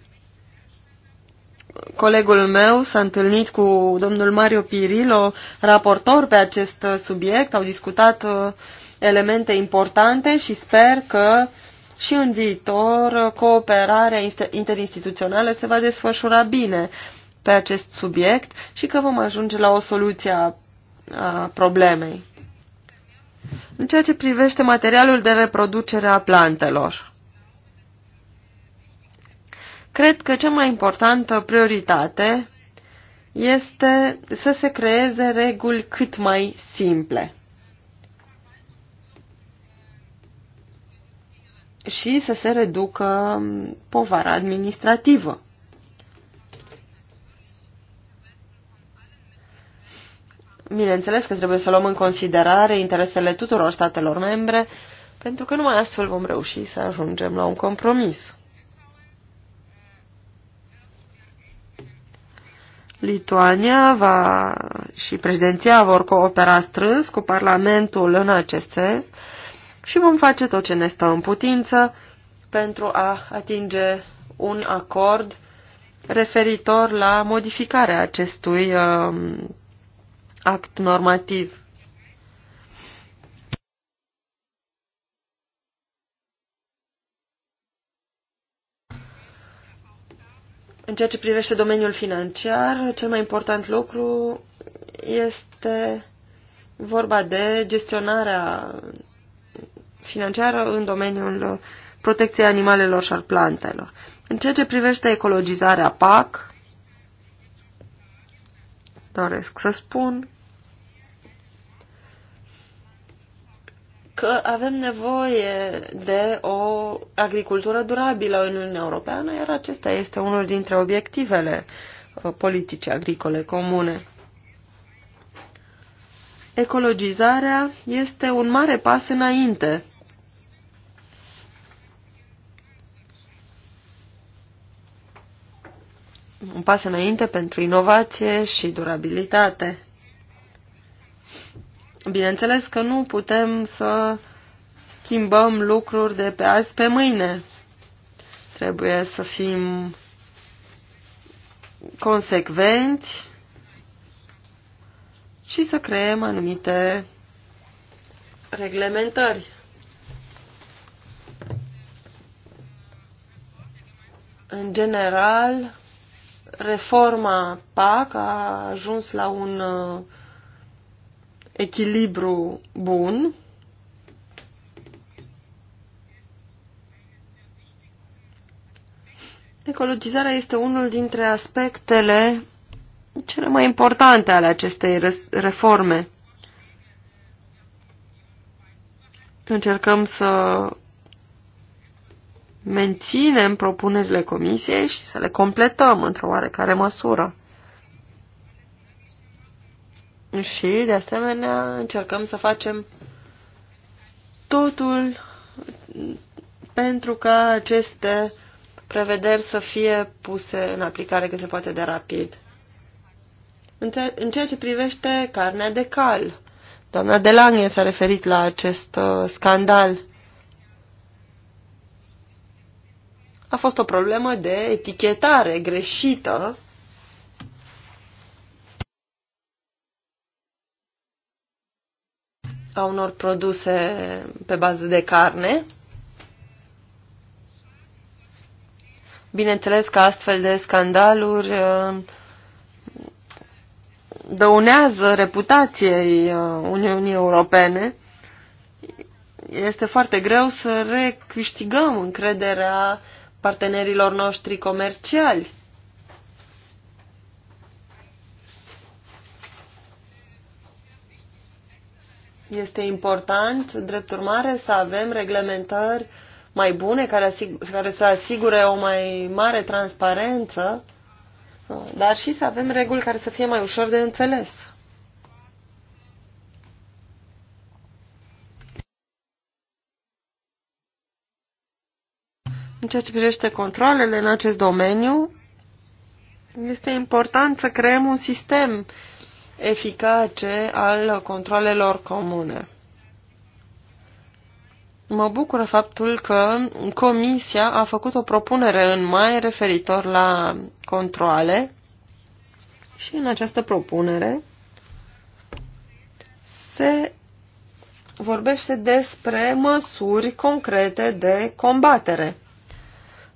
colegul meu s-a întâlnit cu domnul Mario Pirilo, raportor pe acest uh, subiect, au discutat uh, elemente importante și sper că și în viitor uh, cooperarea interinstituțională se va desfășura bine pe acest subiect și că vom ajunge la o soluție a problemei. În ceea ce privește materialul de reproducere a plantelor, Cred că cea mai importantă prioritate este să se creeze reguli cât mai simple. și să se reducă povara administrativă. Bineînțeles că trebuie să luăm în considerare interesele tuturor statelor membre, pentru că numai astfel vom reuși să ajungem la un compromis. Lituania va, și președinția vor coopera strâns cu Parlamentul în acest sens și vom face tot ce ne stă în putință pentru a atinge un acord referitor la modificarea acestui uh, act normativ. În ceea ce privește domeniul financiar, cel mai important lucru este vorba de gestionarea financiară în domeniul protecției animalelor și al plantelor. În ceea ce privește ecologizarea PAC, doresc să spun că avem nevoie de o agricultură durabilă în Uniunea Europeană, iar acesta este unul dintre obiectivele uh, politice agricole comune. Ecologizarea este un mare pas înainte. Un pas înainte pentru inovație și durabilitate. Bineînțeles că nu putem să schimbăm lucruri de pe azi pe mâine. Trebuie să fim consecvenți și să creăm anumite reglementări. În general, reforma PAC a ajuns la un uh, echilibru bun. Ecologizarea este unul dintre aspectele cele mai importante ale acestei reforme. Încercăm să menținem propunerile comisiei și să le completăm într-o oarecare măsură. Și, de asemenea, încercăm să facem totul pentru ca aceste prevederi să fie puse în aplicare cât se poate de rapid. În ceea ce privește carnea de cal, doamna Delanghe s-a referit la acest uh, scandal. A fost o problemă de etichetare greșită a unor produse pe bază de carne. Bineînțeles că astfel de scandaluri uh, dăunează reputației uh, Uniunii Europene. Este foarte greu să recâștigăm încrederea partenerilor noștri comerciali. Este important, drept urmare, să avem reglementări mai bune care, asig- care să asigure o mai mare transparență, dar și să avem reguli care să fie mai ușor de înțeles. În ceea ce privește controlele în acest domeniu, este important să creăm un sistem uh, eficace al controlelor comune. Mă bucură faptul că Comisia a făcut o propunere în mai referitor la controle și în această propunere se vorbește despre măsuri concrete de combatere.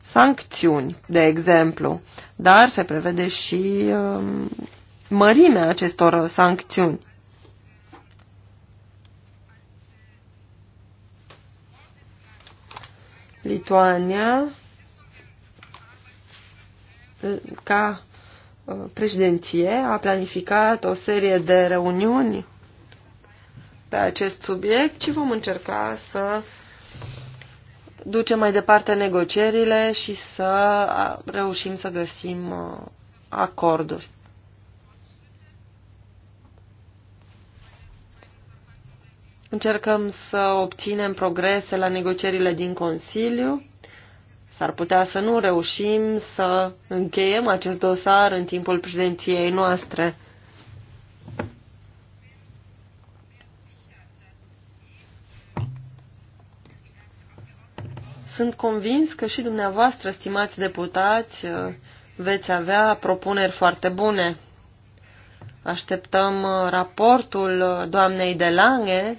Sancțiuni, de exemplu, dar se prevede și um, mărimea acestor sancțiuni. Lituania ca uh, președinție a planificat o serie de reuniuni pe acest subiect și vom încerca să ducem mai departe negocierile și să uh, reușim să găsim uh, acorduri. Încercăm să obținem progrese la negocierile din Consiliu. S-ar putea să nu reușim să încheiem acest dosar în timpul președinției noastre. Sunt convins că și dumneavoastră, stimați deputați, veți avea propuneri foarte bune. Așteptăm raportul doamnei de Lange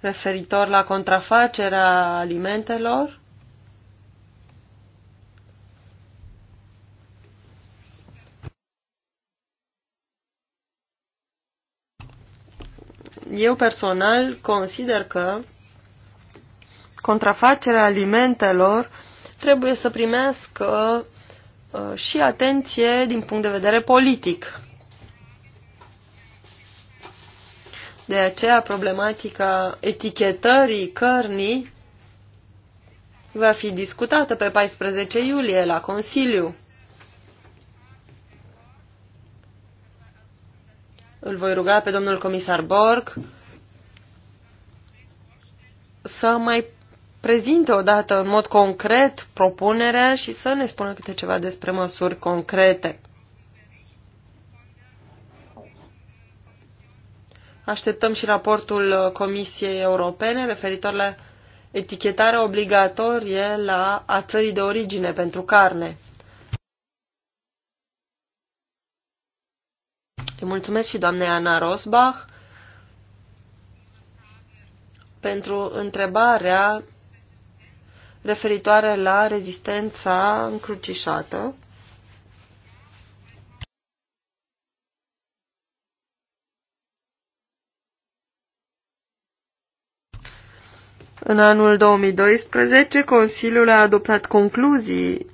referitor la contrafacerea alimentelor. Eu personal consider că contrafacerea alimentelor trebuie să primească uh, și atenție din punct de vedere politic. De aceea problematica etichetării cărnii va fi discutată pe 14 iulie la Consiliu. Îl voi ruga pe domnul comisar Borg să mai prezinte odată în mod concret propunerea și să ne spună câte ceva despre măsuri concrete. Așteptăm și raportul uh, Comisiei Europene referitor la etichetarea obligatorie la a țării de origine pentru carne. Îi mulțumesc și doamnei Ana Rosbach pentru întrebarea referitoare la rezistența încrucișată. În anul 2012, Consiliul a adoptat concluzii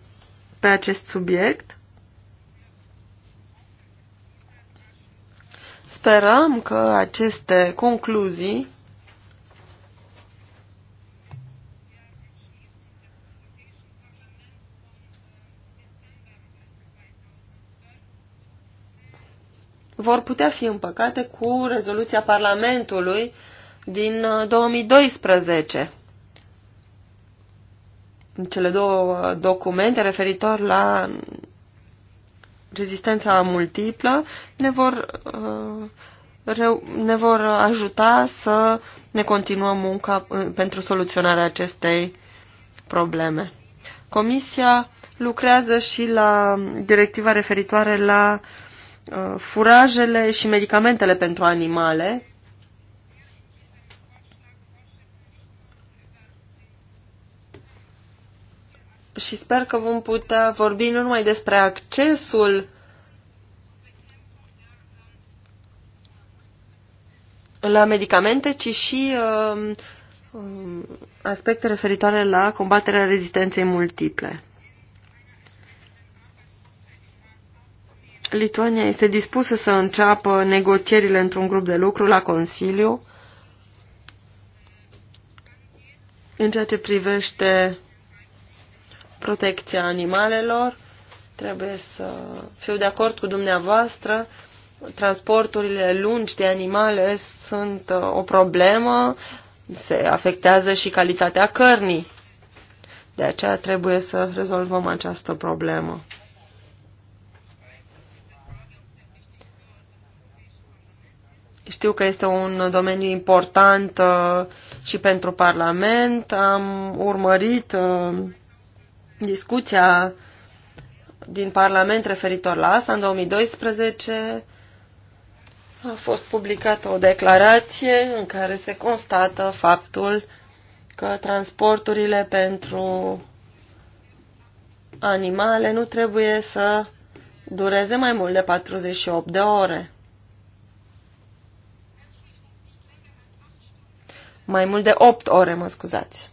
pe acest subiect. Sperăm că aceste concluzii vor putea fi împăcate cu rezoluția Parlamentului din 2012. Uh, în Cele două uh, documente referitor la rezistența multiplă ne vor, uh, ne vor ajuta să ne continuăm munca pentru soluționarea acestei probleme. Comisia lucrează și la directiva referitoare la furajele și medicamentele pentru animale, și sper că vom putea vorbi nu numai despre accesul la medicamente, ci și uh, aspecte referitoare la combaterea rezistenței multiple. Lituania este dispusă să înceapă negocierile într-un grup de lucru la Consiliu în ceea ce privește protecția animalelor, trebuie să fiu de acord cu dumneavoastră, transporturile lungi de animale sunt uh, o problemă, se afectează și calitatea cărnii. De aceea trebuie să rezolvăm această problemă. Știu că este un domeniu important uh, și pentru Parlament. Am urmărit uh, discuția din Parlament referitor la asta în 2012 a fost publicată o declarație în care se constată faptul că transporturile pentru animale nu trebuie să dureze mai mult de 48 de ore. Mai mult de 8 ore, mă scuzați.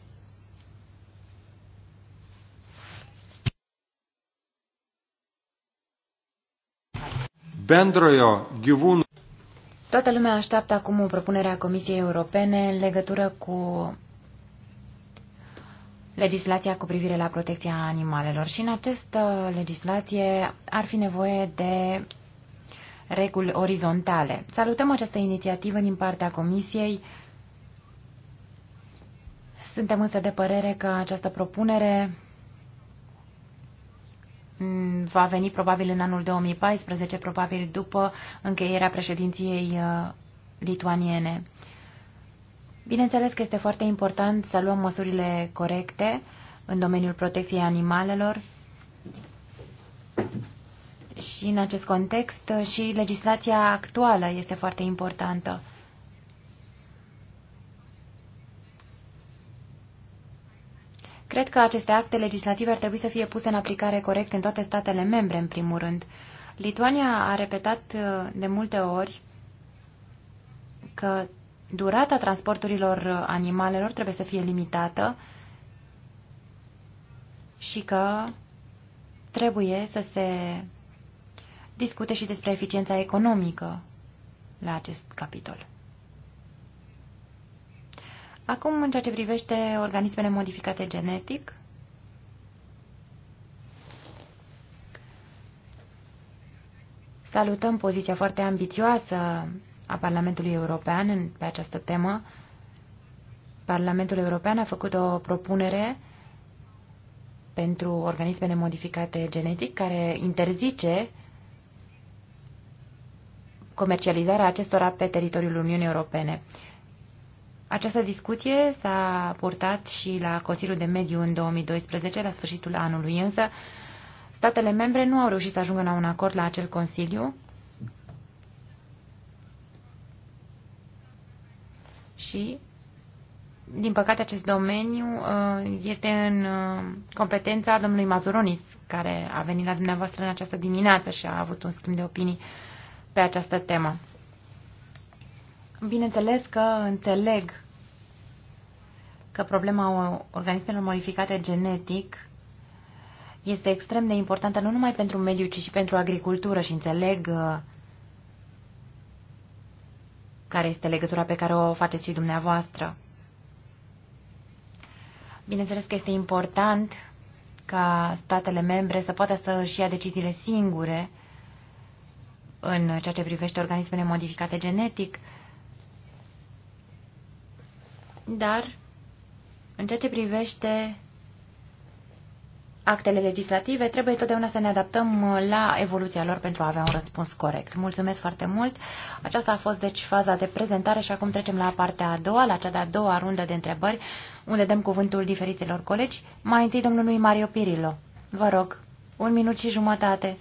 bendrojo gyvūnų. Toată lumea așteaptă acum o propunere a Comisiei Europene în legătură cu legislația cu privire la protecția animalelor și în această legislație ar fi nevoie de reguli orizontale. Salutăm această inițiativă din partea Comisiei. Suntem însă de părere că această propunere Mm, va veni probabil în anul 2014, probabil după încheierea președinției uh, lituaniene. Bineînțeles că este foarte important să luăm măsurile corecte în domeniul protecției animalelor și în acest context uh, și legislația actuală este foarte importantă. Cred că aceste acte legislative ar trebui să fie puse în aplicare corect în toate statele membre, în primul rând. Lituania a repetat uh, de multe ori că durata transporturilor uh, animalelor trebuie să fie limitată și că trebuie să se discute și despre eficiența economică la acest capitol. Acum, în ceea ce privește organismele modificate genetic, salutăm poziția foarte ambițioasă a Parlamentului European pe această temă. Parlamentul European a făcut o propunere pentru organismele modificate genetic care interzice comercializarea acestora pe teritoriul Uniunii Europene. Această discuție s-a purtat și la Consiliul de Mediu în 2012, la sfârșitul anului, însă statele membre nu au reușit să ajungă la un acord la acel Consiliu și, din păcate, acest domeniu uh, este în uh, competența domnului Mazuronis, care a venit la dumneavoastră în această dimineață și a avut un schimb de opinii pe această temă. Bineînțeles că înțeleg că problema organismelor modificate genetic este extrem de importantă nu numai pentru mediu, ci și pentru agricultură și înțeleg uh, care este legătura pe care o faceți și dumneavoastră. Bineînțeles că este important ca statele membre să poată să își ia deciziile singure în ceea ce privește organismele modificate genetic, dar în ceea ce privește actele legislative, trebuie totdeauna să ne adaptăm uh, la evoluția lor pentru a avea un răspuns corect. Mulțumesc foarte mult! Aceasta a fost deci faza de prezentare și acum trecem la partea a doua, la cea de-a doua rundă de întrebări, unde dăm cuvântul diferiților colegi. Mai întâi domnului Mario Pirillo. Vă rog, un minut și jumătate.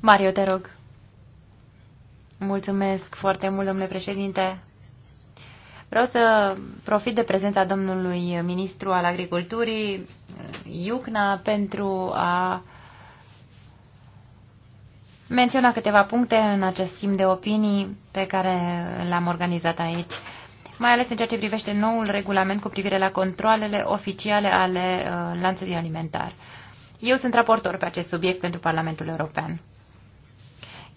Mario, te rog. Mulțumesc foarte mult, domnule președinte. Vreau să profit de prezența domnului ministru al agriculturii, Iucna, pentru a menționa câteva puncte în acest schimb de opinii pe care l-am organizat aici, mai ales în ceea ce privește noul regulament cu privire la controlele oficiale ale uh, lanțului alimentar. Eu sunt raportor pe acest subiect pentru Parlamentul European.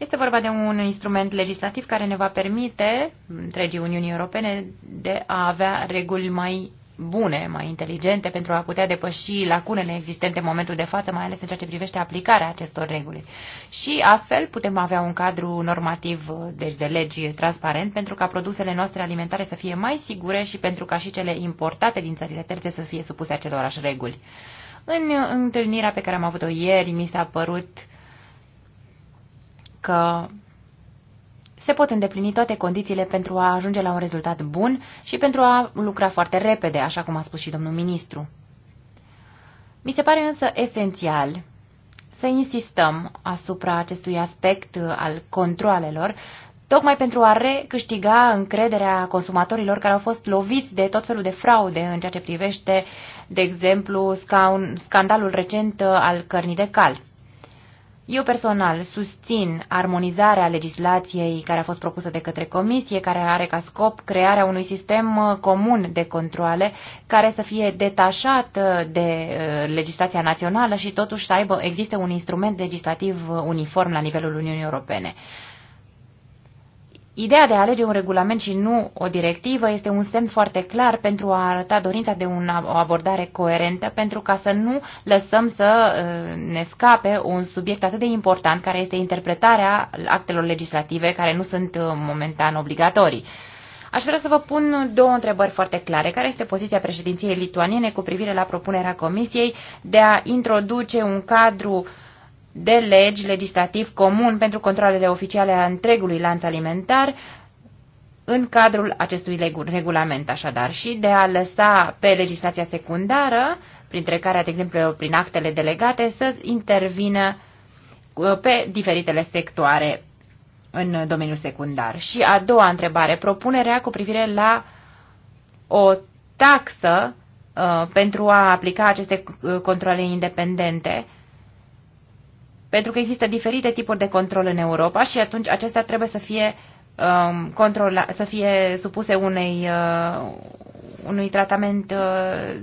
Este vorba de un instrument legislativ care ne va permite întregii Uniunii Europene de a avea reguli mai bune, mai inteligente pentru a putea depăși lacunele existente în momentul de față, mai ales în ceea ce privește aplicarea acestor reguli. Și astfel putem avea un cadru normativ, deci de legi transparent, pentru ca produsele noastre alimentare să fie mai sigure și pentru ca și cele importate din țările terțe să fie supuse acelorași reguli. În întâlnirea pe care am avut-o ieri, mi s-a părut uh, că se pot îndeplini toate condițiile pentru a ajunge la un rezultat bun și pentru a lucra foarte repede, așa cum a spus și domnul ministru. Mi se pare însă esențial să insistăm asupra acestui aspect al controlelor, tocmai pentru a recâștiga încrederea consumatorilor care au fost loviți de tot felul de fraude în ceea ce privește, de exemplu, scaun, scandalul recent al cărnii de cal. Eu personal susțin armonizarea legislației care a fost propusă de către Comisie, care are ca scop crearea unui sistem uh, comun de controle care să fie detașat uh, de uh, legislația națională și totuși să aibă, existe un instrument legislativ uniform la nivelul Uniunii Europene. Ideea de a alege un regulament și nu o directivă este un semn foarte clar pentru a arăta dorința de un, o abordare coerentă, pentru ca să nu lăsăm să uh, ne scape un subiect atât de important, care este interpretarea actelor legislative, care nu sunt uh, momentan obligatorii. Aș vrea să vă pun două întrebări foarte clare. Care este poziția președinției lituaniene cu privire la propunerea Comisiei de a introduce un cadru uh, de legi legislativ comun pentru controlele oficiale a întregului lanț alimentar în cadrul acestui regulament, așadar, și de a lăsa pe legislația secundară, printre care, de exemplu, prin actele delegate, să intervină uh, pe diferitele sectoare în domeniul secundar. Și a doua întrebare, propunerea cu privire la o taxă uh, pentru a aplica aceste uh, controle independente uh, pentru că există diferite tipuri de control în Europa și atunci acestea trebuie să fie, um, controla, să fie supuse unei, uh, unui tratament uh,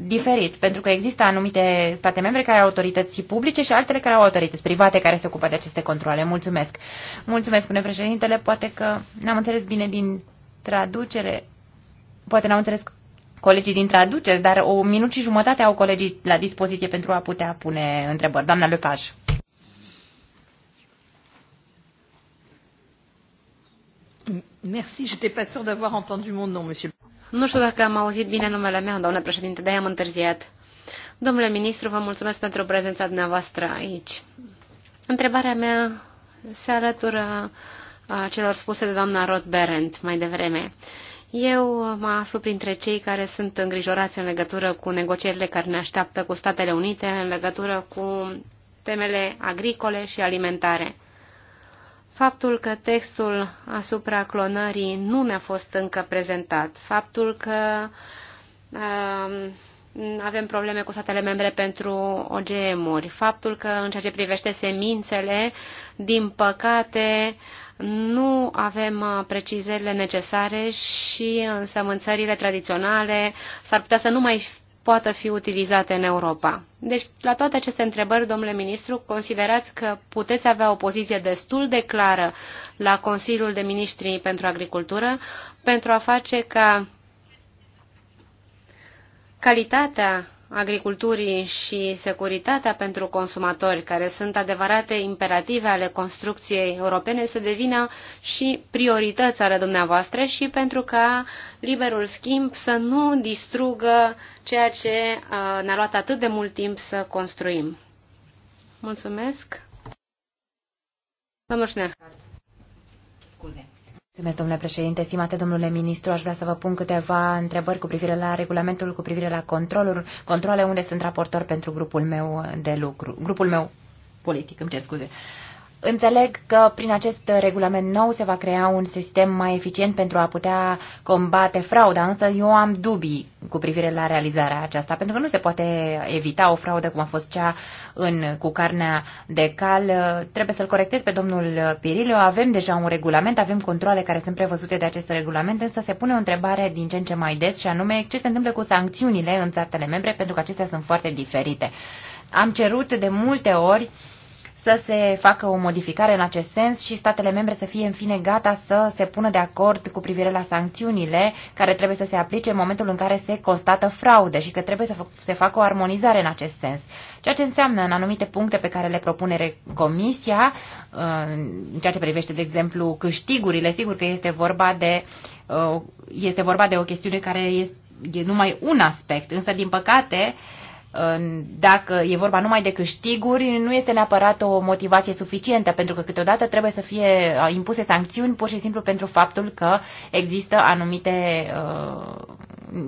diferit. Pentru că există anumite state membre care au autorități publice și altele care au autorități private care se ocupă de aceste controle. Mulțumesc. Mulțumesc, spune președintele. Poate că n-am înțeles bine din traducere. Poate n-am înțeles colegii din traducere, dar o minut și jumătate au colegii la dispoziție pentru a putea pune întrebări. Doamna Lepaj. j'étais pas d'avoir entendu mon nom, monsieur. Nu știu dacă am auzit bine numele meu, doamnă președinte, de-aia am întârziat. Domnule ministru, vă mulțumesc pentru prezența dumneavoastră aici. Întrebarea mea se arătură celor spuse de doamna Rod Berend mai devreme. Eu mă aflu printre cei care sunt îngrijorați în legătură cu negocierile care ne așteaptă cu Statele Unite, în legătură cu temele agricole și alimentare faptul că textul asupra clonării nu ne-a fost încă prezentat, faptul că uh, avem probleme cu statele membre pentru OGM-uri, faptul că în ceea ce privește semințele, din păcate, nu avem uh, precizările necesare și însămânțările tradiționale s-ar putea să nu mai poată fi utilizate în Europa. Deci, la toate aceste întrebări, domnule ministru, considerați că puteți avea o poziție destul de clară la Consiliul de Ministri pentru Agricultură pentru a face ca calitatea agriculturii și securitatea pentru consumatori, care sunt adevărate imperative ale construcției europene, să devină și priorități ale dumneavoastră și pentru ca liberul schimb să nu distrugă ceea ce uh, ne-a luat atât de mult timp să construim. Mulțumesc. Domnul Schnerhardt. Scuze. Mulțumesc, domnule președinte. Stimate domnule ministru, aș vrea să vă pun câteva întrebări cu privire la regulamentul, cu privire la controlul, controle, unde sunt raportor pentru grupul meu de lucru, grupul meu politic, îmi cer scuze. Uh, Înțeleg că prin acest regulament nou se va crea un sistem mai eficient pentru a putea combate frauda, însă eu am dubii cu privire la realizarea aceasta, pentru că nu se poate evita o fraudă cum a fost cea în, cu carnea de cal. Trebuie să-l corectez pe domnul Pirilio. Avem deja un regulament, avem controle care sunt prevăzute de acest regulament, însă se pune o întrebare din ce în ce mai des și anume ce se întâmplă cu sancțiunile în statele membre, pentru că acestea sunt foarte diferite. Am cerut de multe ori uh, să se facă o modificare în acest sens și statele membre să fie în fine gata să se pună de acord cu privire la sancțiunile care trebuie să se aplice în momentul în care se constată fraude și că trebuie să se facă o armonizare în acest sens. Ceea ce înseamnă în anumite puncte pe care le propune Comisia, uh, în ceea ce privește, de exemplu, câștigurile, sigur că este vorba de, uh, este vorba de o chestiune care este, e numai un aspect, însă, din păcate, uh, dacă e vorba numai de câștiguri, nu este neapărat o motivație suficientă, pentru că câteodată trebuie să fie uh, impuse sancțiuni pur și simplu pentru faptul că există anumite uh,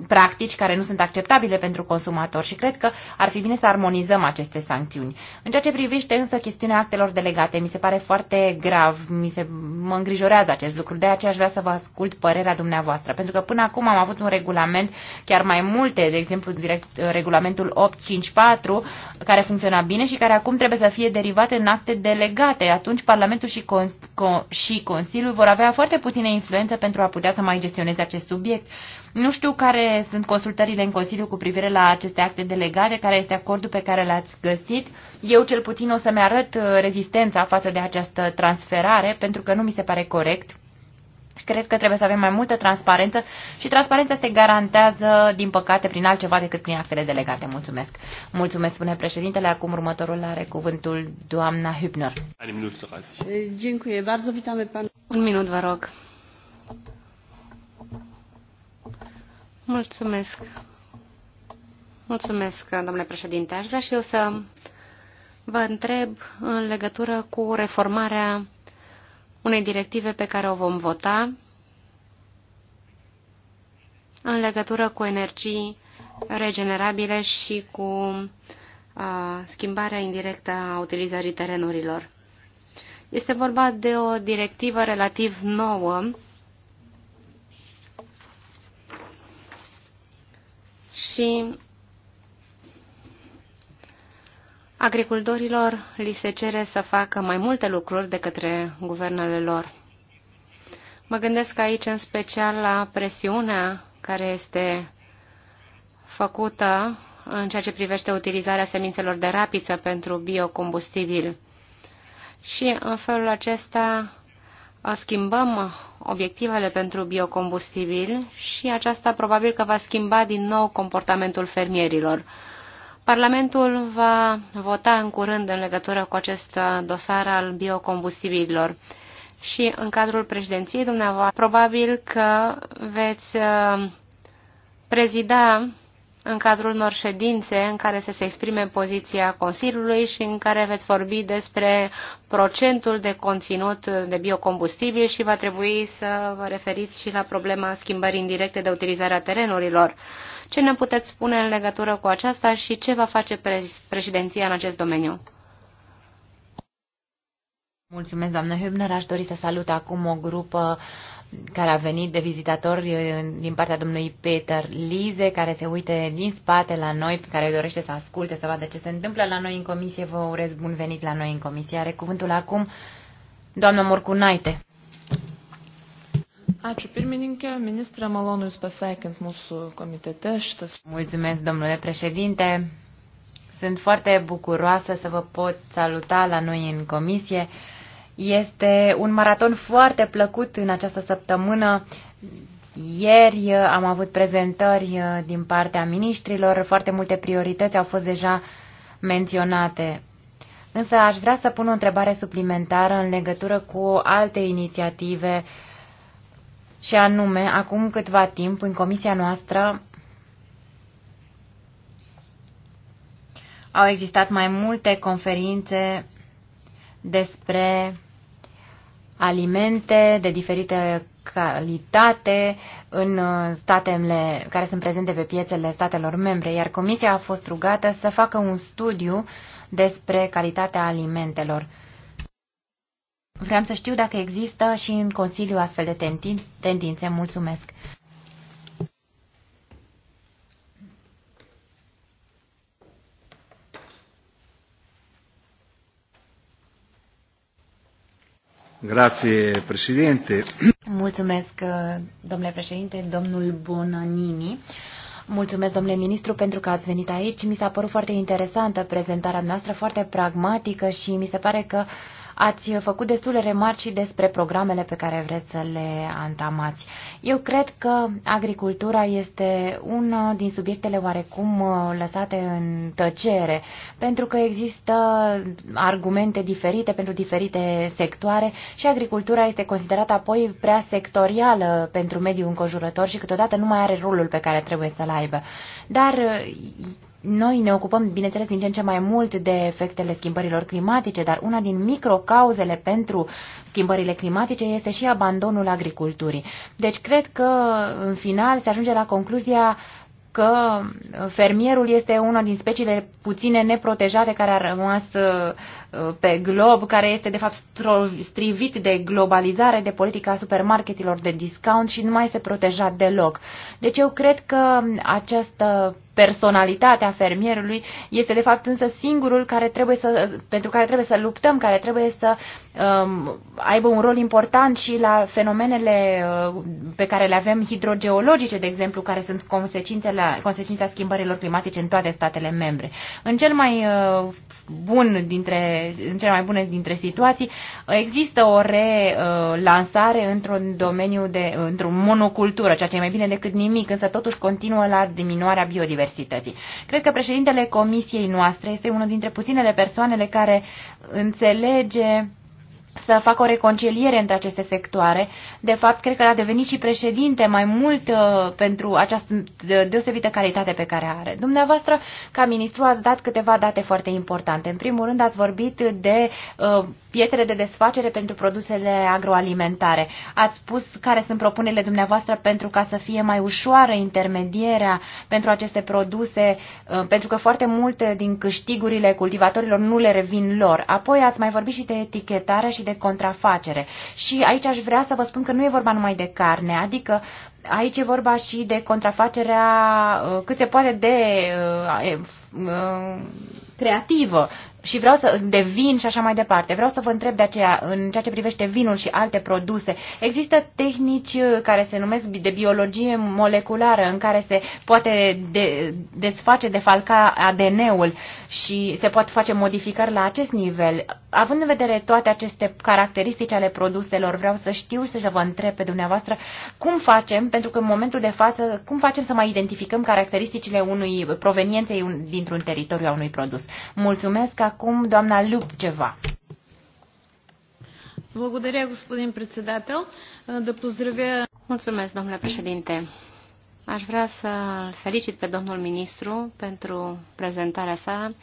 practici care nu sunt acceptabile pentru consumator și cred că ar fi bine să armonizăm aceste sancțiuni. În ceea ce privește însă chestiunea actelor delegate, mi se pare foarte grav, mi se, mă îngrijorează acest lucru, de aceea aș vrea să vă ascult părerea dumneavoastră, pentru că până acum am avut un regulament, chiar mai multe, de exemplu direct, regulamentul 854, care funcționa bine și care acum trebuie să fie derivate în acte delegate. Atunci Parlamentul și, Cons- și Consiliul vor avea foarte puțină influență pentru a putea să mai gestioneze acest subiect. Nu știu care sunt consultările în Consiliu cu privire la aceste acte delegate, care este acordul pe care l-ați găsit. Eu cel puțin o să-mi arăt uh, rezistența față de această transferare, pentru că nu mi se pare corect. Cred că trebuie să avem mai multă transparență și transparența se garantează, din păcate, prin altceva decât prin actele delegate. Mulțumesc. Mulțumesc, spune președintele. Acum următorul are cuvântul doamna Hübner. Un minut, vă rog. Mulțumesc. Mulțumesc, domnule președinte. Aș vrea și eu să vă întreb în legătură cu reformarea unei directive pe care o vom vota în legătură cu energii regenerabile și cu schimbarea indirectă a utilizării terenurilor. Este vorba de o directivă relativ nouă și agricultorilor li se cere să facă mai multe lucruri de către guvernele lor. Mă gândesc aici în special la presiunea care este făcută în ceea ce privește utilizarea semințelor de rapiță pentru biocombustibil. Și în felul acesta schimbăm obiectivele pentru biocombustibil și aceasta probabil că va schimba din nou comportamentul fermierilor. Parlamentul va vota în curând în legătură cu acest dosar al biocombustibililor și în cadrul președinției dumneavoastră probabil că veți uh, prezida în cadrul unor ședințe în care să se exprime poziția Consiliului și în care veți vorbi despre procentul de conținut de biocombustibil și va trebui să vă referiți și la problema schimbării indirecte de utilizarea terenurilor. Ce ne puteți spune în legătură cu aceasta și ce va face președinția în acest domeniu? Mulțumesc, doamnă Hübner. Aș dori să salut acum o grupă uh, care a venit de vizitator din partea domnului Peter Lize, care se uite din spate la noi, care dorește să asculte, să vadă ce se întâmplă la noi în comisie. Vă urez bun venit la noi în comisie. Are cuvântul acum doamna Morcunaite. Ačiū pirmininkė, ministrė, malonu Jūs pasveikint mūsų komitete. Šitas... Mulțumesc, domnule președinte. Sunt foarte bucuroasă să vă pot saluta la noi în comisie. Este un maraton foarte plăcut în această săptămână. Ieri uh, am avut prezentări uh, din partea ministrilor, foarte multe priorități au fost deja menționate. Însă aș vrea să pun o întrebare suplimentară în legătură cu alte inițiative și anume, acum câtva timp, în comisia noastră au existat mai multe conferințe despre alimente de diferite calitate în uh, statele care sunt prezente pe piețele statelor membre, iar Comisia a fost rugată să facă un studiu despre calitatea alimentelor. Vreau să știu dacă există și în Consiliu astfel de tendințe. Mulțumesc! Grazie, Mulțumesc, domnule președinte, domnul Bonanini. Mulțumesc, domnule ministru, pentru că ați venit aici. Mi s-a părut foarte interesantă prezentarea noastră, foarte pragmatică și mi se pare că uh, Ați făcut destule remarci și despre programele pe care vreți să le antamați. Eu cred că agricultura este una din subiectele oarecum uh, lăsate în tăcere, pentru că există argumente diferite pentru diferite sectoare și agricultura este considerată apoi prea sectorială pentru mediul înconjurător și câteodată nu mai are rolul pe care trebuie să-l aibă. Dar uh, noi ne ocupăm, bineînțeles, din ce în ce mai mult de efectele schimbărilor climatice, dar una din microcauzele pentru schimbările climatice este și abandonul agriculturii. Deci cred că, în final, se ajunge la concluzia că fermierul este una din speciile puține neprotejate care a rămas uh, pe glob, care este de fapt strivit de globalizare, de politica supermarketilor de discount și nu mai se proteja deloc. Deci eu cred că această personalitatea fermierului este de fapt însă singurul care trebuie să, pentru care trebuie să luptăm, care trebuie să um, aibă un rol important și la fenomenele uh, pe care le avem hidrogeologice, de exemplu, care sunt consecințele, consecința schimbărilor climatice în toate statele membre. În cel mai uh, bun dintre, în cele mai bune dintre situații, există o relansare într-un domeniu de, într-o monocultură, ceea ce e mai bine decât nimic, însă totuși continuă la diminuarea biodiversității universității. Cred că președintele comisiei noastre este unul dintre puținele persoanele care înțelege să facă o reconciliere între aceste sectoare. De fapt, cred că a devenit și președinte mai mult uh, pentru această deosebită calitate pe care are. Dumneavoastră, ca ministru, ați dat câteva date foarte importante. În primul rând, ați vorbit de uh, Pietre de desfacere pentru produsele agroalimentare. Ați spus care sunt propunerile dumneavoastră pentru ca să fie mai ușoară intermedierea pentru aceste produse, uh, pentru că foarte multe din câștigurile cultivatorilor nu le revin lor. Apoi ați mai vorbit și de etichetare și de contrafacere. Și aici aș vrea să vă spun că nu e vorba numai de carne, adică aici e vorba și de contrafacerea uh, cât se poate de uh, creativă și vreau să, de vin și așa mai departe. Vreau să vă întreb de aceea, în ceea ce privește vinul și alte produse, există tehnici uh, care se numesc de biologie moleculară, în care se poate de, desface, defalca ADN-ul și se pot face modificări la acest nivel. Având în vedere toate aceste caracteristici ale produselor, vreau să știu și să vă întreb pe dumneavoastră cum facem, pentru că în momentul de față, cum facem să mai identificăm caracteristicile unui provenienței un, dintr-un teritoriu a unui produs. Mulțumesc! acum doamna ceva. Благодаря, господин председател. Да поздравя... Mulțumesc, domnule președinte. Aș vrea să felicit pe domnul ministru pentru prezentarea sa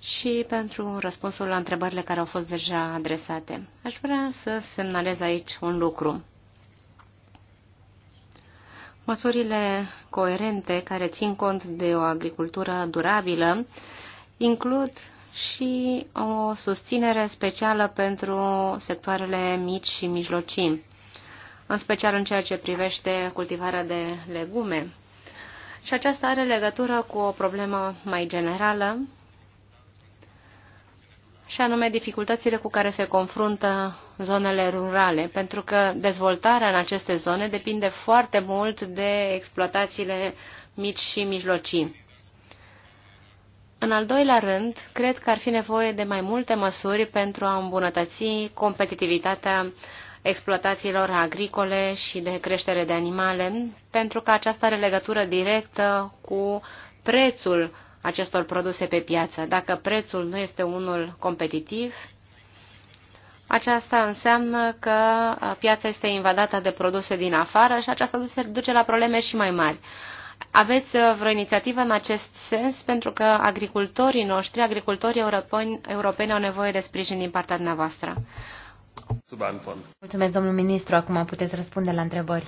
și pentru răspunsul la întrebările care au fost deja adresate. Aș vrea să semnalez aici un lucru. Măsurile coerente care țin cont de o agricultură durabilă includ și o susținere specială pentru sectoarele mici și mijlocii, în special în ceea ce privește cultivarea de legume. Și aceasta are legătură cu o problemă mai generală, și anume dificultățile cu care se confruntă zonele rurale, pentru că dezvoltarea în aceste zone depinde foarte mult de exploatațiile mici și mijlocii. În al doilea rând, cred că ar fi nevoie de mai multe măsuri pentru a îmbunătăți competitivitatea exploatațiilor agricole și de creștere de animale, pentru că aceasta are legătură directă cu prețul acestor produse pe piață. Dacă prețul nu este unul competitiv, aceasta înseamnă că piața este invadată de produse din afară și aceasta duce la probleme și mai mari. Aveți uh, vreo inițiativă în acest sens? Pentru că agricultorii noștri, agricultorii europeni, europeni au nevoie de sprijin din partea dumneavoastră. Mulțumesc, domnul ministru. Acum puteți răspunde la întrebări.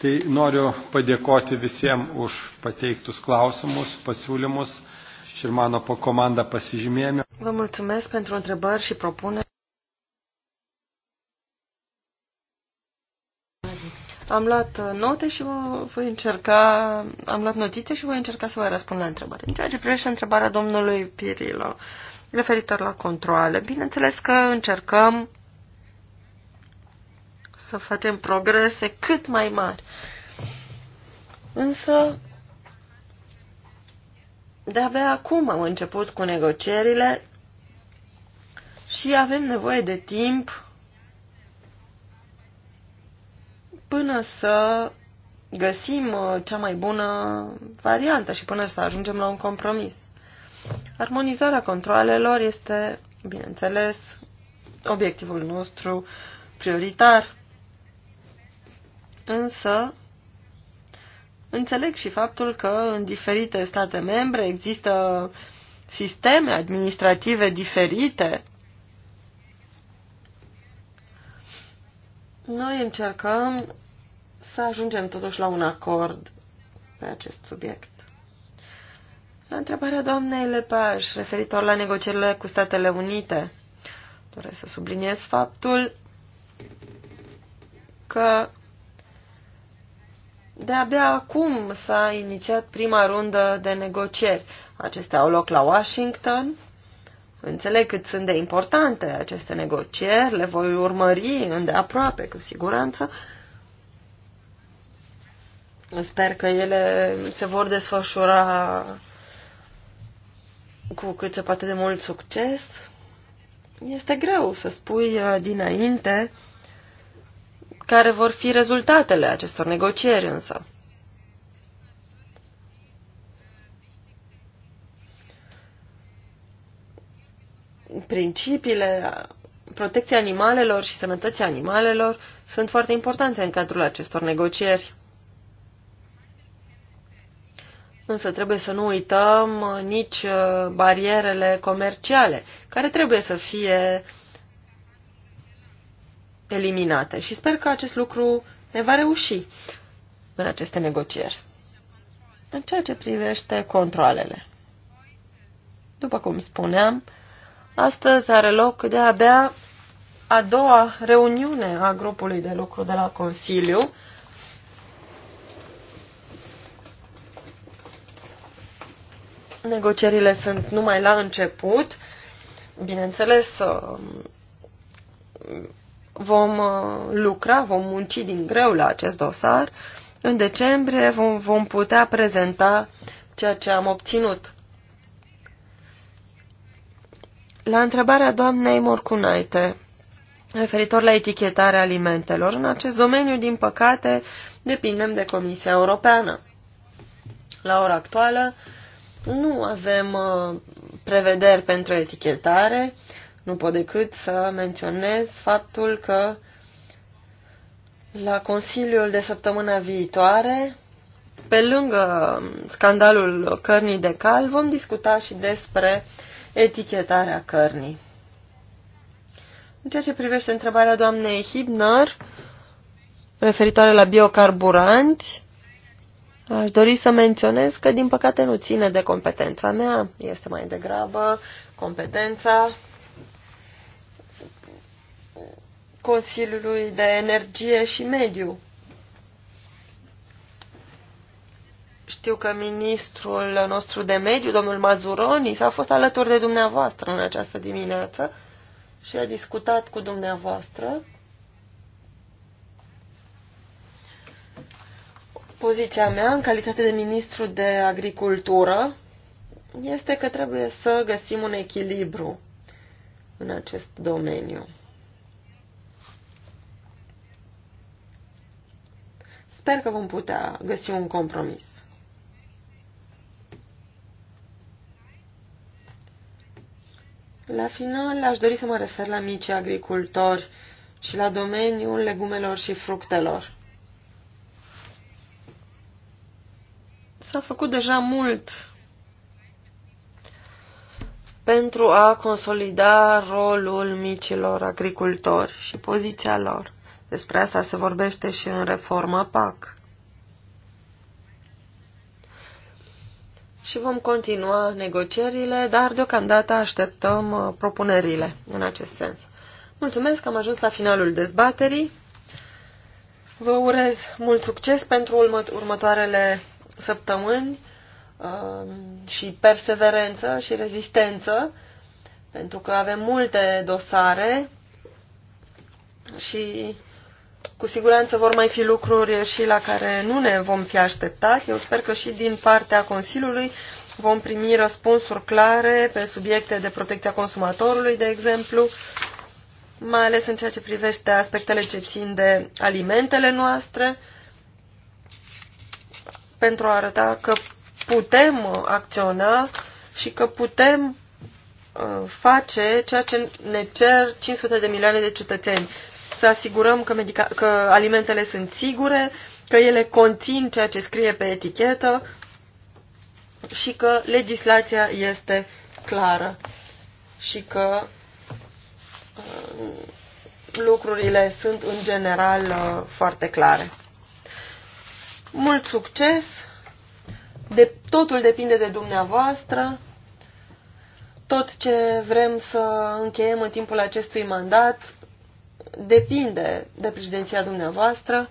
Tai noriu padėkoti visiems už pateiktus klausimus, pasiūlymus ir mano komanda pasižymėjome. Vă mulțumesc pentru întrebări și propuneri. Am luat note și voi încerca, am luat notițe și voi încerca să vă răspund la întrebare. În ceea ce privește întrebarea domnului Pirilo, referitor la controle, bineînțeles că încercăm să facem progrese cât mai mari. Însă, de-abia acum am început cu negocierile și avem nevoie de timp până să găsim uh, cea mai bună variantă și până să ajungem la un compromis. Armonizarea controlelor este, bineînțeles, obiectivul nostru prioritar. Însă, înțeleg și faptul că în diferite state membre există sisteme administrative diferite Noi încercăm să ajungem totuși la un acord pe acest subiect. La întrebarea doamnei Lepaj, referitor la negocierile cu Statele Unite, doresc să subliniez faptul că de-abia acum s-a inițiat prima rundă de negocieri. Acestea au loc la Washington Înțeleg cât sunt de importante aceste negocieri, le voi urmări îndeaproape, cu siguranță. Sper că ele se vor desfășura cu cât se poate de mult succes. Este greu să spui uh, dinainte care vor fi rezultatele acestor negocieri însă. principiile protecției animalelor și sănătății animalelor sunt foarte importante în cadrul acestor negocieri. Însă trebuie să nu uităm nici uh, barierele comerciale, care trebuie să fie eliminate. Și sper că acest lucru ne va reuși în aceste negocieri. În ceea ce privește controlele. După cum spuneam, Astăzi are loc de-abia a doua reuniune a grupului de lucru de la Consiliu. Negocierile sunt numai la început. Bineînțeles, um, vom uh, lucra, vom munci din greu la acest dosar. În decembrie vom, vom putea prezenta ceea ce am obținut. La întrebarea doamnei Morcunaite, referitor la etichetarea alimentelor, în acest domeniu, din păcate, depindem de Comisia Europeană. La ora actuală, nu avem uh, prevederi pentru etichetare, nu pot decât să menționez faptul că la Consiliul de săptămâna viitoare, pe lângă scandalul cărnii de cal, vom discuta și despre uh, etichetarea cărnii. În ceea ce privește întrebarea doamnei Hibner, referitoare la biocarburanți, aș dori să menționez că, din păcate, nu ține de competența mea. Este mai degrabă competența Consiliului de Energie și Mediu. Știu că ministrul nostru de mediu, domnul Mazuroni, s-a fost alături de dumneavoastră în această dimineață și a discutat cu dumneavoastră Poziția mea, în calitate de ministru de agricultură, este că trebuie să găsim un echilibru în acest domeniu. Sper că vom putea găsi un compromis. La final, aș dori să mă refer la micii agricultori și la domeniul legumelor și fructelor. S-a făcut deja mult pentru a consolida rolul micilor agricultori și poziția lor. Despre asta se vorbește și în reforma PAC. și vom continua negocierile, dar deocamdată așteptăm uh, propunerile în acest sens. Mulțumesc că am ajuns la finalul dezbaterii. Vă urez mult succes pentru urmă următoarele săptămâni uh, și perseverență și rezistență, pentru că avem multe dosare și cu siguranță vor mai fi lucruri și la care nu ne vom fi așteptat. Eu sper că și din partea Consiliului vom primi răspunsuri clare pe subiecte de protecția consumatorului, de exemplu, mai ales în ceea ce privește aspectele ce țin de alimentele noastre, pentru a arăta că putem acționa și că putem uh, face ceea ce ne cer 500 de milioane de cetățeni să asigurăm că, medica- că alimentele sunt sigure, că ele conțin ceea ce scrie pe etichetă și că legislația este clară și că uh, lucrurile sunt în general uh, foarte clare. Mult succes! De, totul depinde de dumneavoastră. Tot ce vrem să încheiem în timpul acestui mandat depinde de președinția dumneavoastră.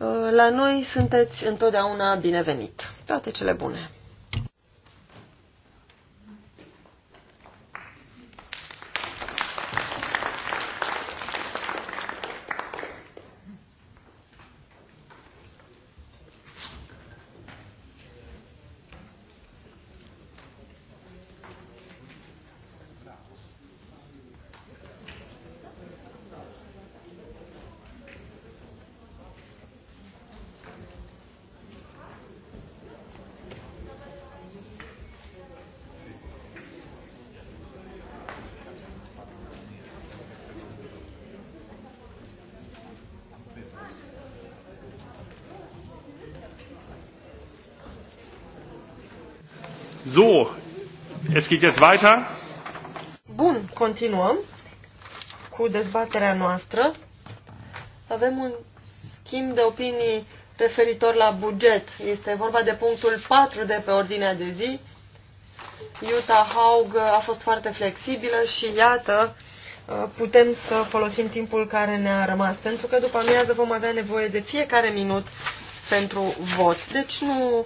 Uh, la noi sunteți întotdeauna binevenit. Toate cele bune! geht jetzt weiter. Bun, continuăm cu dezbaterea noastră. Avem un schimb de opinii referitor la buget. Este vorba de punctul 4 de pe ordinea de zi. Iuta Haug a fost foarte flexibilă și iată, putem să folosim timpul care ne-a rămas, pentru că după amiază vom avea nevoie de fiecare minut pentru vot. Deci nu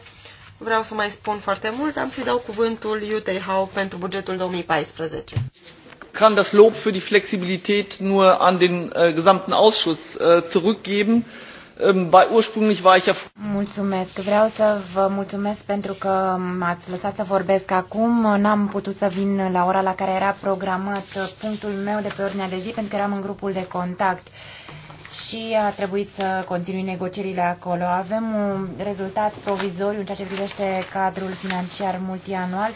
vreau să mai spun foarte mult, am să-i dau cuvântul Iutei Hau pentru bugetul 2014. kann das Lob für die Flexibilität nur an den äh, gesamten Ausschuss äh, zurückgeben. Ähm, bei ursprünglich war ich ja Mulțumesc. Vreau să vă mulțumesc pentru că m-ați lăsat să vorbesc acum. N-am putut să vin la ora la care era programat punctul meu de pe ordinea de zi pentru că eram în grupul de contact și a trebuit să continui negocierile acolo. Avem un rezultat provizoriu în ceea ce privește cadrul financiar multianual,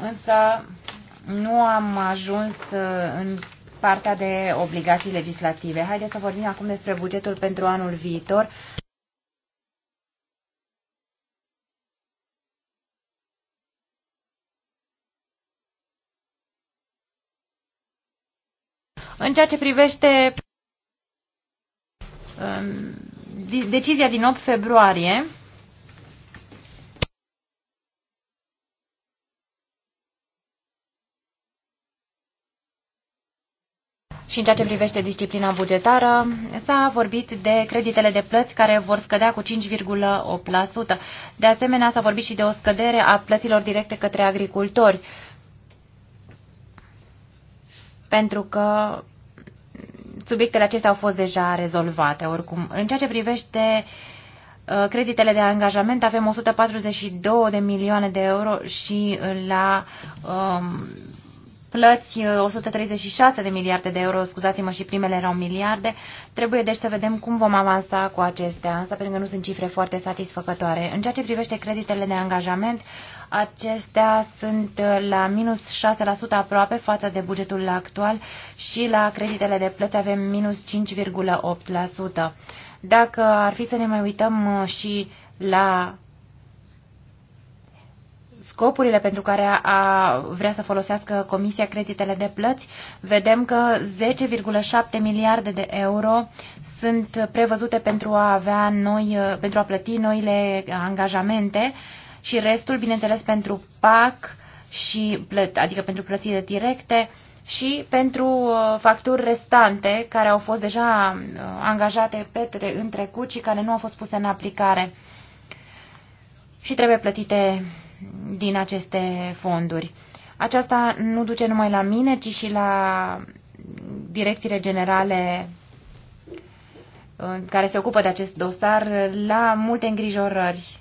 însă nu am ajuns uh, în partea de obligații legislative. Haideți să vorbim acum despre bugetul pentru anul viitor. În ceea ce privește decizia din 8 februarie Și în ceea ce privește disciplina bugetară, s-a vorbit de creditele de plăți care vor scădea cu 5,8%. De asemenea, s-a vorbit și de o scădere a plăților directe către agricultori, pentru că subiectele acestea au fost deja rezolvate oricum. În ceea ce privește uh, creditele de angajament avem 142 de milioane de euro și la um, plăți 136 uh, de miliarde de euro, scuzați-mă, și primele erau miliarde. Trebuie deci să vedem cum vom avansa cu acestea, asta pentru că nu sunt cifre foarte satisfăcătoare. În ceea ce privește creditele de angajament, acestea sunt uh, la minus 6% aproape față de bugetul actual și la creditele de plăți avem minus 5,8%. Dacă ar fi să ne mai uităm uh, și la scopurile pentru care a, a vrea să folosească Comisia creditele de plăți, vedem că 10,7 miliarde de euro sunt prevăzute pentru a avea noi, pentru a plăti noile angajamente și restul, bineînțeles, pentru PAC și plăt, adică pentru plățile directe și pentru uh, facturi restante care au fost deja uh, angajate pe în trecut și care nu au fost puse în aplicare și trebuie plătite din aceste fonduri. Aceasta nu duce numai la mine, ci și la direcțiile generale uh, care se ocupă de acest dosar, la multe îngrijorări.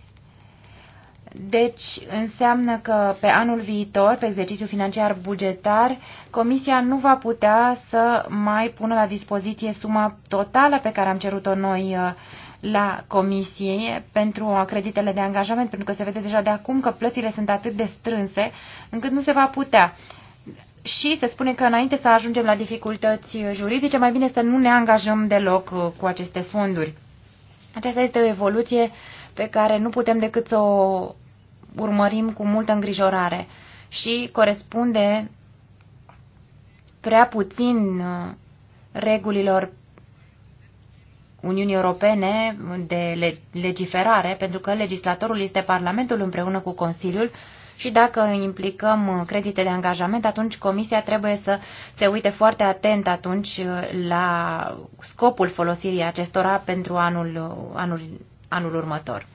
Deci, înseamnă că pe anul viitor, pe exercițiu financiar bugetar, Comisia nu va putea să mai pună la dispoziție suma totală pe care am cerut-o noi uh, la comisie pentru creditele de angajament, pentru că se vede deja de acum că plățile sunt atât de strânse încât nu se va putea. Și se spune că înainte să ajungem la dificultăți juridice, mai bine să nu ne angajăm deloc uh, cu aceste fonduri. Aceasta este o evoluție pe care nu putem decât să o urmărim cu multă îngrijorare și corespunde prea puțin uh, regulilor Uniunii Europene de legiferare, pentru că legislatorul este Parlamentul împreună cu Consiliul și dacă implicăm credite de angajament, atunci Comisia trebuie să se uite foarte atent atunci la scopul folosirii acestora pentru anul, anul, anul următor.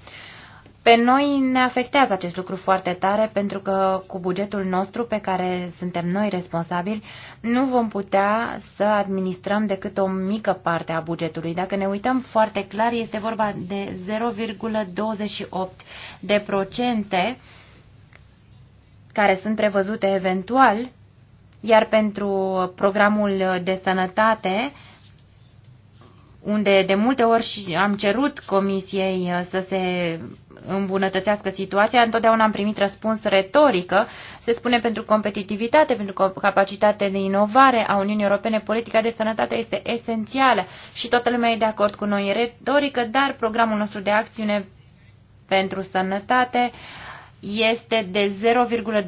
Pe noi ne afectează acest lucru foarte tare pentru că cu bugetul nostru pe care suntem noi responsabili nu vom putea să administrăm decât o mică parte a bugetului. Dacă ne uităm foarte clar, este vorba de 0,28 de procente care sunt prevăzute eventual, iar pentru programul de sănătate unde de multe ori am cerut comisiei să se îmbunătățească situația, întotdeauna am primit răspuns retorică. Se spune pentru competitivitate, pentru capacitate de inovare a Uniunii Europene, politica de sănătate este esențială și toată lumea e de acord cu noi retorică, dar programul nostru de acțiune pentru sănătate este de 0,28%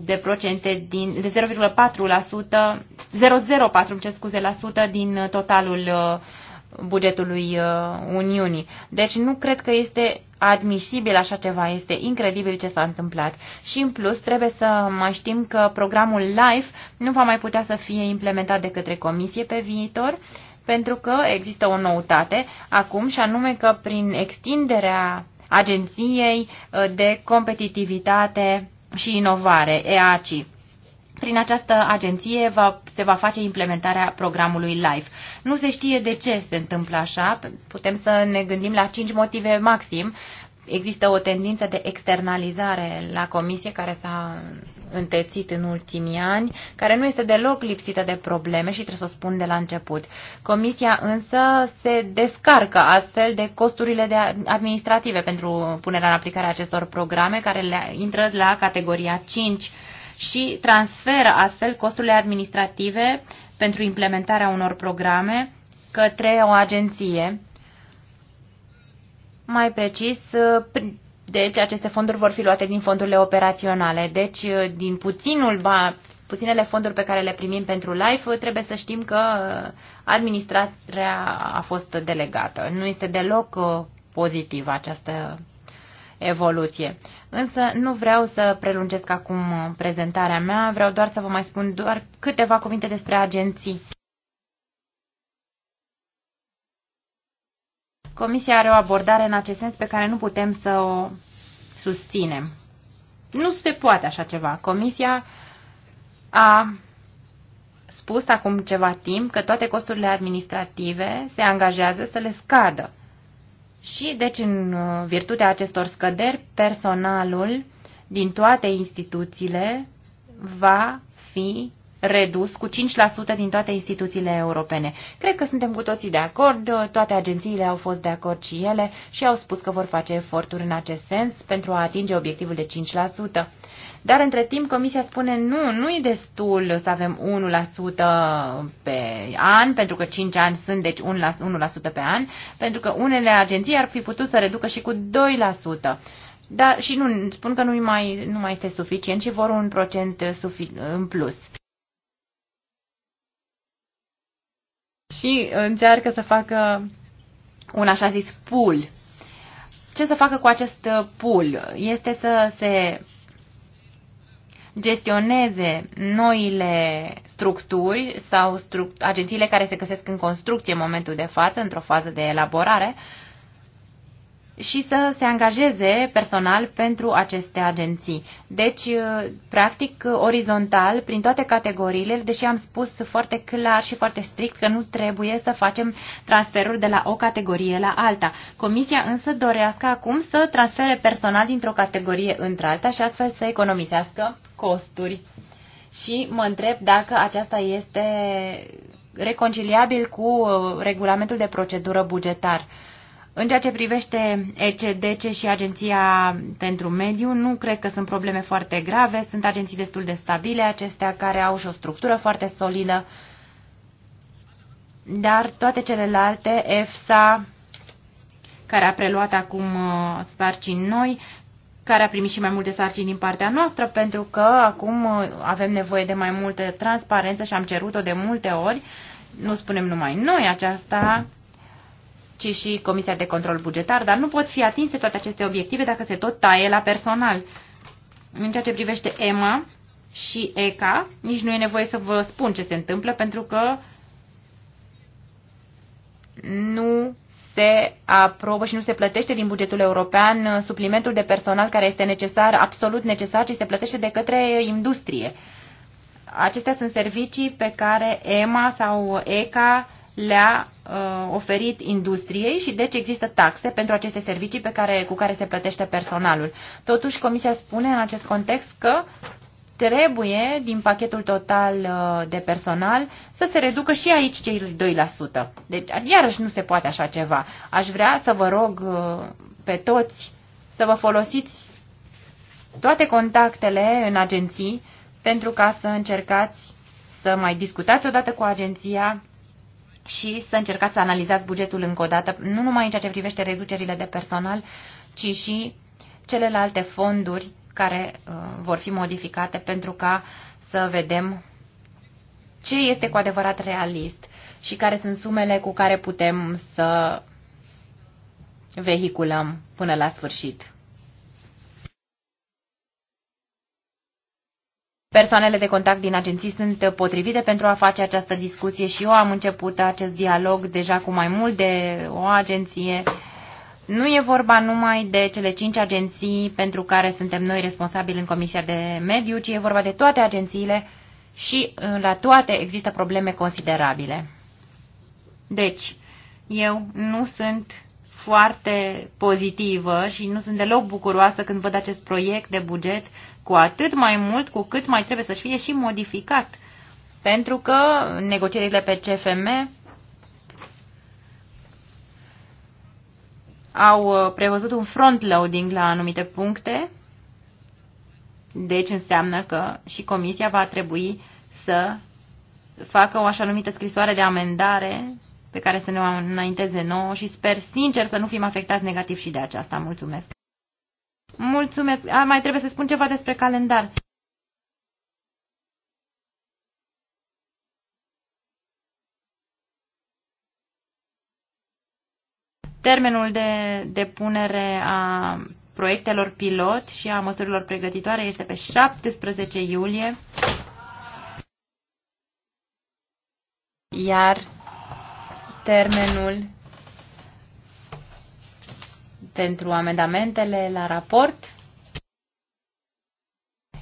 de procente din de 0,4%, 0,04% îmi cer scuze, la sută din totalul uh, bugetului uh, Uniunii. Deci nu cred că este admisibil așa ceva, este incredibil ce s-a întâmplat. Și în plus trebuie să mai știm că programul LIFE nu va mai putea să fie implementat de către comisie pe viitor, pentru că există o noutate acum și anume că prin extinderea agenției uh, de competitivitate și inovare, EACI, prin această agenție va, se va face implementarea programului LIFE. Nu se știe de ce se întâmplă așa, putem să ne gândim la cinci motive maxim. Există o tendință de externalizare la comisie care s-a întețit în ultimii ani, care nu este deloc lipsită de probleme și trebuie să o spun de la început. Comisia însă se descarcă astfel de costurile de administrative pentru punerea în aplicare a acestor programe care le intră la categoria 5 și transferă astfel costurile administrative pentru implementarea unor programe către o agenție. Mai precis, deci aceste fonduri vor fi luate din fondurile operaționale. Deci, din puținul ba, puținele fonduri pe care le primim pentru LIFE, trebuie să știm că uh, administrarea a fost delegată. Nu este deloc uh, pozitivă această evoluție. Însă nu vreau să prelungesc acum uh, prezentarea mea, vreau doar să vă mai spun doar câteva cuvinte despre agenții. Comisia are o abordare în acest sens pe care nu putem să o susținem. Nu se poate așa ceva. Comisia a spus acum ceva timp că toate costurile administrative se angajează să le scadă. Și deci în uh, virtutea acestor scăderi, personalul din toate instituțiile va fi redus cu 5% din toate instituțiile europene. Cred că suntem cu toții de acord, toate agențiile au fost de acord și ele și au spus că vor face eforturi în acest sens pentru a atinge obiectivul de 5%. Dar între timp Comisia spune nu, nu e destul să avem 1% pe an, pentru că 5 ani sunt deci 1%, pe an, pentru că unele agenții ar fi putut să reducă și cu 2%. Dar și nu, spun că nu mai, nu mai este suficient și vor un procent în plus. Și încearcă să facă un așa zis pool. Ce să facă cu acest pool? Este să se gestioneze noile structuri sau struct- agențiile care se găsesc în construcție în momentul de față, într-o fază de elaborare, și să se angajeze personal pentru aceste agenții. Deci, uh, practic, orizontal, prin toate categoriile, deși am spus foarte clar și foarte strict că nu trebuie să facem transferuri de la o categorie la alta. Comisia însă dorească acum să transfere personal dintr-o categorie într-alta și astfel să economisească costuri. Și mă întreb dacă aceasta este reconciliabil cu uh, regulamentul de procedură bugetar. În ceea ce privește ECDC și Agenția pentru Mediu, nu cred că sunt probleme foarte grave. Sunt agenții destul de stabile, acestea care au și o structură foarte solidă. Dar toate celelalte, EFSA, care a preluat acum uh, sarcini noi, care a primit și mai multe sarcini din partea noastră, pentru că acum uh, avem nevoie de mai multă transparență și am cerut-o de multe ori. Nu spunem numai noi aceasta, ci și Comisia de Control Bugetar, dar nu pot fi atinse toate aceste obiective dacă se tot taie la personal. În ceea ce privește EMA și ECA, nici nu e nevoie să vă spun ce se întâmplă, pentru că nu se aprobă și nu se plătește din bugetul european suplimentul de personal care este necesar, absolut necesar, ci se plătește de către industrie. Acestea sunt servicii pe care EMA sau ECA le-a uh, oferit industriei și deci există taxe pentru aceste servicii pe care, cu care se plătește personalul. Totuși, Comisia spune în acest context că trebuie, din pachetul total uh, de personal, să se reducă și aici cei 2%. Deci, iarăși nu se poate așa ceva. Aș vrea să vă rog uh, pe toți să vă folosiți toate contactele în agenții pentru ca să încercați să mai discutați odată cu agenția și să încercați să analizați bugetul încă o dată, nu numai în ceea ce privește reducerile de personal, ci și celelalte fonduri care uh, vor fi modificate pentru ca să vedem ce este cu adevărat realist și care sunt sumele cu care putem să vehiculăm până la sfârșit. Persoanele de contact din agenții sunt potrivite pentru a face această discuție și eu am început acest dialog deja cu mai mult de o agenție nu e vorba numai de cele cinci agenții pentru care suntem noi responsabili în Comisia de Mediu, ci e vorba de toate agențiile și uh, la toate există probleme considerabile. Deci, eu nu sunt foarte pozitivă și nu sunt deloc bucuroasă când văd acest proiect de buget, cu atât mai mult cu cât mai trebuie să fie și modificat. Pentru că negocierile pe CFM au uh, prevăzut un front-loading la anumite puncte, deci înseamnă că și Comisia va trebui să facă o așa numită scrisoare de amendare pe care să ne o înainteze nouă și sper sincer să nu fim afectați negativ și de aceasta. Mulțumesc! Mulțumesc! A, ah, mai trebuie să spun ceva despre calendar. Termenul de depunere a proiectelor pilot și a măsurilor pregătitoare este pe 17 iulie, iar termenul pentru amendamentele la raport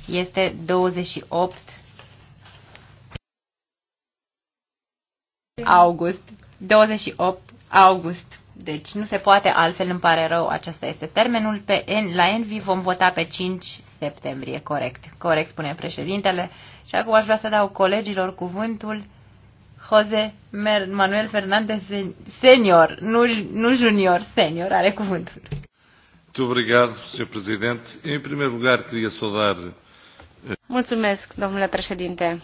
este 28 august. 28 august. Deci nu se poate altfel, îmi pare rău, acesta este termenul. Pe N, la Envi vom vota pe 5 septembrie, corect. Corect, spune președintele. Și acum aș vrea să dau colegilor cuvântul Jose Manuel Fernandez Senior, nu, nu junior, senior, are cuvântul. Muito obrigado, Sr. Presidente. Em primeiro lugar, queria saudar. Eh, Mulțumesc, domnule președinte.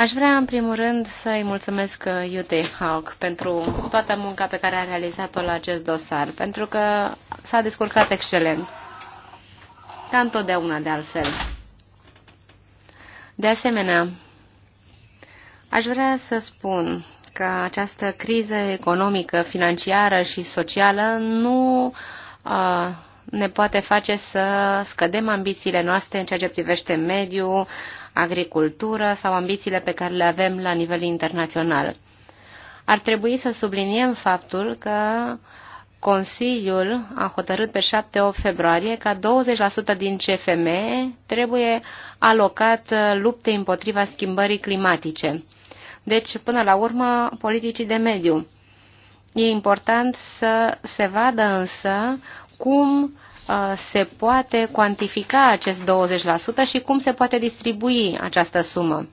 Aș vrea, în primul rând, să-i mulțumesc uh, Iutei Hawk pentru toată munca pe care a realizat-o la acest dosar, pentru că s-a descurcat excelent, ca întotdeauna de altfel. De asemenea, aș vrea să spun că această criză economică, financiară și socială nu uh, ne poate face să scădem ambițiile noastre în ceea ce privește mediul, agricultură sau ambițiile pe care le avem la nivel internațional. Ar trebui să subliniem faptul că Consiliul a hotărât pe 7-8 februarie ca 20% din CFM trebuie alocat luptei împotriva schimbării climatice. Deci, până la urmă, politicii de mediu. E important să se vadă însă cum Uh, se poate cuantifica acest 20% și cum se poate distribui această sumă.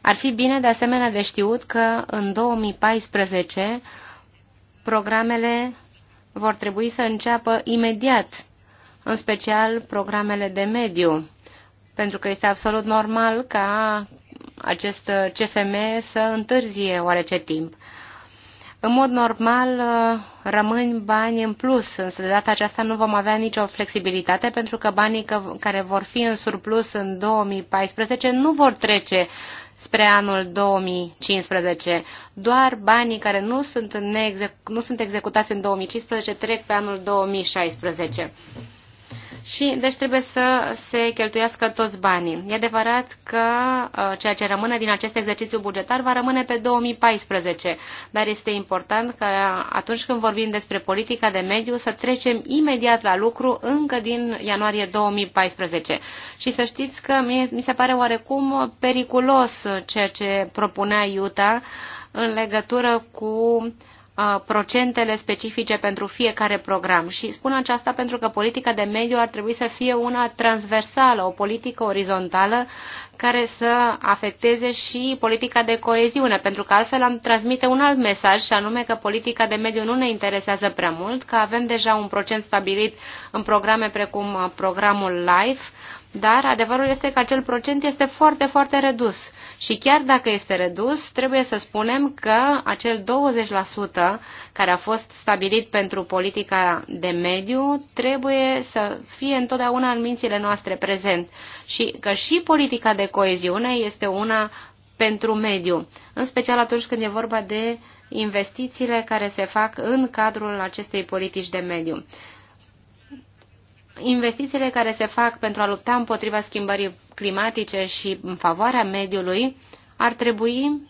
Ar fi bine de asemenea de știut că în 2014 programele vor trebui să înceapă imediat, în special programele de mediu, pentru că este absolut normal ca acest CFM să întârzie oarece timp. În mod normal uh, rămân bani în plus, însă de data aceasta nu vom avea nicio flexibilitate pentru că banii care vor fi în surplus în 2014 nu vor trece spre anul 2015. Doar banii care nu sunt, nu sunt executați în 2015 trec pe anul 2016. Și deci trebuie să se cheltuiască toți banii. E adevărat că uh, ceea ce rămâne din acest exercițiu bugetar va rămâne pe 2014, dar este important că atunci când vorbim despre politica de mediu să trecem imediat la lucru încă din ianuarie 2014. Și să știți că mie, mi se pare oarecum periculos ceea ce propunea Iuta în legătură cu uh, procentele specifice pentru fiecare program. Și spun aceasta pentru că politica de mediu ar trebui să fie una transversală, o politică orizontală care să afecteze și politica de coeziune, pentru că altfel am transmite un alt mesaj, și anume că politica de mediu nu ne interesează prea mult, că avem deja un procent stabilit în programe precum programul LIFE, dar adevărul este că acel procent este foarte, foarte redus. Și chiar dacă este redus, trebuie să spunem că acel 20% care a fost stabilit pentru politica de mediu trebuie să fie întotdeauna în mințile noastre prezent. Și că și politica de coeziune este una pentru mediu, în special atunci când e vorba de investițiile care se fac în cadrul acestei politici de mediu investițiile care se fac pentru a lupta împotriva schimbării climatice și în favoarea mediului ar trebui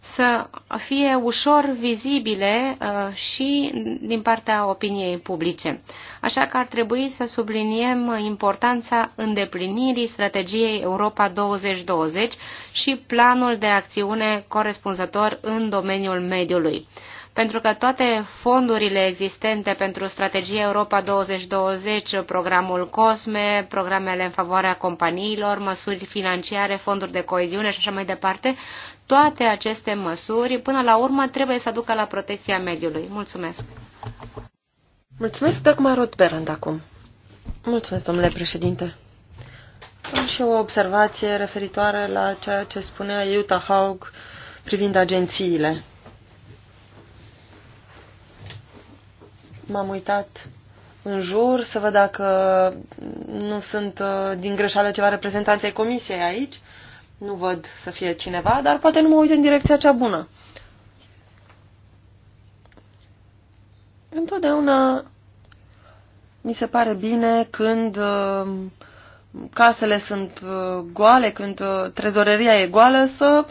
să fie ușor vizibile uh, și din partea opiniei publice. Așa că ar trebui să subliniem importanța îndeplinirii strategiei Europa 2020 și planul de acțiune corespunzător în domeniul mediului pentru că toate fondurile existente pentru strategia Europa 2020, programul COSME, programele în favoarea companiilor, măsuri financiare, fonduri de coeziune și așa mai departe, toate aceste măsuri, până la urmă, trebuie să aducă la protecția mediului. Mulțumesc! Mulțumesc, Dagmar Rotberand, acum. Mulțumesc, domnule președinte. Am și o observație referitoare la ceea ce spunea Utah Haug privind agențiile. M-am uitat în jur să văd dacă nu sunt uh, din greșeală ceva reprezentanței comisiei aici. Nu văd să fie cineva, dar poate nu mă uit în direcția cea bună. Întotdeauna mi se pare bine când uh, casele sunt uh, goale, când trezoreria e goală, să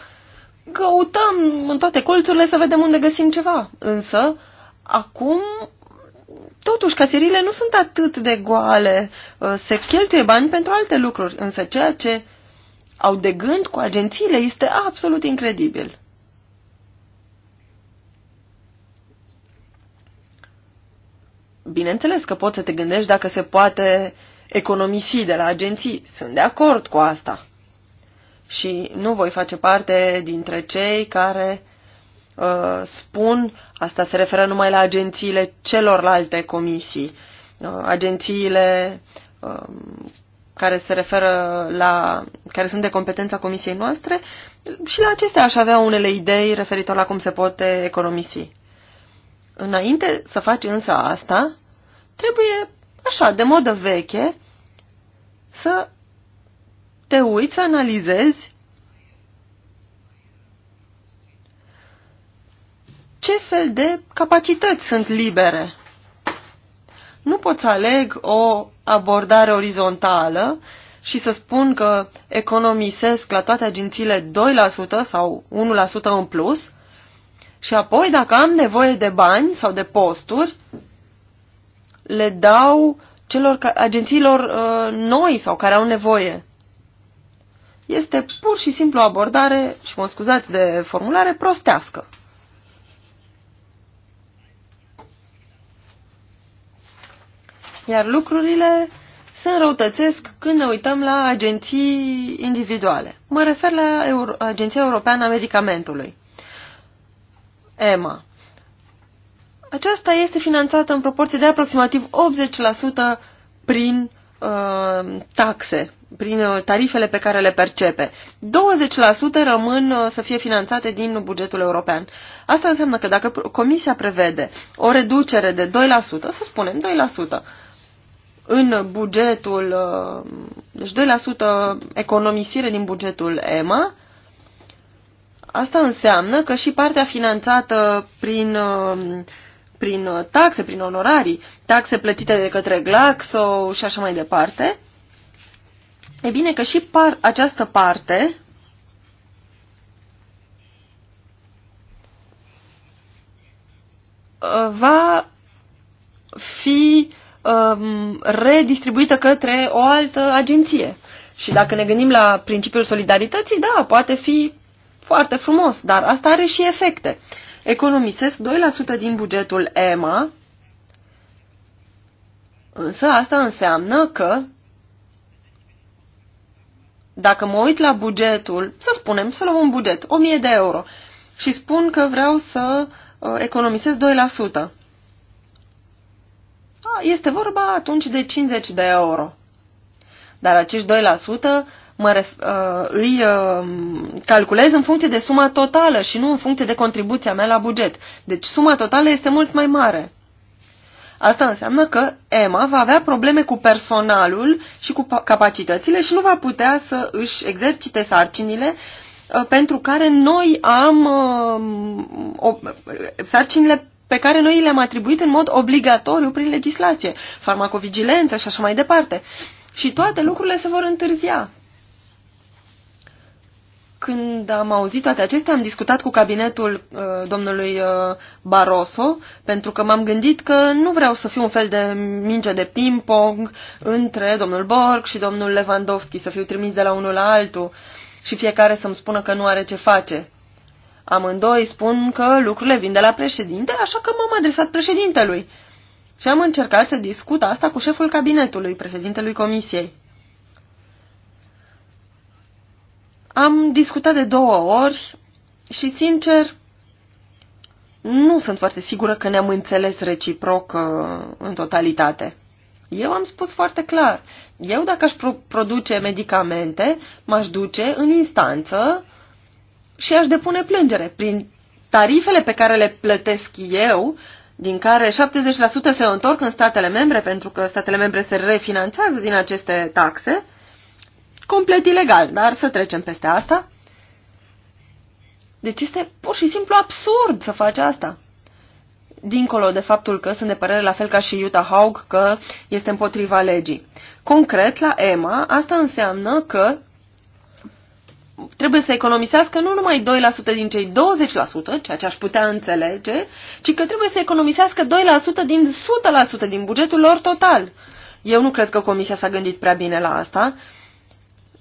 căutăm în toate colțurile să vedem unde găsim ceva. Însă, acum Totuși, caserile nu sunt atât de goale, uh, se cheltuie bani pentru alte lucruri, însă ceea ce au de gând cu agențiile este absolut incredibil. Bineînțeles că poți să te gândești dacă se poate economisi de la agenții. Sunt de acord cu asta. Și nu voi face parte dintre cei care Uh, spun, asta se referă numai la agențiile celorlalte comisii, uh, agențiile um, care se referă la, care sunt de competența comisiei noastre și la acestea aș avea unele idei referitor la cum se poate economisi. Înainte să faci însă asta, trebuie, așa, de modă veche, să te uiți, să analizezi ce fel de capacități sunt libere. Nu pot să aleg o abordare orizontală și să spun că economisesc la toate agențiile 2% sau 1% în plus și apoi dacă am nevoie de bani sau de posturi, le dau celor agențiilor uh, noi sau care au nevoie. Este pur și simplu o abordare, și mă scuzați de formulare, prostească. Iar lucrurile se înrăutățesc când ne uităm la agenții individuale. Mă refer la Euro Agenția Europeană a Medicamentului, EMA. Aceasta este finanțată în proporție de aproximativ 80% prin uh, taxe, prin uh, tarifele pe care le percepe. 20% rămân uh, să fie finanțate din bugetul european. Asta înseamnă că dacă Comisia prevede o reducere de 2%, să spunem 2%, în bugetul, uh, deci 2% economisire din bugetul EMA, asta înseamnă că și partea finanțată prin, uh, prin taxe, prin onorarii, taxe plătite de către Glaxo și așa mai departe, e bine că și par, această parte uh, va fi uh, Um, redistribuită către o altă agenție. Și dacă ne gândim la principiul solidarității, da, poate fi foarte frumos, dar asta are și efecte. Economisesc 2% din bugetul EMA, însă asta înseamnă că dacă mă uit la bugetul, să spunem, să luăm un buget, 1000 de euro, și spun că vreau să uh, economisesc 2% este vorba atunci de 50 de euro. Dar acești 2% mă ref, uh, îi uh, calculez în funcție de suma totală și nu în funcție de contribuția mea la buget. Deci suma totală este mult mai mare. Asta înseamnă că Emma va avea probleme cu personalul și cu capacitățile și nu va putea să își exercite sarcinile uh, pentru care noi am uh, o, sarcinile pe care noi le-am atribuit în mod obligatoriu prin legislație, farmacovigilență și așa mai departe. Și toate lucrurile se vor întârzia. Când am auzit toate acestea, am discutat cu cabinetul uh, domnului uh, Barroso, pentru că m-am gândit că nu vreau să fiu un fel de minge de ping-pong între domnul Borg și domnul Lewandowski, să fiu trimis de la unul la altul și fiecare să-mi spună că nu are ce face. Amândoi spun că lucrurile vin de la președinte, așa că m-am adresat președintelui. Și am încercat să discut asta cu șeful cabinetului, președintelui comisiei. Am discutat de două ori și, sincer, nu sunt foarte sigură că ne-am înțeles reciproc uh, în totalitate. Eu am spus foarte clar, eu dacă aș produce medicamente, m-aș duce în instanță și aș depune plângere. Prin tarifele pe care le plătesc eu, din care 70% se întorc în statele membre, pentru că statele membre se refinanțează din aceste taxe, complet ilegal, dar să trecem peste asta. Deci este pur și simplu absurd să faci asta. Dincolo de faptul că sunt de părere la fel ca și Utah Hawk că este împotriva legii. Concret, la EMA, asta înseamnă că trebuie să economisească nu numai 2% din cei 20%, ceea ce aș putea înțelege, ci că trebuie să economisească 2% din 100% din bugetul lor total. Eu nu cred că Comisia s-a gândit prea bine la asta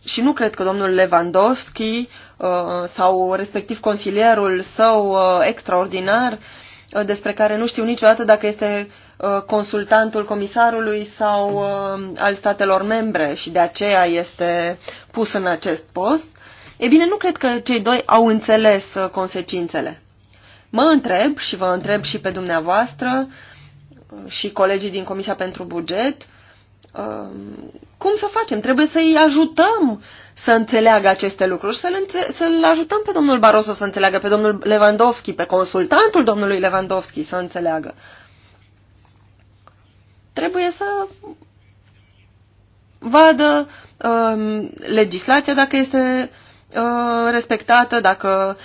și nu cred că domnul Lewandowski uh, sau respectiv consilierul său uh, extraordinar, uh, despre care nu știu niciodată dacă este consultantul comisarului sau al statelor membre și de aceea este pus în acest post, E bine, nu cred că cei doi au înțeles uh, consecințele. Mă întreb și vă întreb și pe dumneavoastră uh, și colegii din Comisia pentru Buget, uh, cum să facem? Trebuie să-i ajutăm să înțeleagă aceste lucruri să-l, înțe- să ajutăm pe domnul Barroso să înțeleagă, pe domnul Lewandowski, pe consultantul domnului Lewandowski să înțeleagă. Trebuie să vadă um, legislația dacă este Uh, respectată, dacă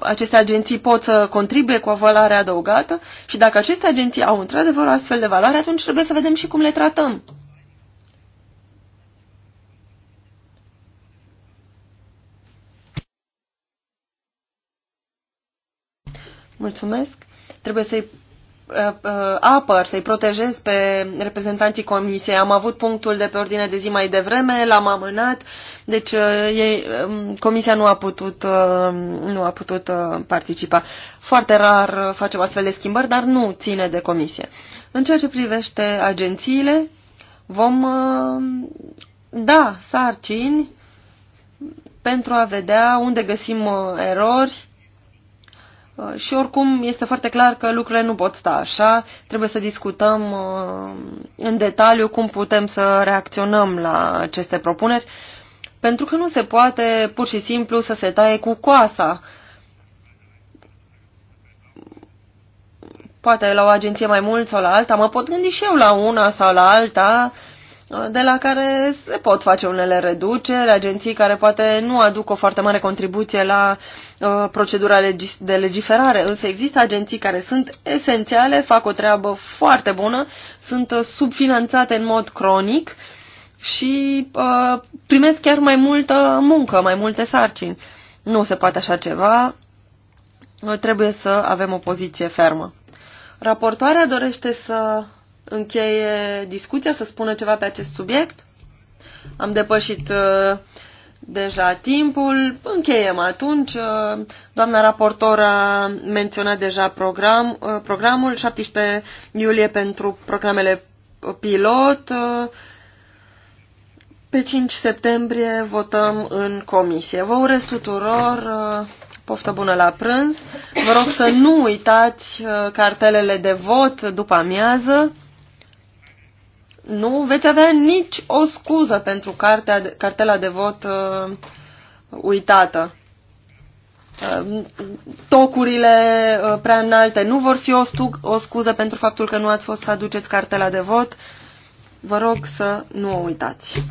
aceste agenții pot să contribuie cu o valoare adăugată și dacă aceste agenții au într-adevăr o astfel de valoare, atunci trebuie să vedem și cum le tratăm. Mulțumesc. Trebuie să-i Uh, uh, apăr, să-i protejez pe reprezentanții comisiei. Am avut punctul de pe ordine de zi mai devreme, l-am amânat, deci uh, ei, um, comisia nu a putut, nu a putut participa. Foarte rar facem astfel de schimbări, dar nu ține de comisie. În ceea ce privește agențiile, vom da sarcini pentru a vedea unde găsim erori, Uh, și oricum este foarte clar că lucrurile nu pot sta așa, trebuie să discutăm uh, în detaliu cum putem să reacționăm la aceste propuneri, pentru că nu se poate pur și simplu să se taie cu coasa. Poate la o agenție mai mult sau la alta, mă pot gândi și eu la una sau la alta, de la care se pot face unele reduceri, agenții care poate nu aduc o foarte mare contribuție la uh, procedura legis de legiferare, însă există agenții care sunt esențiale, fac o treabă foarte bună, sunt uh, subfinanțate în mod cronic și uh, primesc chiar mai multă muncă, mai multe sarcini. Nu se poate așa ceva, Noi trebuie să avem o poziție fermă. Raportoarea dorește să încheie discuția, să spună ceva pe acest subiect? Am depășit uh, deja timpul. Încheiem atunci. Uh, doamna raportor a menționat deja program, uh, programul 17 iulie pentru programele pilot. Pe 5 septembrie votăm în comisie. Vă urez tuturor poftă bună la prânz. Vă rog să nu uitați cartelele de vot după amiază nu veți avea nici o scuză pentru cartea, cartela de vot uh, uitată. Uh, tocurile uh, prea înalte nu vor fi o, stu- o scuză pentru faptul că nu ați fost să aduceți cartela de vot. Vă rog să nu o uitați.